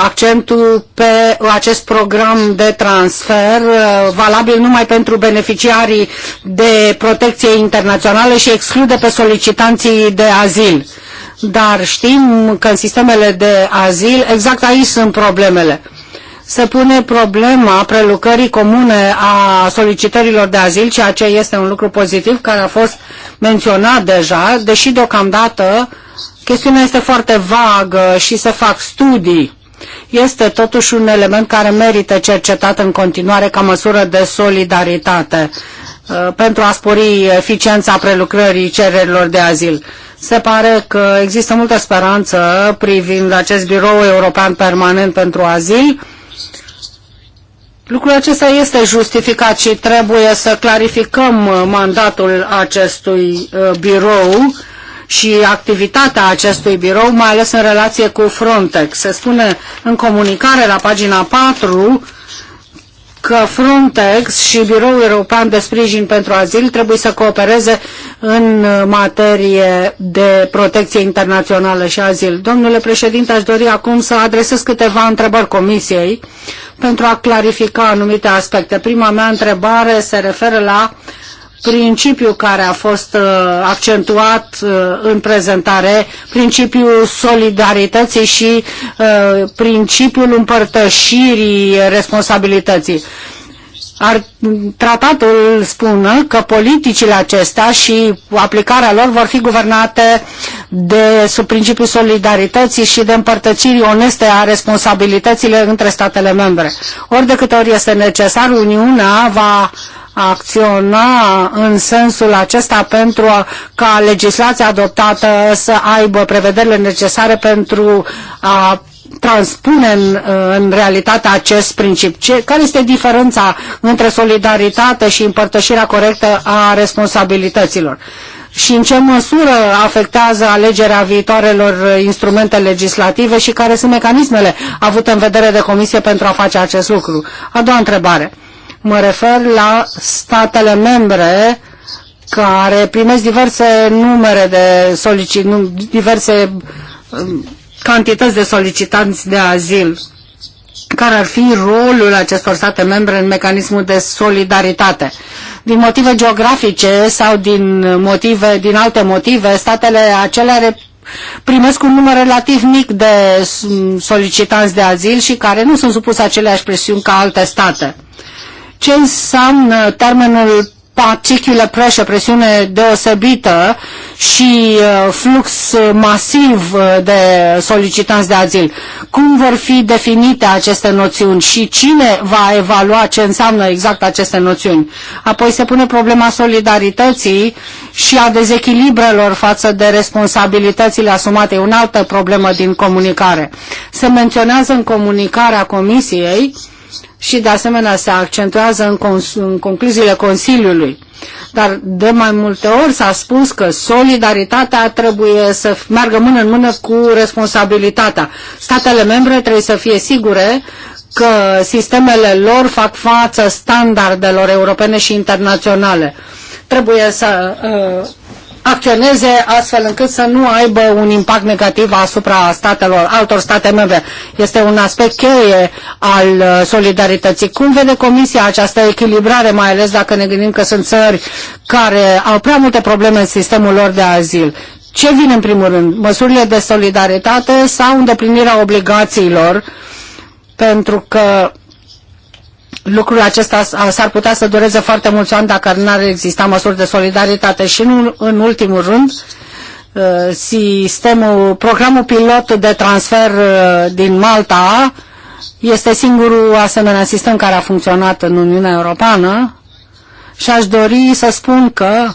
accentul pe acest program de transfer valabil numai pentru beneficiarii de protecție internațională și exclude pe solicitanții de azil dar știm că în sistemele de azil exact aici sunt problemele. Se pune problema prelucării comune a solicitărilor de azil, ceea ce este un lucru pozitiv care a fost menționat deja, deși deocamdată chestiunea este foarte vagă și se fac studii este totuși un element care merită cercetat în continuare ca măsură de solidaritate. Uh, pentru a spori eficiența prelucrării cererilor de azil. Se pare că există multă speranță privind acest birou european permanent pentru azil. Lucrul acesta este justificat și trebuie să clarificăm mandatul acestui uh, birou și activitatea acestui birou, mai ales în relație cu Frontex. Se spune în comunicare la pagina 4 că Frontex și Biroul European de Sprijin pentru Azil trebuie să coopereze în materie de protecție internațională și azil. Domnule președinte, aș dori acum să adresez câteva întrebări Comisiei pentru a clarifica anumite aspecte. Prima mea întrebare se referă la uh, principiu care a fost uh, accentuat uh, în prezentare, principiul solidarității și uh, principiul împărtășirii responsabilității. Ar, tratatul spune că politicile acestea și aplicarea lor vor fi guvernate de sub principiul solidarității și de împărtăcirii oneste a responsabilităților între statele membre. Ori de câte ori este necesar, Uniunea va uh, acționa în sensul acesta pentru a, ca legislația adoptată să aibă prevederile necesare pentru a transpune în, în realitate acest principiu. Ce, care este diferența între solidaritate și împărtășirea corectă a responsabilităților? și în ce măsură afectează alegerea viitoarelor instrumente legislative și care sunt mecanismele avute în vedere de Comisie pentru a face acest lucru. A doua întrebare. Mă refer la statele membre care primesc diverse numere de solicit, diverse um, cantități de solicitanți de azil. Care ar fi rolul acestor state membre în mecanismul de solidaritate? Din motive geografice sau din, motive, din alte motive, statele acelea primesc un număr relativ mic de mm, solicitanți de azil și care nu sunt supuse aceleași presiuni ca alte state ce înseamnă termenul particular pressure, presiune deosebită și uh, flux masiv uh, de solicitanți de azil. Cum vor fi definite aceste noțiuni și cine va evalua ce înseamnă exact aceste noțiuni? Apoi se pune problema solidarității și a dezechilibrelor față de responsabilitățile asumate. E o altă problemă din comunicare. Se menționează în comunicarea Comisiei uh, și de asemenea se accentuează în, cons- în concluziile Consiliului. Dar de mai multe ori s-a spus că solidaritatea trebuie să meargă mână în mână cu responsabilitatea. Statele membre trebuie să fie sigure că sistemele lor fac față standardelor europene și internaționale. Trebuie să uh, acționeze astfel încât să nu aibă un impact negativ asupra statelor, altor state membre. Este un aspect cheie al uh, solidarității. Cum vede Comisia această echilibrare, mai ales dacă ne gândim că sunt țări care au prea multe probleme în sistemul lor de azil? Ce vine în primul rând? Măsurile de solidaritate sau îndeplinirea obligațiilor? Pentru că lucrul acesta s-ar putea să dureze foarte mulți ani dacă n-ar exista măsuri de solidaritate și nu în ultimul rând uh, sistemul, programul pilot de transfer uh, din Malta este singurul asemenea sistem care a funcționat în Uniunea Europeană și aș dori să spun că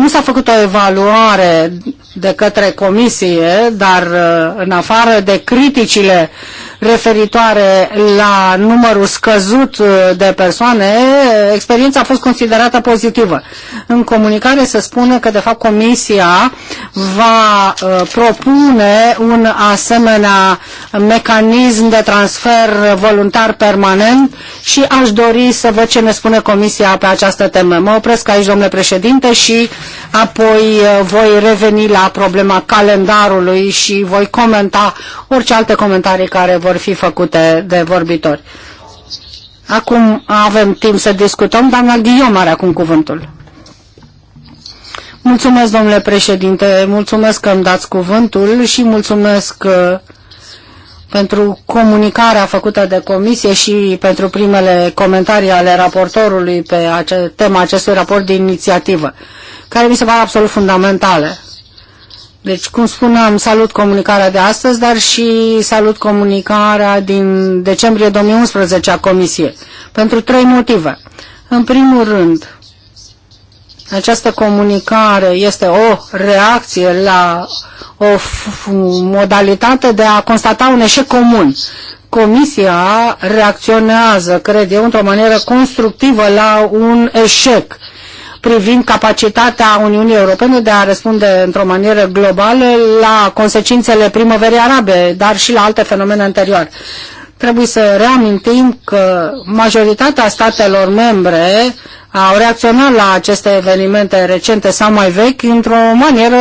nu s-a făcut o evaluare de către comisie, dar uh, în afară de criticile referitoare la numărul scăzut uh, de persoane, experiența a fost considerată pozitivă. În comunicare se spune că, de fapt, comisia va uh, propune un asemenea mecanism de transfer voluntar permanent și aș dori să văd ce ne spune comisia pe această temă. Mă opresc aici, domnule președinte, și apoi uh, voi reveni la problema calendarului și voi comenta orice alte comentarii care vor fi făcute de vorbitori. Acum avem timp să discutăm. Doamna Ghiom are acum cuvântul. Mulțumesc, domnule președinte, mulțumesc că îmi dați cuvântul și mulțumesc uh, pentru comunicarea făcută de comisie și pentru primele comentarii ale raportorului pe ace- tema acestui raport de inițiativă, care mi se pare absolut fundamentale. Deci, cum spuneam, salut comunicarea de astăzi, dar și salut comunicarea din decembrie 2011 a comisiei, pentru trei motive. În primul rând, această comunicare este o reacție la o modalitate de a constata un eșec comun. Comisia reacționează, cred eu, într-o manieră constructivă la un eșec privind capacitatea Uniunii Europene de a răspunde într-o manieră globală la consecințele primăverii arabe, dar și la alte fenomene anterioare. Trebuie să reamintim că majoritatea statelor membre au reacționat la aceste evenimente recente sau mai vechi într-o manieră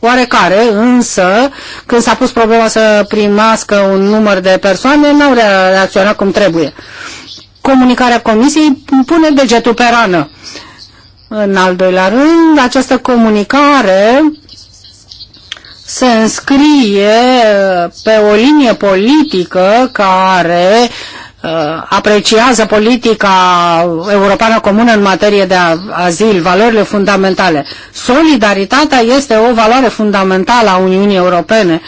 oarecare, însă când s-a pus problema să primească un număr de persoane, n-au reacționat cum trebuie. Comunicarea Comisiei pune degetul pe rană. În al doilea rând, această comunicare se înscrie uh, pe o linie politică care uh, apreciază politica europeană comună în materie de azil, valorile fundamentale. Solidaritatea este o valoare fundamentală a Uniunii Europene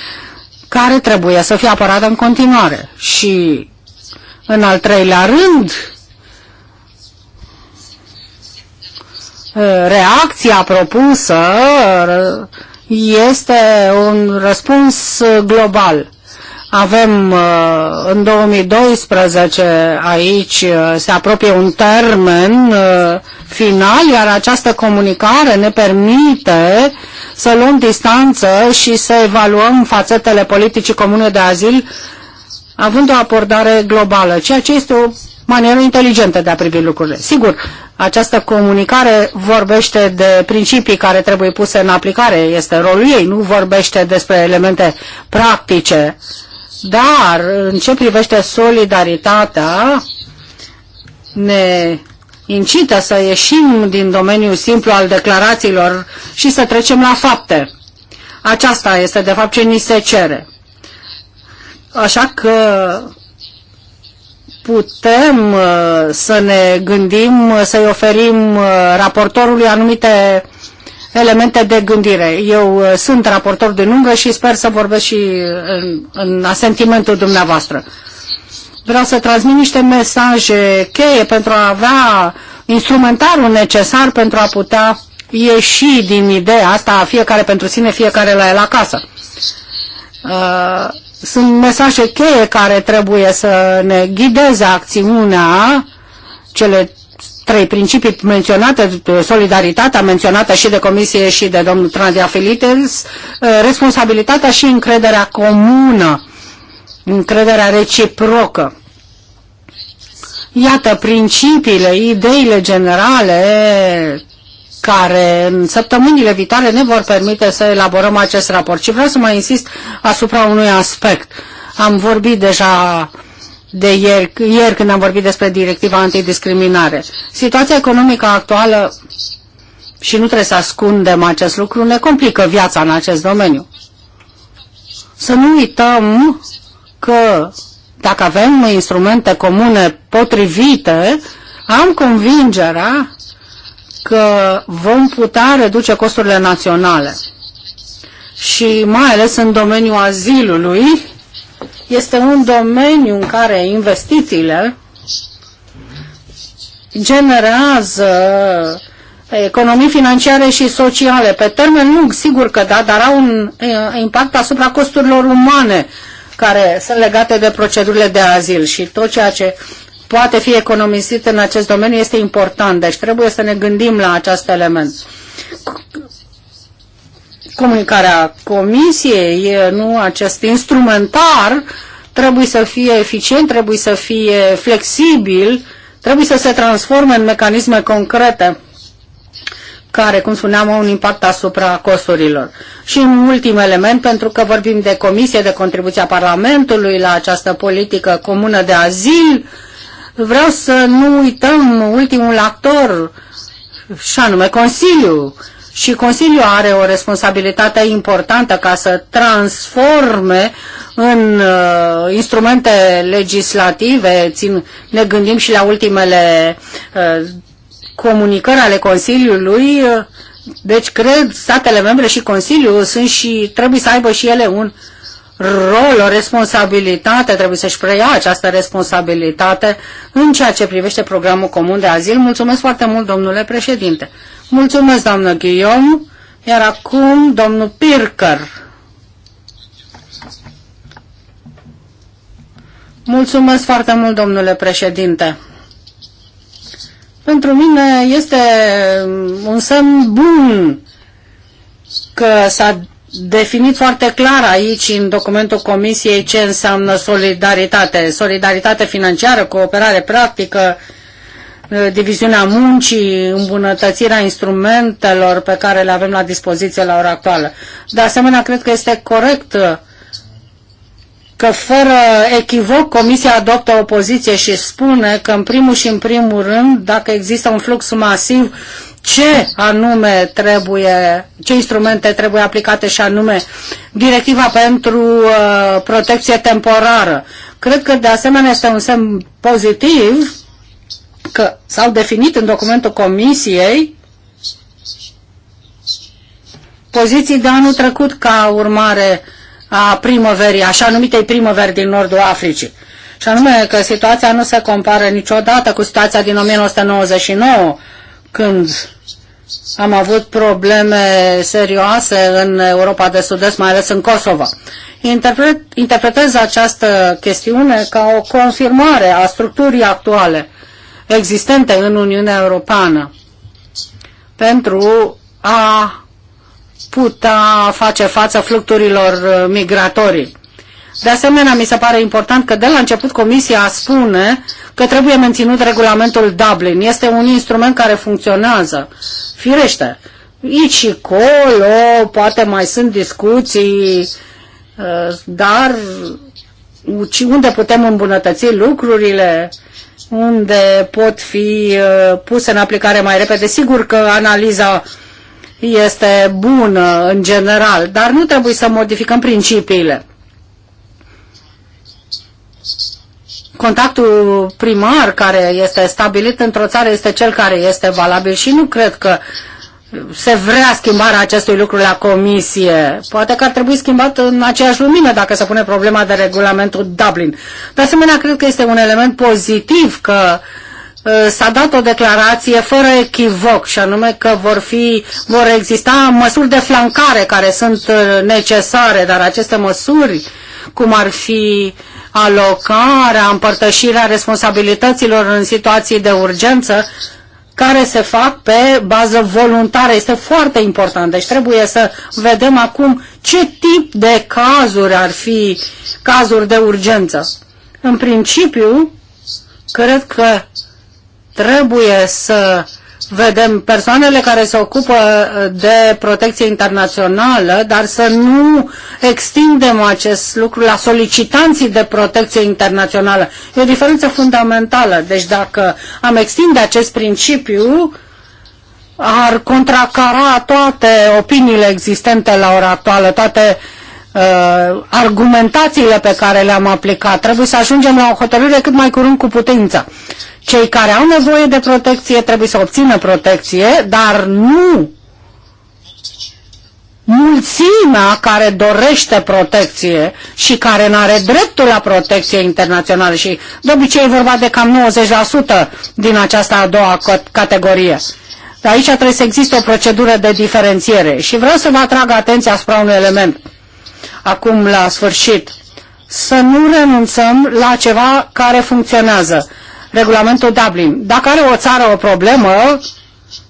care trebuie să fie apărată în continuare. Și în al treilea rând, uh, reacția propusă este un răspuns uh, global. Avem uh, în 2012 aici, uh, se apropie un termen final, iar această comunicare ne permite să luăm distanță și să evaluăm fațetele politicii comune de azil având o abordare globală, ceea ce este o manieră inteligentă de a privi lucrurile. Sigur, această comunicare vorbește de principii care trebuie puse în aplicare, este rolul ei, nu vorbește despre elemente practice, dar în ce privește solidaritatea, ne incită să ieșim din domeniul simplu al declarațiilor și să trecem la fapte. Aceasta este de fapt ce ni se cere. Așa că putem uh, să ne gândim, uh, să-i oferim uh, raportorului anumite elemente de gândire. Eu sunt raportor de lungă și sper să vorbesc și în, în asentimentul dumneavoastră. Vreau să transmit niște mesaje cheie pentru a avea instrumentarul necesar pentru a putea ieși din ideea asta, fiecare pentru sine, fiecare la el acasă. Uh, sunt mesaje cheie care trebuie să ne ghideze acțiunea, cele trei principii menționate, solidaritatea menționată și de Comisie și de domnul Trandia Filites, uh, responsabilitatea și încrederea comună, încrederea reciprocă. Iată principiile, ideile generale care în săptămânile vitale ne vor permite să elaborăm acest raport. Și vreau să mai insist asupra unui aspect. Am vorbit deja de ieri, ieri când am vorbit despre directiva antidiscriminare. Situația economică actuală, și nu trebuie să ascundem acest lucru, ne complică viața în acest domeniu. Să nu uităm că dacă avem instrumente comune potrivite, am convingerea că vom putea reduce costurile naționale și mai ales în domeniul azilului, este un domeniu în care investițiile generează economii financiare și sociale. Pe termen lung, sigur că da, dar au un impact asupra costurilor umane care sunt legate de procedurile de azil și tot ceea ce poate fi economisit în acest domeniu este important. Deci trebuie să ne gândim la acest element. Comunicarea comisiei, nu acest instrumentar, trebuie să fie eficient, trebuie să fie flexibil, trebuie să se transforme în mecanisme concrete care, cum spuneam, au un impact asupra costurilor. Și un ultim element, pentru că vorbim de comisie, de contribuția Parlamentului la această politică comună de azil, Vreau să nu uităm ultimul actor, și anume Consiliu. Și Consiliul are o responsabilitate importantă ca să transforme în uh, instrumente legislative, țin, ne gândim și la ultimele uh, comunicări ale Consiliului, uh, deci cred statele membre și Consiliul sunt și trebuie să aibă și ele un uh, rol, o responsabilitate, trebuie să-și preia această responsabilitate în ceea ce privește programul comun de azil. Mulțumesc foarte mult, domnule președinte. Mulțumesc, doamnă Ghiom. Iar acum, domnul Pircăr. Mulțumesc foarte mult, domnule președinte. Pentru mine este un semn bun că s-a definit foarte clar aici în documentul Comisiei ce înseamnă solidaritate. Solidaritate financiară, cooperare practică, eh, diviziunea muncii, îmbunătățirea instrumentelor pe care le avem la dispoziție la ora actuală. De asemenea, cred că este corect eh, că fără echivoc Comisia adoptă o poziție și spune că în primul și în primul rând, dacă există un flux masiv ce anume trebuie, ce instrumente trebuie aplicate și anume directiva pentru uh, protecție temporară. Cred că de asemenea este un semn pozitiv că s-au definit în documentul Comisiei poziții de anul trecut ca urmare a primăverii, așa numitei primăveri din nordul Africii. Și anume că situația nu se compară niciodată cu situația din 1999, când am avut probleme serioase în Europa de Sud-Est, mai ales în Kosovo. Interpret, interpretez această chestiune ca o confirmare a structurii actuale existente în Uniunea Europeană pentru a putea face față fluxurilor migratorii. De asemenea, mi se pare important că de la început Comisia spune că trebuie menținut regulamentul Dublin. Este un instrument care funcționează. Firește, aici și colo, poate mai sunt discuții, uh, dar unde putem îmbunătăți lucrurile, unde pot fi uh, puse în aplicare mai repede. Sigur că analiza este bună în general, dar nu trebuie să modificăm principiile. contactul primar care este stabilit într-o țară este cel care este valabil și nu cred că se vrea schimbarea acestui lucru la comisie. Poate că ar trebui schimbat în aceeași lumină dacă se pune problema de regulamentul Dublin. De asemenea, cred că este un element pozitiv că uh, s-a dat o declarație fără echivoc și anume că vor, fi, vor exista măsuri de flancare care sunt uh, necesare, dar aceste măsuri, cum ar fi alocarea, împărtășirea responsabilităților în situații de urgență care se fac pe bază voluntară. Este foarte important. Deci trebuie să vedem acum ce tip de cazuri ar fi cazuri de urgență. În principiu, cred că trebuie să vedem persoanele care se ocupă uh, de protecție internațională, dar să nu extindem acest lucru la solicitanții de protecție internațională. E o diferență fundamentală. Deci dacă am extinde acest principiu, ar contracara toate opiniile existente la ora actuală, toate uh, argumentațiile pe care le-am aplicat. Trebuie să ajungem la o hotărâre cât mai curând cu putință. Cei care au nevoie de protecție trebuie să obțină protecție, dar nu mulțimea care dorește protecție și care nu are dreptul la protecție internațională și de obicei e vorba de cam 90% din această a doua categorie. Dar aici trebuie să existe o procedură de diferențiere și vreau să vă atrag atenția asupra unui element acum la sfârșit. Să nu renunțăm la ceva care funcționează regulamentul Dublin. Dacă are o țară o problemă,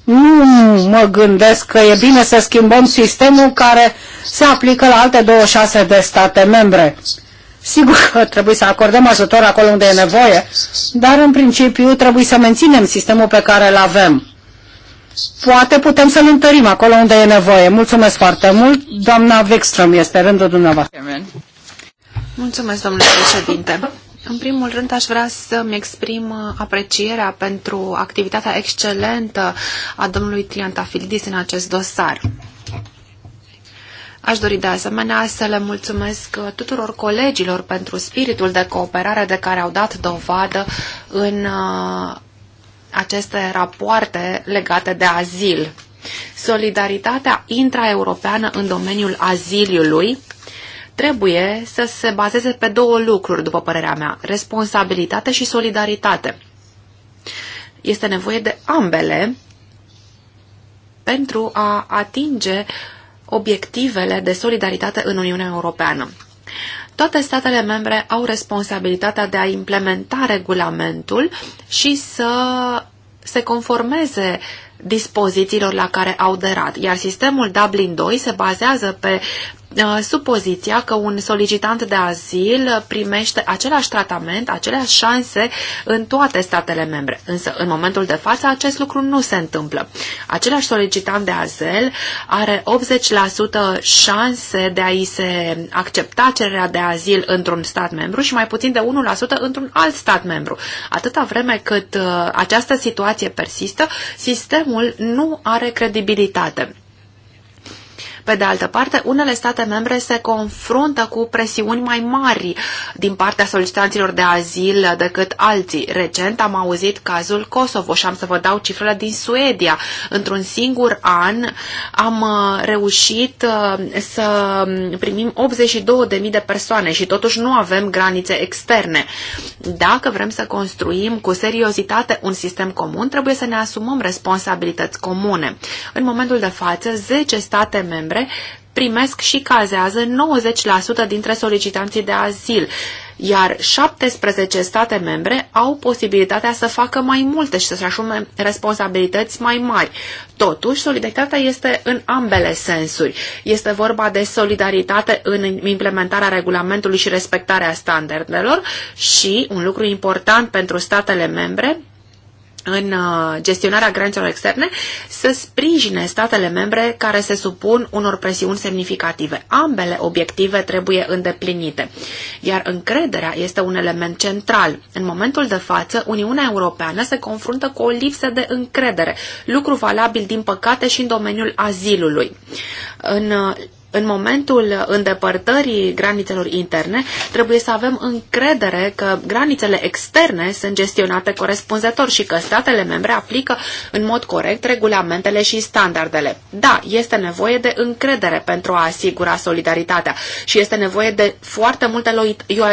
nu mă gândesc că e bine să schimbăm sistemul care se aplică la alte 26 de state membre. Sigur că trebuie să acordăm ajutor acolo unde e nevoie, dar în principiu trebuie să menținem sistemul pe care îl avem. Poate putem să-l întărim acolo unde e nevoie. Mulțumesc foarte mult. Doamna Wikström este rândul dumneavoastră. Mulțumesc, domnule președinte. În primul rând aș vrea să-mi exprim aprecierea pentru activitatea excelentă a domnului Triantafilidis în acest dosar. Aș dori de asemenea să le mulțumesc tuturor colegilor pentru spiritul de cooperare de care au dat dovadă în uh, aceste rapoarte legate de azil. Solidaritatea intraeuropeană în domeniul aziliului trebuie să se bazeze pe două lucruri, după părerea mea, responsabilitate și solidaritate. Este nevoie de ambele pentru a atinge obiectivele de solidaritate în Uniunea Europeană. Toate statele membre au responsabilitatea de a implementa regulamentul și să se conformeze uh, dispozițiilor la care au derat, iar sistemul Dublin 2 se bazează pe uh, supoziția că un solicitant de azil primește același tratament, aceleași șanse în toate statele membre. Însă, în momentul de față, acest lucru nu se întâmplă. Același solicitant de azil are 80% șanse de a-i se accepta cererea de azil într-un stat membru și mai puțin de 1% într-un alt stat membru. Atâta vreme cât uh, această situație persistă, sistemul sistemul nu are credibilitate. Pe de altă parte, unele state membre se confruntă cu presiuni mai mari din partea solicitanților de azil decât alții. Recent am auzit cazul Kosovo și am să vă dau cifrele din Suedia. Într-un singur an am uh, reușit uh, să primim 82.000 de persoane și totuși nu avem granițe externe. Dacă vrem să construim cu seriozitate un sistem comun, trebuie să ne asumăm responsabilități comune. În momentul de față, 10 state membre care primesc și cazează 90% dintre solicitanții de azil, iar 17 state membre au posibilitatea să facă mai multe și să-și asume responsabilități mai mari. Totuși, solidaritatea este în ambele sensuri. Este vorba de solidaritate în implementarea regulamentului și respectarea standardelor și, un lucru important pentru statele membre, în uh, gestionarea granițelor externe să sprijine statele membre care se supun unor presiuni semnificative. Ambele obiective trebuie îndeplinite, iar încrederea este un element central. În momentul de față, Uniunea Europeană se confruntă cu o lipsă de încredere, lucru valabil din păcate și în domeniul azilului. În uh, în momentul îndepărtării granițelor interne, trebuie să avem încredere că granițele externe sunt gestionate corespunzător și că statele membre aplică în mod corect regulamentele și standardele. Da, este nevoie de încredere pentru a asigura solidaritatea și este nevoie de foarte multă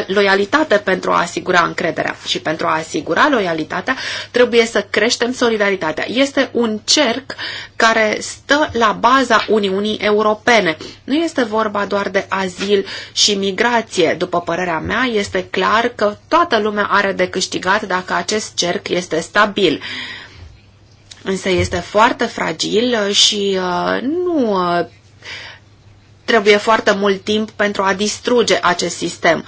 loialitate pentru a asigura încrederea. Și pentru a asigura loialitatea trebuie să creștem solidaritatea. Este un cerc care stă la baza Uniunii Europene. Nu nu este vorba doar de azil și migrație. După părerea mea, este clar că toată lumea are de câștigat dacă acest cerc este stabil însă este foarte fragil și uh, nu uh, trebuie foarte mult timp pentru a distruge acest sistem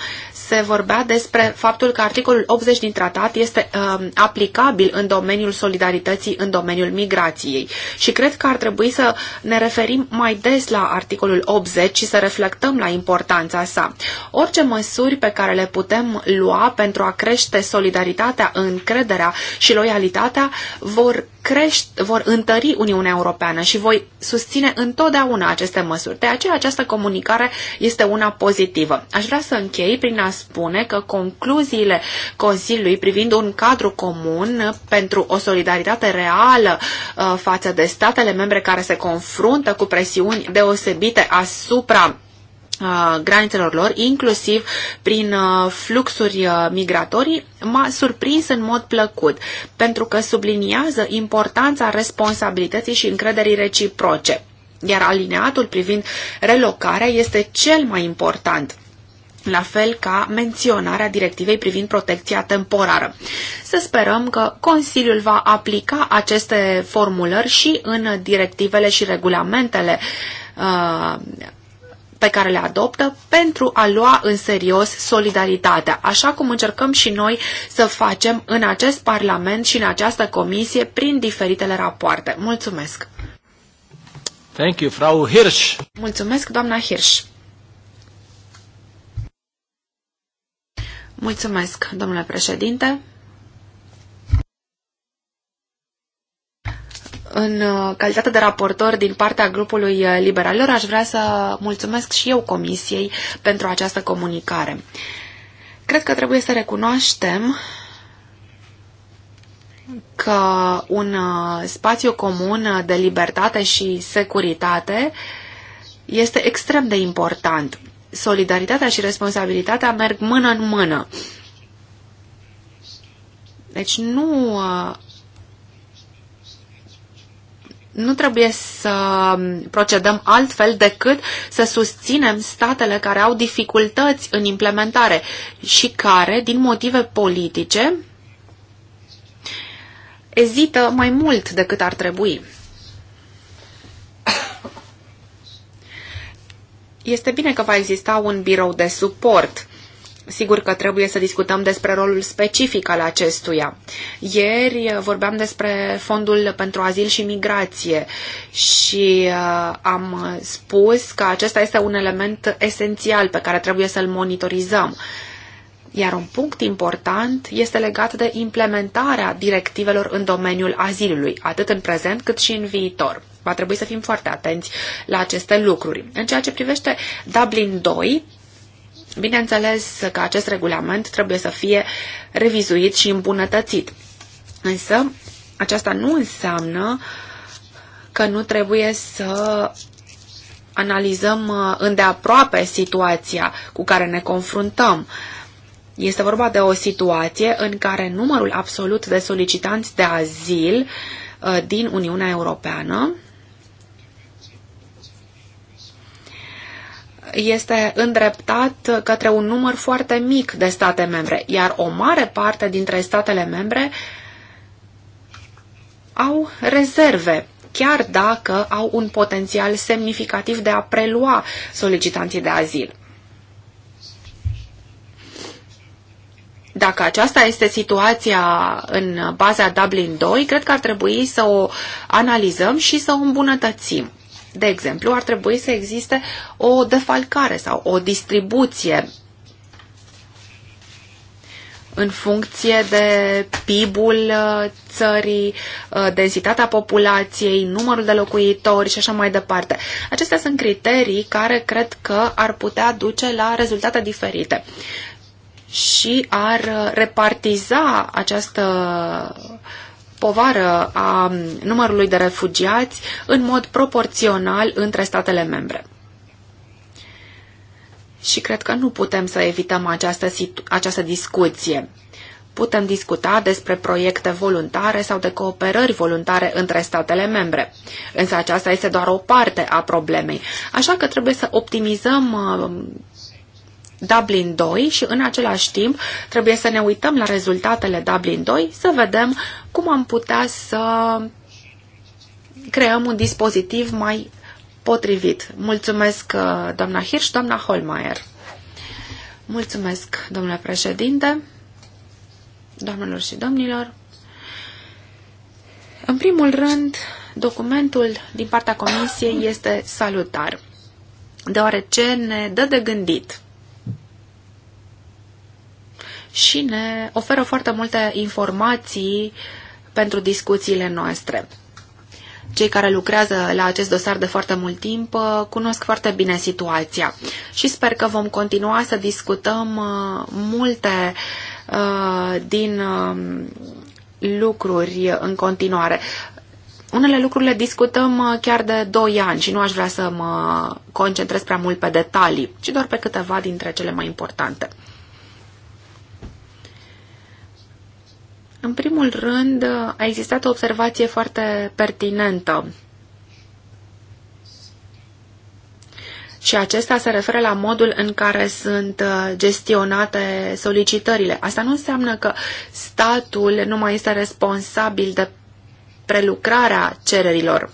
se vorbea despre faptul că articolul 80 din tratat este uh, aplicabil în domeniul solidarității, în domeniul migrației. Și cred că ar trebui să ne referim mai des la articolul 80 și să reflectăm la importanța sa. Orice măsuri pe care le putem lua pentru a crește solidaritatea, încrederea și loialitatea vor crește, vor întări Uniunea Europeană și voi susține întotdeauna aceste măsuri. De aceea această comunicare este una pozitivă. Aș vrea să închei prin a spune că concluziile Consiliului privind un cadru comun pentru o solidaritate reală uh, față de statele membre care se confruntă cu presiuni deosebite asupra Uh, granițelor lor, inclusiv prin uh, fluxuri uh, migratorii, m-a surprins în mod plăcut, pentru că subliniază importanța responsabilității și încrederii reciproce. Iar alineatul privind relocarea este cel mai important la fel ca menționarea directivei privind protecția temporară. Să sperăm că Consiliul va aplica aceste formulări și în directivele și regulamentele uh, pe care le adoptă pentru a lua în serios solidaritatea, așa cum încercăm și noi să facem în acest Parlament și în această comisie prin diferitele rapoarte. Mulțumesc! Thank you, Frau Hirsch. Mulțumesc, doamna Hirsch. Mulțumesc, domnule președinte. În uh, calitate de raportor din partea grupului uh, liberalilor, aș vrea să mulțumesc și eu Comisiei pentru această comunicare. Cred că trebuie să recunoaștem că un uh, spațiu comun de libertate și securitate este extrem de important. Solidaritatea și responsabilitatea merg mână în mână. Deci nu nu trebuie să procedăm altfel decât să susținem statele care au dificultăți în implementare și care, din motive politice, ezită mai mult decât ar trebui. Este bine că va exista un birou de suport Sigur că trebuie să discutăm despre rolul specific al acestuia. Ieri vorbeam despre Fondul pentru Azil și Migrație și uh, am spus că acesta este un element esențial pe care trebuie să-l monitorizăm. Iar un punct important este legat de implementarea directivelor în domeniul azilului, atât în prezent cât și în viitor. Va trebui să fim foarte atenți la aceste lucruri. În ceea ce privește Dublin 2, Bineînțeles că acest regulament trebuie să fie revizuit și îmbunătățit. Însă, aceasta nu înseamnă că nu trebuie să analizăm uh, îndeaproape situația cu care ne confruntăm. Este vorba de o situație în care numărul absolut de solicitanți de azil uh, din Uniunea Europeană este îndreptat către un număr foarte mic de state membre, iar o mare parte dintre statele membre au rezerve, chiar dacă au un potențial semnificativ de a prelua solicitanții de azil. Dacă aceasta este situația în baza Dublin 2, cred că ar trebui să o analizăm și să o îmbunătățim. De exemplu, ar trebui să existe o defalcare sau o distribuție în funcție de PIB-ul uh, țării, uh, densitatea populației, numărul de locuitori și așa mai departe. Acestea sunt criterii care cred că ar putea duce la rezultate diferite și ar uh, repartiza această povară a numărului de refugiați în mod proporțional între statele membre. Și cred că nu putem să evităm această, această discuție. Putem discuta despre proiecte voluntare sau de cooperări voluntare între statele membre. Însă aceasta este doar o parte a problemei. Așa că trebuie să optimizăm uh, Dublin 2 și în același timp trebuie să ne uităm la rezultatele Dublin 2 să vedem cum am putea să creăm un dispozitiv mai potrivit. Mulțumesc, uh, doamna Hirsch, doamna Holmeier. Mulțumesc, domnule președinte, doamnelor și domnilor. În primul rând, documentul din partea Comisiei este salutar, deoarece ne dă de gândit și ne oferă foarte multe informații pentru discuțiile noastre. Cei care lucrează la acest dosar de foarte mult timp uh, cunosc foarte bine situația și sper că vom continua să discutăm uh, multe uh, din um, lucruri în continuare. Unele lucruri le discutăm chiar de 2 ani și nu aș vrea să mă concentrez prea mult pe detalii, ci doar pe câteva dintre cele mai importante. În primul rând, a existat o observație foarte pertinentă. Și acesta se referă la modul în care sunt uh, gestionate solicitările. Asta nu înseamnă că statul nu mai este responsabil de prelucrarea cererilor.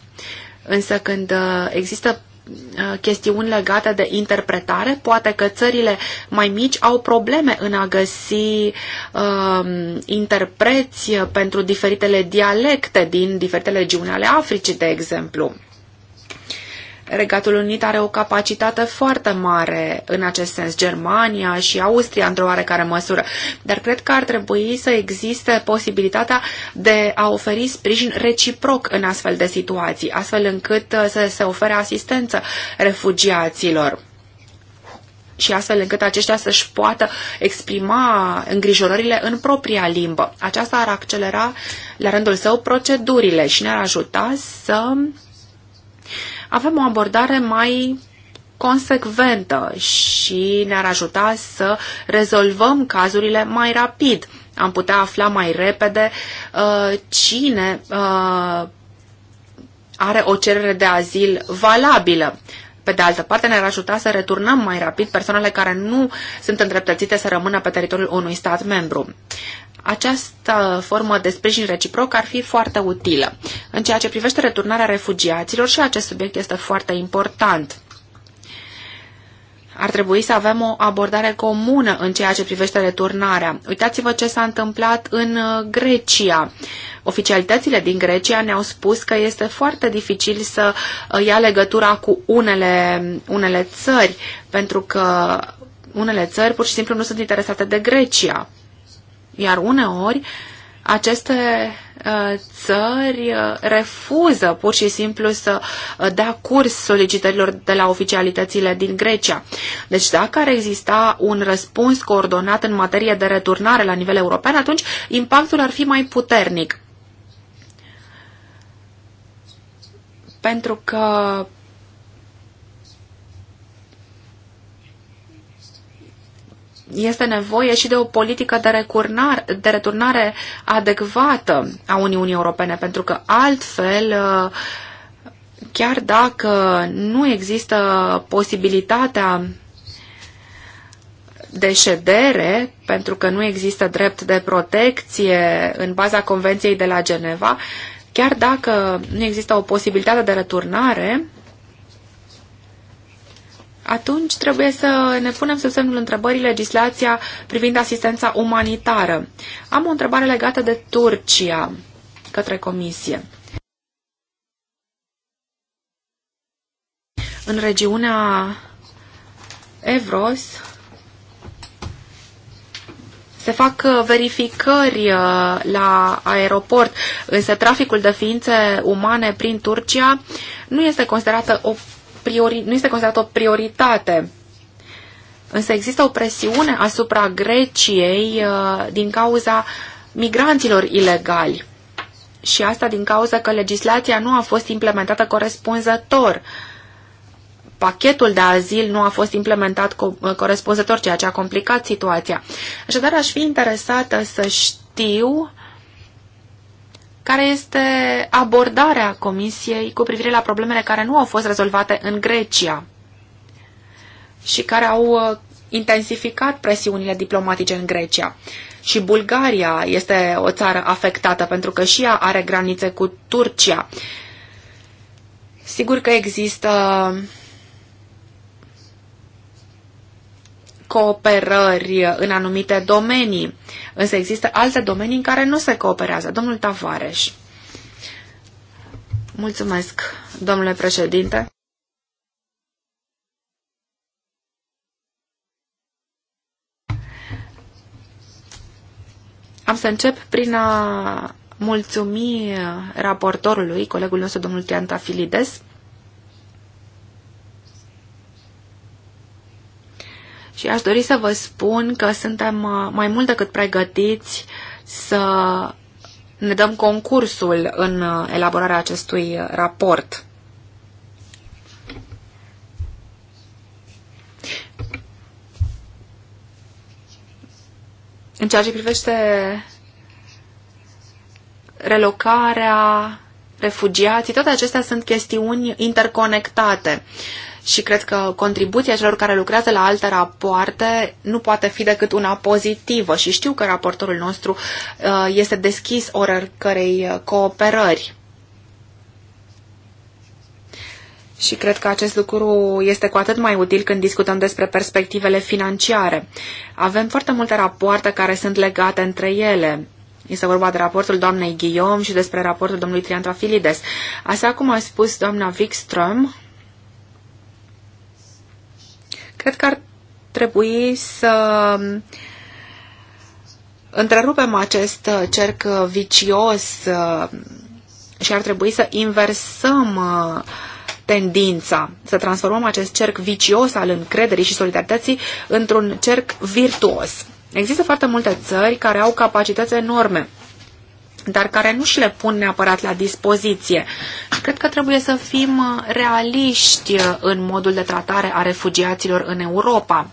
Însă când uh, există Uh, chestiuni legate de interpretare. Poate că țările mai mici au probleme în a găsi uh, interpreți pentru diferitele dialecte din diferitele regiuni ale Africii, de exemplu. Regatul Unit are o capacitate foarte mare în acest sens, Germania și Austria într-o oarecare măsură, dar cred că ar trebui să existe posibilitatea de a oferi sprijin reciproc în astfel de situații, astfel încât uh, să se ofere asistență refugiaților și astfel încât aceștia să-și poată exprima îngrijorările în propria limbă. Aceasta ar accelera la rândul său procedurile și ne-ar ajuta să avem o abordare mai consecventă și ne-ar ajuta să rezolvăm cazurile mai rapid. Am putea afla mai repede uh, cine uh, are o cerere de azil valabilă. Pe de altă parte, ne-ar ajuta să returnăm mai rapid persoanele care nu sunt îndreptățite să rămână pe teritoriul unui stat membru. Această formă de sprijin reciproc ar fi foarte utilă. În ceea ce privește returnarea refugiaților, și acest subiect este foarte important. Ar trebui să avem o abordare comună în ceea ce privește returnarea. Uitați-vă ce s-a întâmplat în uh, Grecia. Oficialitățile din Grecia ne-au spus că este foarte dificil să uh, ia legătura cu unele, unele țări, pentru că unele țări pur și simplu nu sunt interesate de Grecia. Iar uneori aceste uh, țări uh, refuză pur și simplu să uh, dea curs solicitărilor de la oficialitățile din Grecia. Deci dacă ar exista un răspuns coordonat în materie de returnare la nivel european, atunci impactul ar fi mai puternic. Pentru că este nevoie și de o politică de, recurnar, de returnare adecvată a Uniunii Europene, pentru că altfel, uh, chiar dacă nu există posibilitatea de ședere, pentru că nu există drept de protecție în baza Convenției de la Geneva, chiar dacă nu există o posibilitate de returnare, atunci trebuie să ne punem sub semnul întrebării legislația privind asistența umanitară. Am o întrebare legată de Turcia către Comisie. În regiunea Evros se fac uh, verificări uh, la aeroport, însă traficul de ființe umane prin Turcia nu este considerată o priori, nu este considerată o prioritate. Însă există o presiune asupra Greciei uh, din cauza migranților ilegali. Și asta din cauza că legislația nu a fost implementată corespunzător. Pachetul de azil nu a fost implementat uh, corespunzător, ceea ce a complicat situația. Așadar, aș fi interesată să știu care este abordarea Comisiei cu privire la problemele care nu au fost rezolvate în Grecia și care au uh, intensificat presiunile diplomatice în Grecia. Și Bulgaria este o țară afectată pentru că și ea are granițe cu Turcia. Sigur că există cooperări în anumite domenii, însă există alte domenii în care nu se cooperează. Domnul Tavares. Mulțumesc, domnule președinte. Am să încep prin a mulțumi raportorului, colegul nostru, domnul Tianta Filides, Și aș dori să vă spun că suntem uh, mai mult decât pregătiți să ne dăm concursul în uh, elaborarea acestui uh, raport. În ceea ce privește relocarea, refugiații, toate acestea sunt chestiuni interconectate. Uh, și cred că contribuția celor care lucrează la alte rapoarte nu poate fi decât una pozitivă și știu că raportorul nostru uh, este deschis oricărei uh, cooperări. Și cred că acest lucru este cu atât mai util când discutăm despre perspectivele financiare. Avem foarte multe rapoarte care sunt legate între ele. Este vorba de raportul doamnei Guillaume și despre raportul domnului Triantafilides. Așa cum a spus doamna Wikström, Cred că ar trebui să um, întrerupem acest uh, cerc uh, vicios uh, și ar trebui să inversăm tendința, să transformăm acest cerc vicios al încrederii și solidarității într-un cerc virtuos. Există foarte multe țări care au capacități enorme dar care nu și le pun neapărat la dispoziție. Și cred că trebuie să fim uh, realiști uh, în modul de tratare a refugiaților în Europa.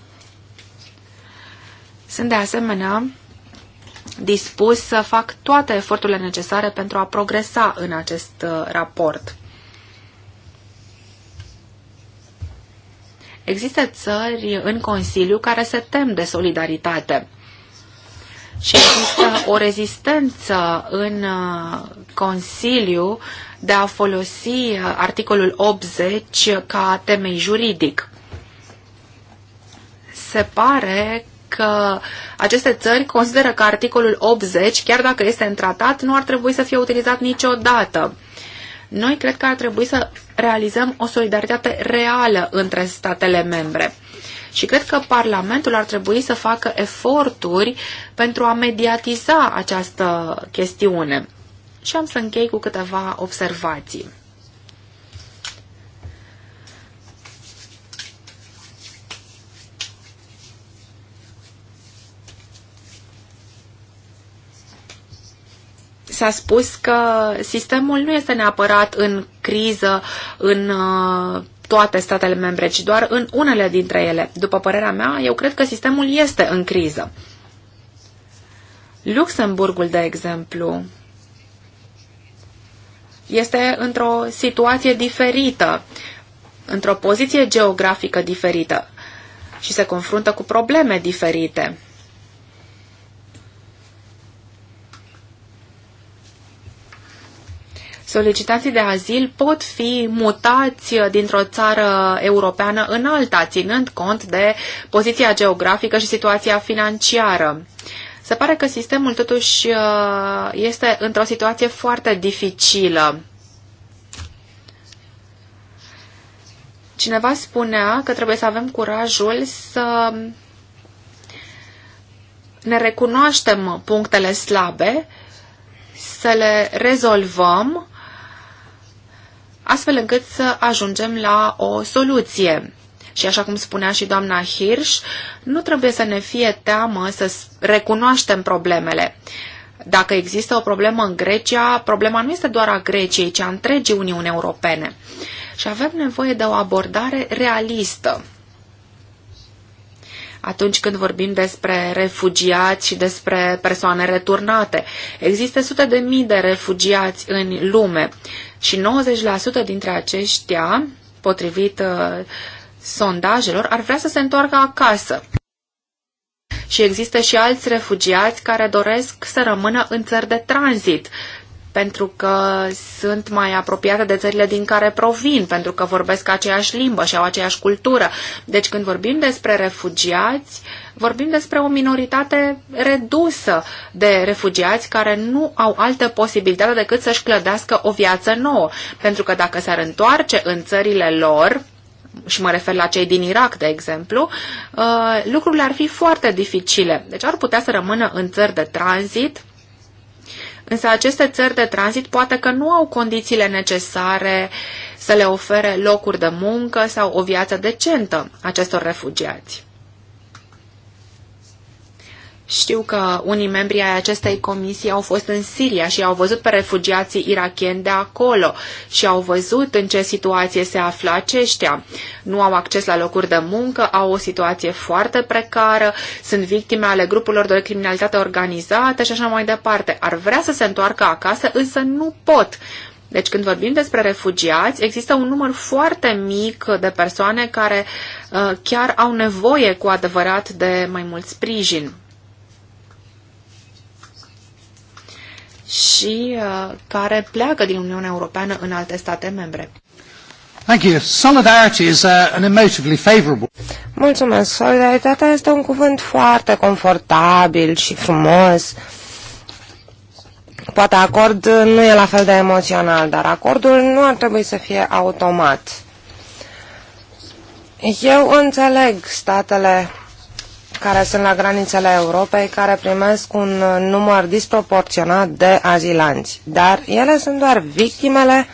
Sunt de asemenea dispus să fac toate eforturile necesare pentru a progresa în acest uh, raport. Există țări în Consiliu care se tem de solidaritate și există o rezistență în uh, Consiliu de a folosi uh, articolul 80 ca temei juridic. Se pare că aceste țări consideră că articolul 80, chiar dacă este în tratat, nu ar trebui să fie utilizat niciodată. Noi cred că ar trebui să realizăm o solidaritate reală între statele membre. Și cred că Parlamentul ar trebui să facă eforturi pentru a mediatiza această chestiune. Și am să închei cu câteva observații. s-a spus că sistemul nu este neapărat în criză, în uh, toate statele membre, ci doar în unele dintre ele. După părerea mea, eu cred că sistemul este în criză. Luxemburgul, de exemplu, este într-o situație diferită, într-o poziție geografică diferită și se confruntă cu probleme diferite. solicitații de azil pot fi mutați dintr-o țară europeană în alta, ținând cont de poziția geografică și situația financiară. Se pare că sistemul totuși uh, este într-o situație foarte dificilă. Cineva spunea că trebuie să avem curajul să ne recunoaștem punctele slabe, să le rezolvăm astfel încât să ajungem la o soluție. Și așa cum spunea și doamna Hirsch, nu trebuie să ne fie teamă să recunoaștem problemele. Dacă există o problemă în Grecia, problema nu este doar a Greciei, ci a întregii Uniuni Europene. Și avem nevoie de o abordare realistă. Atunci când vorbim despre refugiați și despre persoane returnate, există sute de mii de refugiați în lume și 90% dintre aceștia, potrivit uh, sondajelor, ar vrea să se întoarcă acasă. Și există și alți refugiați care doresc să rămână în țări de tranzit, pentru că sunt mai apropiate de țările din care provin, pentru că vorbesc aceeași limbă și au aceeași cultură. Deci când vorbim despre refugiați, vorbim despre o minoritate redusă de refugiați care nu au altă posibilitate decât să-și clădească o viață nouă. Pentru că dacă s-ar întoarce în țările lor, și mă refer la cei din Irak, de exemplu, uh, lucrurile ar fi foarte dificile. Deci ar putea să rămână în țări de tranzit, Însă aceste țări de tranzit poate că nu au condițiile necesare să le ofere locuri de muncă sau o viață decentă acestor refugiați. Știu că unii membri ai acestei comisii au fost în Siria și au văzut pe refugiații irakieni de acolo și au văzut în ce situație se află aceștia. Nu au acces la locuri de muncă, au o situație foarte precară, sunt victime ale grupurilor de criminalitate organizată și așa mai departe. Ar vrea să se întoarcă acasă, însă nu pot. Deci când vorbim despre refugiați, există un număr foarte mic de persoane care uh, chiar au nevoie cu adevărat de mai mult sprijin. și uh, care pleacă din Uniunea Europeană în alte state membre. Thank you. Solidarity is uh, an emotively favorable. Mulțumesc. Solidaritatea este un cuvânt foarte confortabil și frumos. Poate acord nu e la fel de emoțional, dar acordul nu ar trebui să fie automat. Eu înțeleg statele care sunt la granițele Europei, care primesc un număr disproporționat de azilanți. Dar ele sunt doar victimele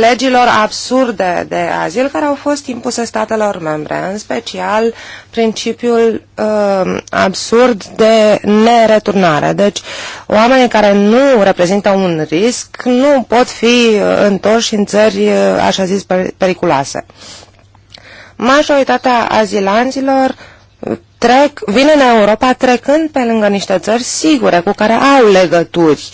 legilor absurde de azil care au fost impuse statelor membre, în special principiul uh, absurd de nereturnare. Deci, oamenii care nu reprezintă un risc nu pot fi uh, întorși în țări, uh, așa zis, periculoase. Majoritatea azilanților uh, trec, vin în Europa trecând pe lângă niște țări sigure cu care au legături.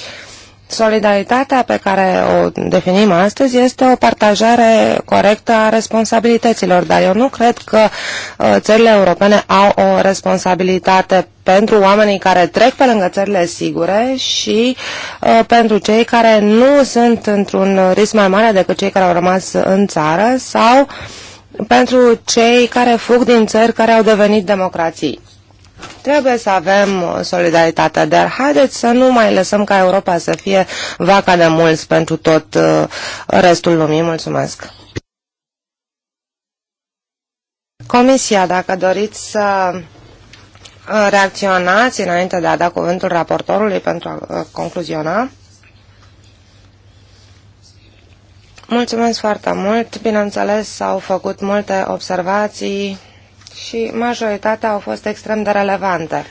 Solidaritatea pe care o definim astăzi este o partajare corectă a responsabilităților, dar eu nu cred că uh, țările europene au o responsabilitate pentru oamenii care trec pe lângă țările sigure și uh, pentru cei care nu sunt într-un risc mai mare decât cei care au rămas în țară sau uh, pentru cei care fug din țări care au devenit democrații. Trebuie să avem uh, solidaritate, dar haideți să nu mai lăsăm ca Europa să fie vaca de mulți pentru tot uh, restul lumii. Mulțumesc! Comisia, dacă doriți să uh, reacționați înainte de a da cuvântul raportorului pentru a concluziona. Mulțumesc foarte mult. Bineînțeles, s-au făcut multe observații și majoritatea au fost extrem de relevante.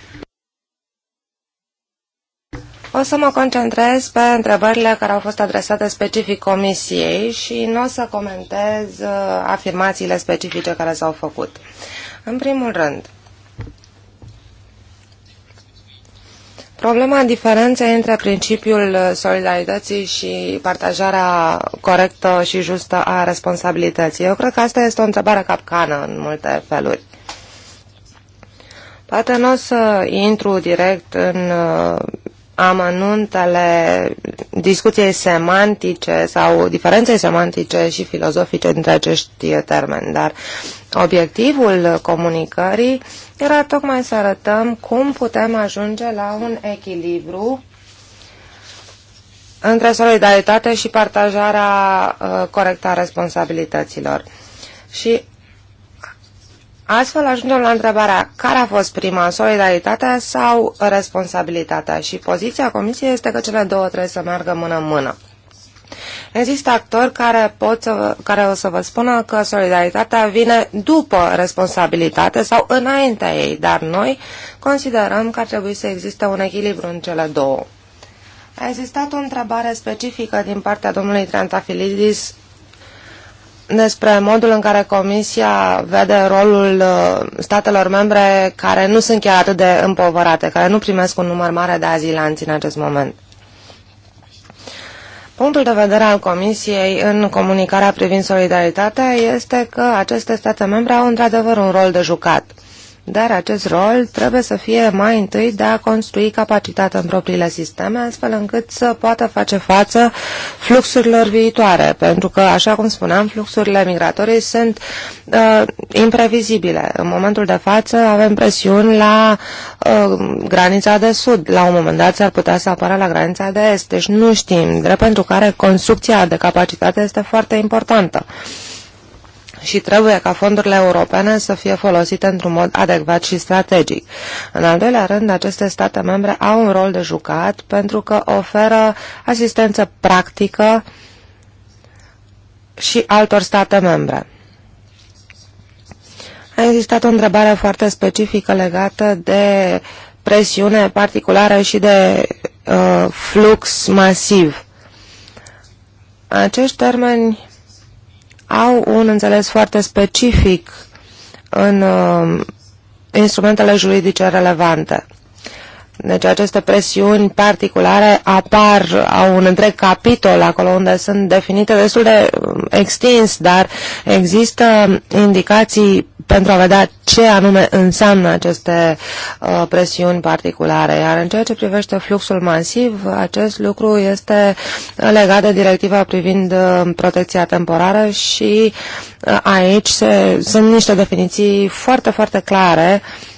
O să mă concentrez pe întrebările care au fost adresate specific comisiei și nu o să comentez uh, afirmațiile specifice care s-au făcut. În primul rând, Problema diferenței între principiul uh, solidarității și partajarea corectă și justă a responsabilității. Eu cred că asta este o întrebare capcană în multe feluri. Poate nu o să intru direct în uh, amănuntele discuției semantice sau diferenței semantice și filozofice dintre acești termeni, dar obiectivul comunicării era tocmai să arătăm cum putem ajunge la un echilibru între solidaritate și partajarea uh, corectă a responsabilităților. Și astfel ajungem la întrebarea care a fost prima, solidaritatea sau responsabilitatea? Și poziția Comisiei este că cele două trebuie să meargă mână-mână. Există actori care, pot să vă, care o să vă spună că solidaritatea vine după responsabilitate sau înaintea ei, dar noi considerăm că ar trebui să existe un echilibru în cele două. A existat o întrebare specifică din partea domnului Trantafilidis despre modul în care Comisia vede rolul uh, statelor membre care nu sunt chiar atât de împovărate, care nu primesc un număr mare de azilanți în acest moment. Punctul de vedere al Comisiei în comunicarea privind solidaritatea este că aceste state membre au într-adevăr un rol de jucat dar acest rol trebuie să fie mai întâi de a construi capacitatea în propriile sisteme, astfel încât să poată face față fluxurilor viitoare, pentru că, așa cum spuneam, fluxurile migratorii sunt uh, imprevizibile. În momentul de față avem presiuni la uh, granița de sud, la un moment dat s-ar putea să apară la granița de est, deci nu știm, drept pentru care construcția de capacitate este foarte importantă. Uh, și trebuie ca fondurile europene să fie folosite într-un mod adecvat și strategic. În al doilea rând, aceste state membre au un rol de jucat pentru că oferă asistență practică și altor state membre. A existat o întrebare foarte specifică legată de presiune particulară și de uh, flux masiv. Acești termeni au un înțeles foarte specific în uh, instrumentele juridice relevante. Deci aceste presiuni particulare apar, au un întreg capitol acolo unde sunt definite destul de um, extins, dar există indicații pentru a vedea ce anume înseamnă aceste uh, presiuni particulare. Iar în ceea ce privește fluxul masiv, acest lucru este legat de directiva privind uh, protecția temporară și uh, aici se, sunt niște definiții foarte, foarte clare uh,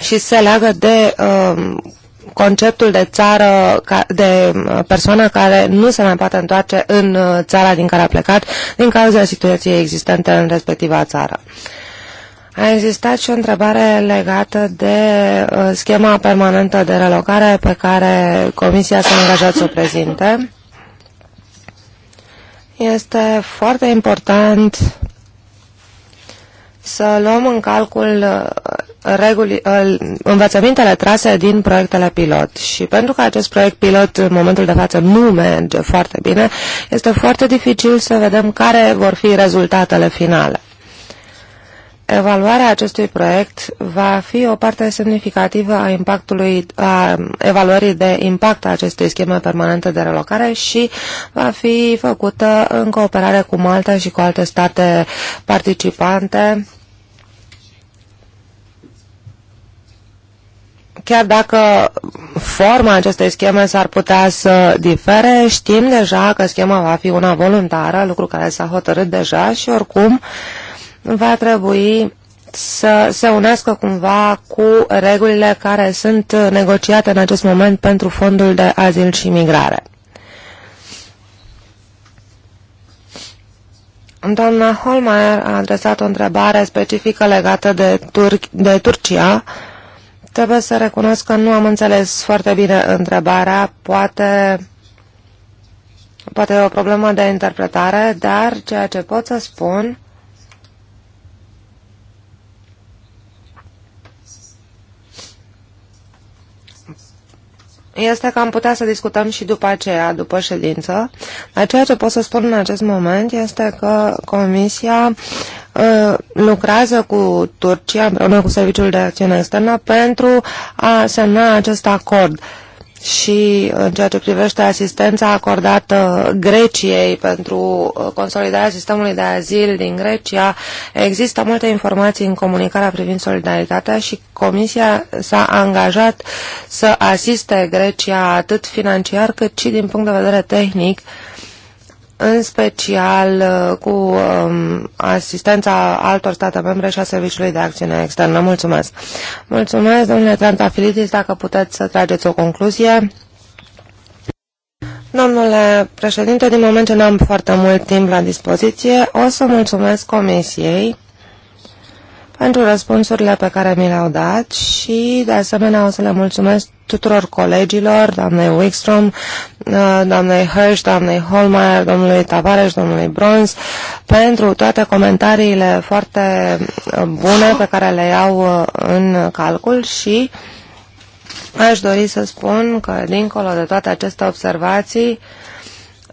și se leagă de um, conceptul de țară, de uh, persoană care nu se mai poate întoarce în uh, țara din care a plecat din cauza situației existente în respectiva țară. A existat și o întrebare legată de uh, schema permanentă de relocare pe care Comisia s-a angajat să o prezinte. Este foarte important să luăm în calcul reguli, ă, învățămintele trase din proiectele pilot. Și pentru că acest proiect pilot în momentul de față nu merge foarte bine, este foarte dificil să vedem care vor fi rezultatele finale. Evaluarea acestui proiect va fi o parte semnificativă a impactului, a evaluării de impact a acestei scheme permanente de relocare și va fi făcută în cooperare cu Malta și cu alte state participante Chiar dacă forma acestei scheme s-ar putea să difere, știm deja că schema va fi una voluntară, lucru care s-a hotărât deja și oricum va trebui să se unească cumva cu regulile care sunt negociate în acest moment pentru fondul de azil și migrare. Doamna Holmeier a adresat o întrebare specifică legată de, Tur de Turcia, Trebuie să recunosc că nu am înțeles foarte bine întrebarea. Poate, poate e o problemă de interpretare, dar ceea ce pot să spun este că am putea să discutăm și după aceea, după ședință. Dar ceea ce pot să spun în acest moment este că Comisia uh, lucrează cu Turcia împreună cu Serviciul de Acțiune Externă pentru a semna acest acord. Uh, și în ceea ce privește asistența acordată Greciei pentru uh, consolidarea sistemului de azil din Grecia, există multe informații în comunicarea privind solidaritatea și Comisia s-a angajat să asiste Grecia atât financiar cât și din punct de vedere tehnic uh, în special uh, cu um, asistența altor state membre și a Serviciului de Acțiune Externă. Mulțumesc! Mulțumesc, domnule Trantafilidis, dacă puteți să trageți o concluzie. Domnule președinte, din moment ce nu am foarte mult timp la dispoziție, o să mulțumesc Comisiei pentru răspunsurile pe care mi le-au dat și, de asemenea, o să le mulțumesc tuturor colegilor, doamnei Wickstrom, uh, doamnei Hirsch, doamnei Holmeier, domnului Tavares, domnului Bronz, pentru toate comentariile foarte uh, bune pe care le iau uh, în calcul și aș dori să spun că, dincolo de toate aceste observații, uh,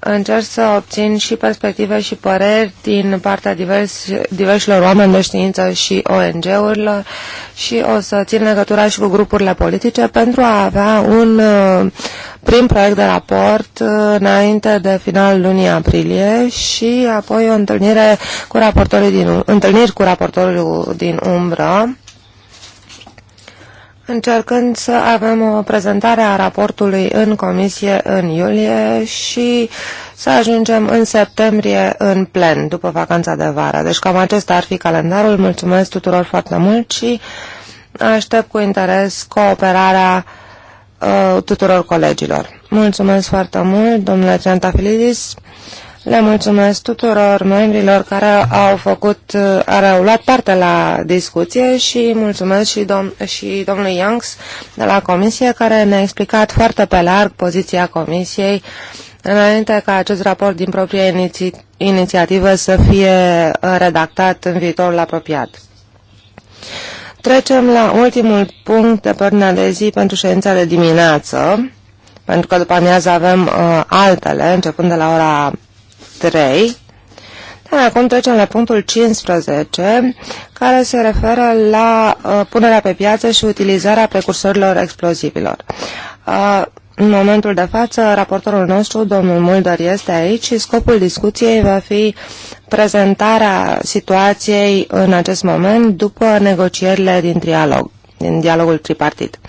încerc să obțin și perspective și păreri din partea divers, diversilor oameni de știință și ONG-urilor și o să țin legătura și cu grupurile politice pentru a avea un uh, prim proiect de raport uh, înainte de final lunii aprilie și apoi o întâlnire cu raportorii din, întâlniri cu raportorul din umbră încercând să avem o prezentare a raportului în comisie în iulie și să ajungem în septembrie în plen, după vacanța de vară. Deci cam acesta ar fi calendarul. Mulțumesc tuturor foarte mult și aștept cu interes cooperarea uh, tuturor colegilor. Mulțumesc foarte mult, domnule Centafilidis. Le mulțumesc tuturor membrilor care au făcut, care au luat parte la discuție și mulțumesc și, dom și domnului Youngs de la Comisie care ne-a explicat foarte pe larg poziția Comisiei înainte ca acest raport din propria iniți inițiativă să fie uh, redactat în viitorul apropiat. Trecem la ultimul punct de pe de zi pentru ședința de dimineață, pentru că după amiază avem uh, altele, începând de la ora 3. Dar acum trecem la punctul 15, care se referă la uh, punerea pe piață și utilizarea precursorilor explozivilor. Uh, în momentul de față, raportorul nostru, domnul Mulder, este aici și scopul discuției va fi prezentarea situației în acest moment după negocierile din trialog din dialogul tripartit.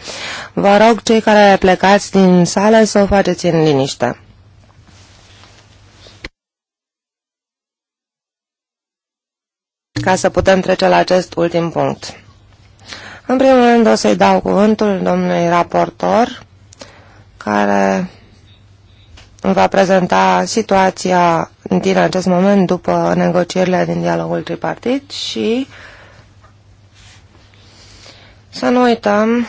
Vă rog, cei care plecați din sală, să o faceți în liniște. ca să putem trece la acest ultim punct. În primul rând o să-i dau cuvântul domnului raportor, care va prezenta situația din acest moment după negocierile din dialogul tripartit și să nu uităm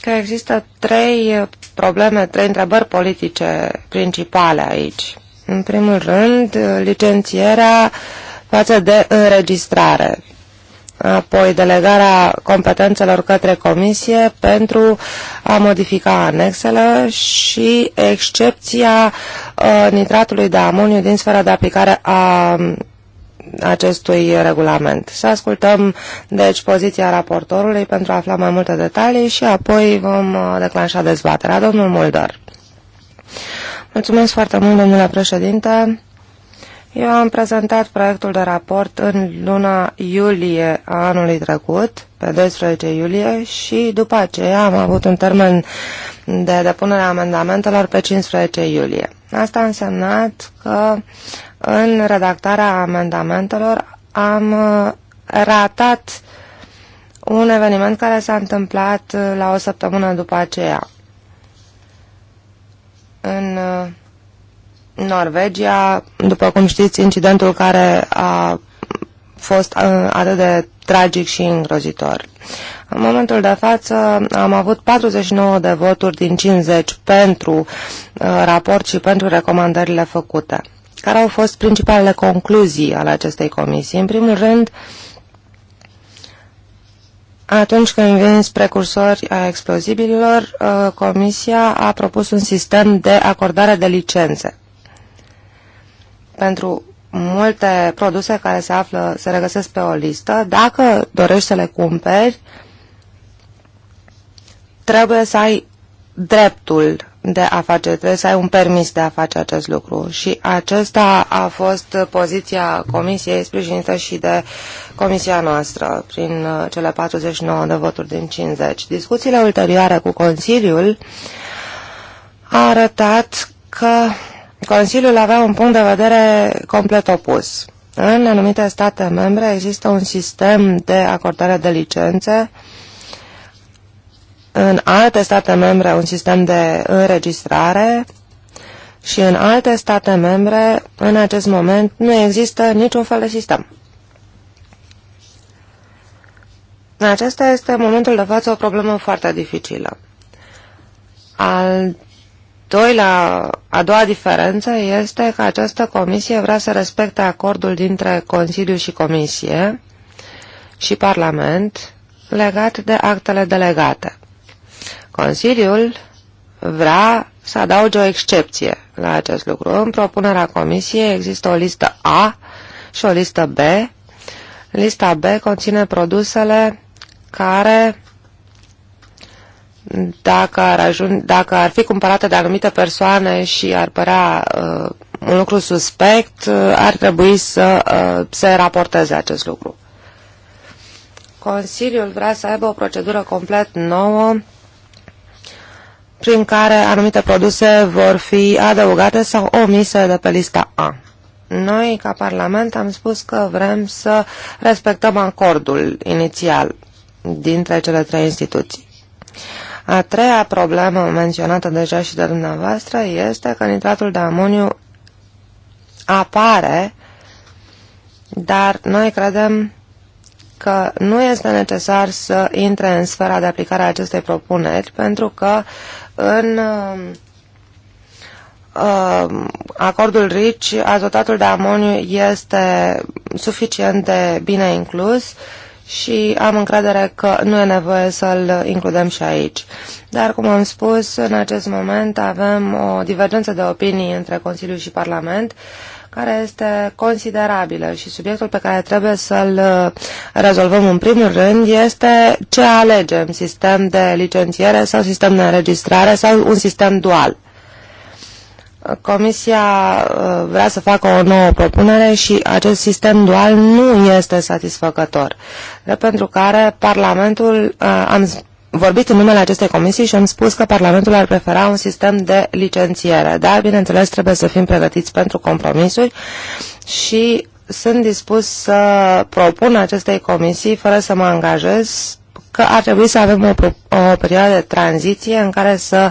că există trei probleme, trei întrebări politice principale aici. În primul rând, licențierea uh, față de înregistrare. Apoi delegarea competențelor către comisie pentru a modifica anexele și excepția uh, nitratului de amoniu din sfera de aplicare a um, acestui regulament. Să ascultăm, deci, poziția raportorului pentru a afla mai multe detalii și apoi vom uh, declanșa dezbaterea. Domnul Muldor. Mulțumesc foarte mult, domnule președinte. Eu am prezentat proiectul de raport în luna iulie a anului trecut, pe 12 iulie, și după aceea am avut un termen de depunere a amendamentelor pe 15 iulie. Asta a însemnat că în redactarea amendamentelor am uh, ratat un eveniment care s-a întâmplat uh, la o săptămână după aceea. În uh, Norvegia, după cum știți, incidentul care a fost uh, atât de tragic și îngrozitor. În momentul de față am avut 49 de voturi din 50 pentru uh, raport și pentru recomandările făcute. Care au fost principalele concluzii ale acestei comisii? În primul rând, atunci când vin precursori a explozibililor, uh, Comisia a propus un sistem de acordare de licențe pentru multe produse care se află, se regăsesc pe o listă. Dacă dorești să le cumperi, trebuie să ai dreptul de a face, trebuie să ai un permis de a face acest lucru. Și acesta a fost poziția Comisiei sprijinită și de Comisia noastră prin uh, cele 49 de voturi din 50. Discuțiile ulterioare cu Consiliul a arătat că Consiliul avea un punct de vedere complet opus. În anumite state membre există un sistem de acordare de licențe, în alte state membre un sistem de înregistrare și în alte state membre în acest moment nu există niciun fel de sistem. acesta este momentul de față o problemă foarte dificilă. Al la a doua diferență este că această comisie vrea să respecte acordul dintre Consiliu și Comisie și Parlament legat de actele delegate. Consiliul vrea să adauge o excepție la acest lucru. În propunerea Comisiei există o listă A și o listă B. Lista B conține produsele care dacă ar, ajun, dacă ar fi cumpărată de anumite persoane și ar părea uh, un lucru suspect, uh, ar trebui să uh, se raporteze acest lucru. Consiliul vrea să aibă o procedură complet nouă prin care anumite produse vor fi adăugate sau omise de pe lista A. Noi, ca Parlament, am spus că vrem să respectăm acordul inițial dintre cele trei instituții. Uh, a treia problemă menționată deja și de dumneavoastră este că nitratul de amoniu apare, dar noi credem că nu este necesar să intre în sfera de aplicare a acestei propuneri, pentru că în uh, acordul RICI azotatul de amoniu este suficient de bine inclus și am încredere că nu e nevoie să-l includem și aici. Dar, cum am spus, în acest moment avem o divergență de opinii între Consiliu și Parlament care este considerabilă și subiectul pe care trebuie să-l uh, rezolvăm în primul rând este ce alegem, sistem de licențiere sau sistem de înregistrare sau un sistem dual. Comisia uh, vrea să facă o nouă propunere și acest sistem dual nu este satisfăcător, de pentru care Parlamentul, uh, am vorbit în numele acestei comisii și am spus că Parlamentul ar prefera un sistem de licențiere, dar bineînțeles trebuie să fim pregătiți pentru compromisuri și sunt dispus să propun acestei comisii, fără să mă angajez, că ar trebui să avem o, o perioadă de tranziție în care să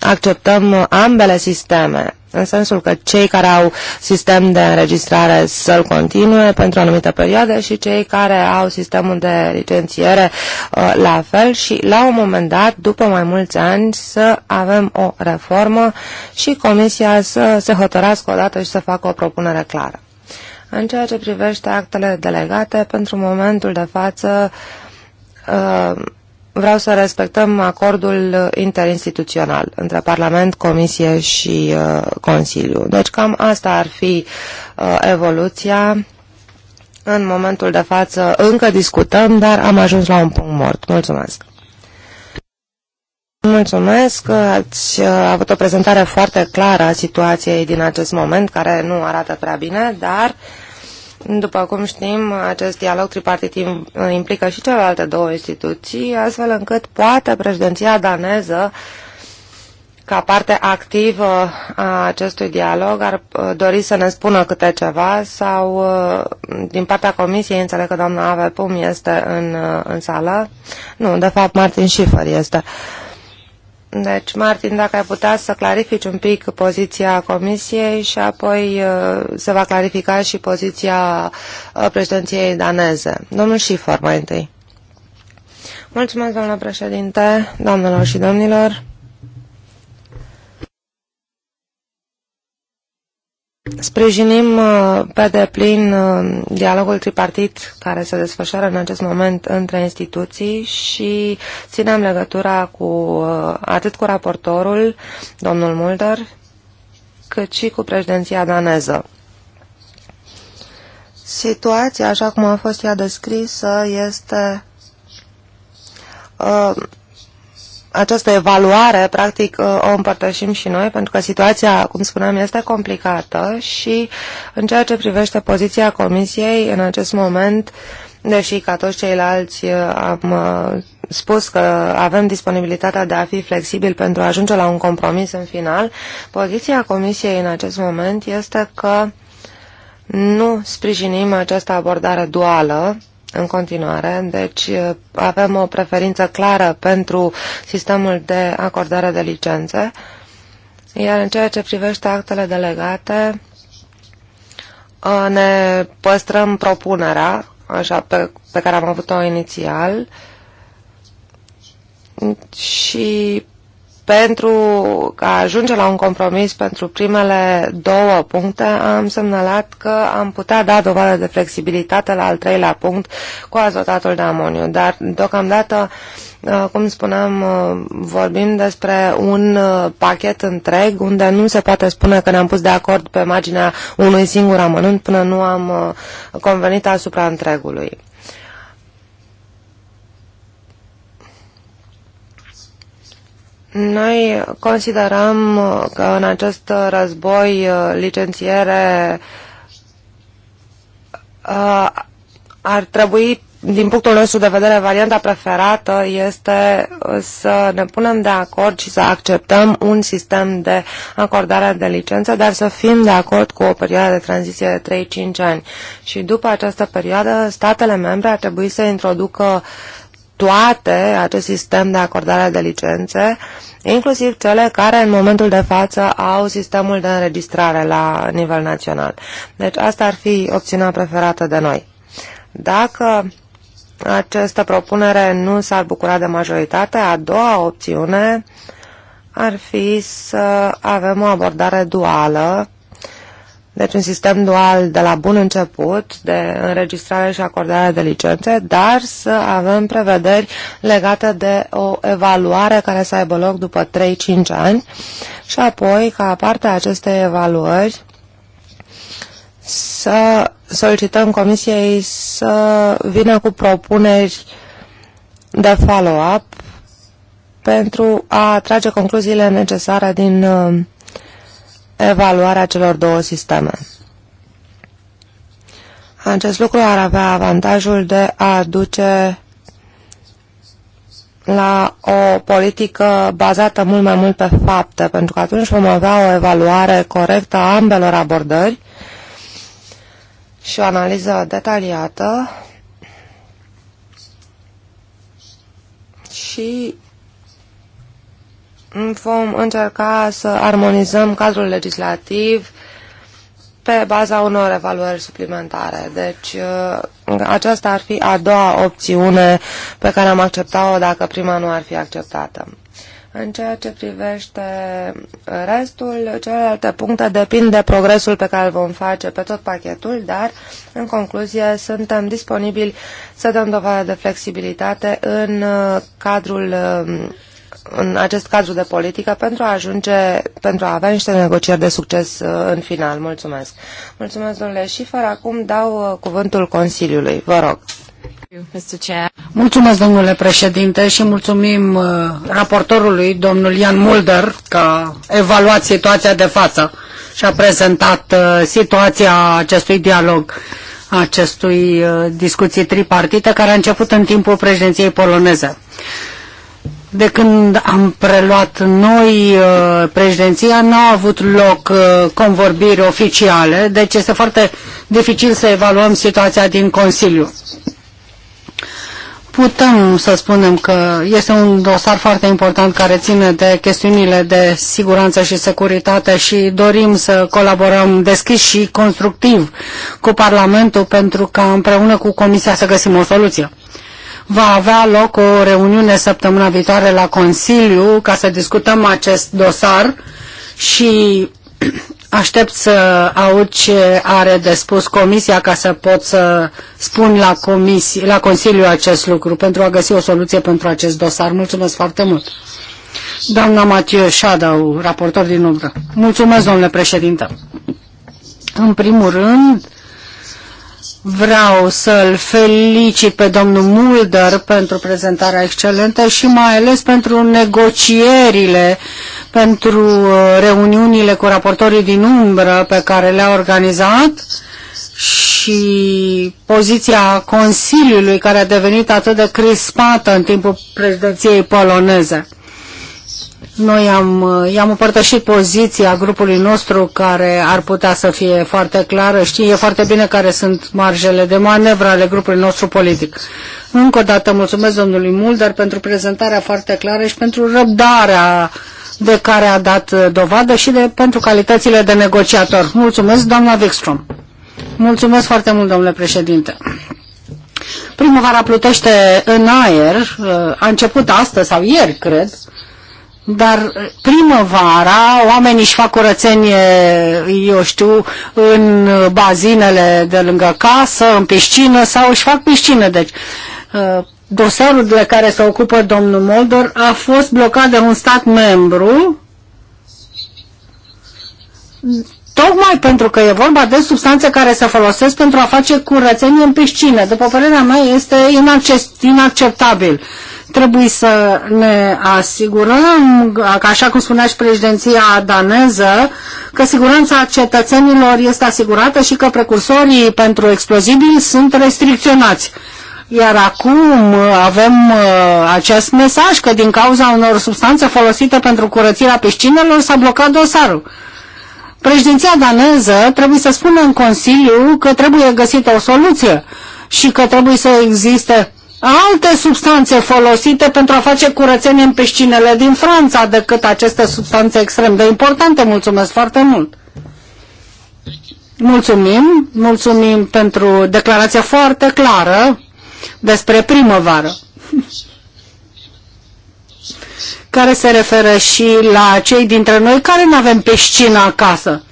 acceptăm ambele sisteme, în sensul că cei care au sistem de înregistrare să-l continue pentru o anumită perioadă și cei care au sistemul de licențiere uh, la fel și la un moment dat, după mai mulți ani, să avem o reformă și comisia să se hotărască odată și să facă o propunere clară. În ceea ce privește actele delegate, pentru momentul de față, uh, Uh, vreau să respectăm acordul interinstituțional între Parlament, Comisie și uh, Consiliu. Deci cam asta ar fi uh, evoluția. În momentul de față încă discutăm, dar am ajuns la un punct mort. Mulțumesc! Mulțumesc, ați avut o prezentare foarte clară a situației din acest moment, care nu arată prea bine, dar uh, după cum știm, acest dialog tripartit uh, implică și celelalte două instituții, astfel încât poate președinția daneză ca parte activă a acestui dialog ar uh, dori să ne spună câte ceva sau uh, din partea comisiei înțeleg că doamna Ave Pum este în, în sală. Nu, de fapt Martin Schiffer este. Uh, deci, Martin, dacă ai putea să clarifici un pic poziția Comisiei și apoi uh, se va clarifica și poziția uh, președinției daneze. Domnul Schiffer, mai întâi. Mulțumesc, domnule președinte, doamnelor și domnilor. Sprijinim uh, pe deplin uh, dialogul tripartit care se desfășoară în acest moment între instituții și ținem legătura cu, uh, atât cu raportorul, domnul Mulder, cât și cu președinția daneză. Situația, așa cum a fost ea descrisă, este această evaluare, practic, uh, o împărtășim și noi, pentru că situația, cum spuneam, este complicată și în ceea ce privește poziția Comisiei, în acest moment, deși ca toți ceilalți uh, am uh, spus că avem disponibilitatea de a fi flexibil pentru a ajunge la un compromis în final, poziția Comisiei în acest moment este că nu sprijinim această abordare duală, în continuare. Deci uh, avem o preferință clară pentru sistemul de acordare de licențe, iar în ceea ce privește actele delegate, uh, ne păstrăm propunerea așa, pe, pe care am avut-o inițial și pentru a ajunge la un compromis pentru primele două puncte, am semnalat că am putea da dovadă de flexibilitate la al treilea punct cu azotatul de amoniu, dar deocamdată uh, cum spuneam, uh, vorbim despre un uh, pachet întreg unde nu se poate spune că ne-am pus de acord pe marginea unui singur amănunt până nu am convenit asupra întregului. Noi considerăm că în acest război uh, licențiere uh, ar trebui, din punctul nostru de vedere, varianta preferată este să ne punem de acord și să acceptăm un sistem de acordare de licență, dar să fim de acord cu o perioadă de tranziție de 3-5 ani. Și după această perioadă, statele membre ar trebui să introducă toate acest sistem de acordare de licențe, inclusiv cele care în momentul de față au sistemul de înregistrare la nivel național. Deci asta ar fi opțiunea preferată de noi. Dacă această propunere nu s-ar bucura de majoritate, a doua opțiune ar fi să avem o abordare duală deci un sistem dual de la bun început de înregistrare și acordare de licențe, dar să avem prevederi legate de o evaluare care să aibă loc după 3-5 ani și apoi, ca parte a acestei evaluări, să solicităm Comisiei să vină cu propuneri de follow-up pentru a trage concluziile necesare din uh, evaluarea celor două sisteme. Acest lucru ar avea avantajul de a duce la o politică bazată mult mai mult pe fapte, pentru că atunci vom avea o evaluare corectă a ambelor abordări și o analiză detaliată și vom încerca să armonizăm cadrul legislativ pe baza unor evaluări suplimentare. Deci uh, aceasta ar fi a doua opțiune pe care am acceptat-o dacă prima nu ar fi acceptată. În ceea ce privește restul, celelalte puncte depind de progresul pe care îl vom face pe tot pachetul, dar, în concluzie, suntem disponibili să dăm dovadă de flexibilitate în uh, cadrul uh, în acest cadru de politică pentru a ajunge, pentru a avea niște negocieri de succes uh, în final. Mulțumesc. Mulțumesc, domnule Șifer. Acum dau uh, cuvântul Consiliului. Vă rog. Mulțumesc, domnule președinte, și mulțumim uh, raportorului, domnul Ian Mulder, că a evaluat situația de față și a prezentat situația acestui dialog acestui discuții tripartite care a început în timpul președinției poloneze de când am preluat noi uh, președinția, nu au avut loc uh, convorbiri oficiale, deci este foarte dificil să evaluăm situația din Consiliu. Putem să spunem că este un dosar foarte important care ține de chestiunile de siguranță și securitate și dorim să colaborăm deschis și constructiv cu Parlamentul pentru ca împreună cu Comisia să găsim o soluție va avea loc o reuniune săptămâna viitoare la Consiliu ca să discutăm acest dosar și aștept să aud ce are de spus Comisia ca să pot să spun la, comisie, la Consiliu acest lucru pentru a găsi o soluție pentru acest dosar. Mulțumesc foarte mult! Doamna Matiu Shadow, raportor din umbră. Mulțumesc, domnule președinte! În primul rând, Vreau să-l felicit pe domnul Mulder pentru prezentarea excelentă și mai ales pentru negocierile, pentru uh, reuniunile cu raportorii din umbră pe care le-a organizat și poziția Consiliului care a devenit atât de crispată în timpul președinției poloneze. Noi am, i-am împărtășit poziția grupului nostru care ar putea să fie foarte clară, știe foarte bine care sunt marjele de manevră ale grupului nostru politic. Încă o dată mulțumesc domnului Mulder pentru prezentarea foarte clară și pentru răbdarea de care a dat dovadă și de, pentru calitățile de negociator. Mulțumesc, doamna Wikström. Mulțumesc foarte mult, domnule președinte. Primăvara plutește în aer, a început astăzi sau ieri, cred, dar uh, primăvara oamenii își fac curățenie, uh, eu știu, în uh, bazinele de lângă casă, în piscină sau își fac piscină. Deci dosarul de care se ocupă domnul Moldor a fost blocat de un stat membru tocmai pentru că e vorba de substanțe care se folosesc pentru a face curățenie în piscină. După părerea mea, este inaccept, inacceptabil. Uh, Trebuie să ne asigurăm, așa cum spunea și președinția daneză, că siguranța cetățenilor este asigurată și că precursorii pentru explozibili sunt restricționați. Iar acum avem uh, acest mesaj că din cauza unor substanțe folosite pentru curățirea piscinelor s-a blocat dosarul. Președinția daneză trebuie să spună în Consiliu că trebuie găsită o soluție și că trebuie să existe alte substanțe folosite pentru a face curățenie în piscinele din Franța decât aceste substanțe extrem de importante. Mulțumesc foarte mult! Mulțumim, mulțumim pentru declarația foarte clară despre primăvară, care se referă și la cei dintre noi care nu avem piscină acasă.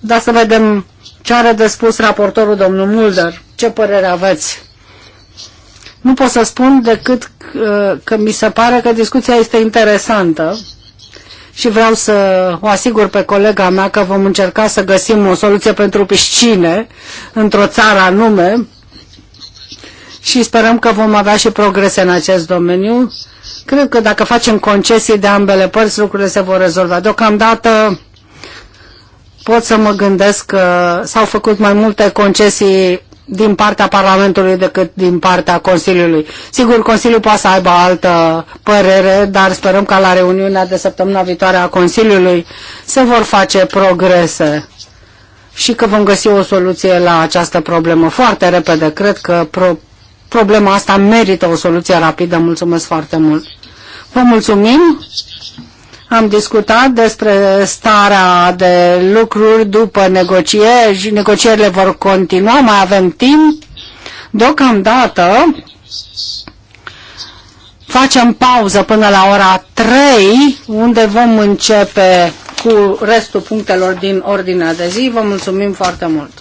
Dar să vedem ce are de spus raportorul domnul Mulder. Ce părere aveți? Nu pot să spun decât uh, că, mi se pare că discuția este interesantă și vreau să o asigur pe colega mea că vom încerca să găsim o soluție pentru piscine într-o țară anume și sperăm că vom avea și progrese în acest domeniu. Cred că dacă facem concesii de ambele părți, lucrurile se vor rezolva. Deocamdată pot să mă gândesc că s-au făcut mai multe concesii din partea Parlamentului decât din partea Consiliului. Sigur, Consiliul poate să aibă altă părere, dar sperăm ca la reuniunea de săptămâna viitoare a Consiliului se vor face progrese și că vom găsi o soluție la această problemă foarte repede. Cred că pro- problema asta merită o soluție rapidă. Mulțumesc foarte mult! Vă mulțumim! Am discutat despre starea de lucruri după negocieri. Negocierile vor continua, mai avem timp. Deocamdată facem pauză până la ora 3, unde vom începe cu restul punctelor din ordinea de zi. Vă mulțumim foarte mult!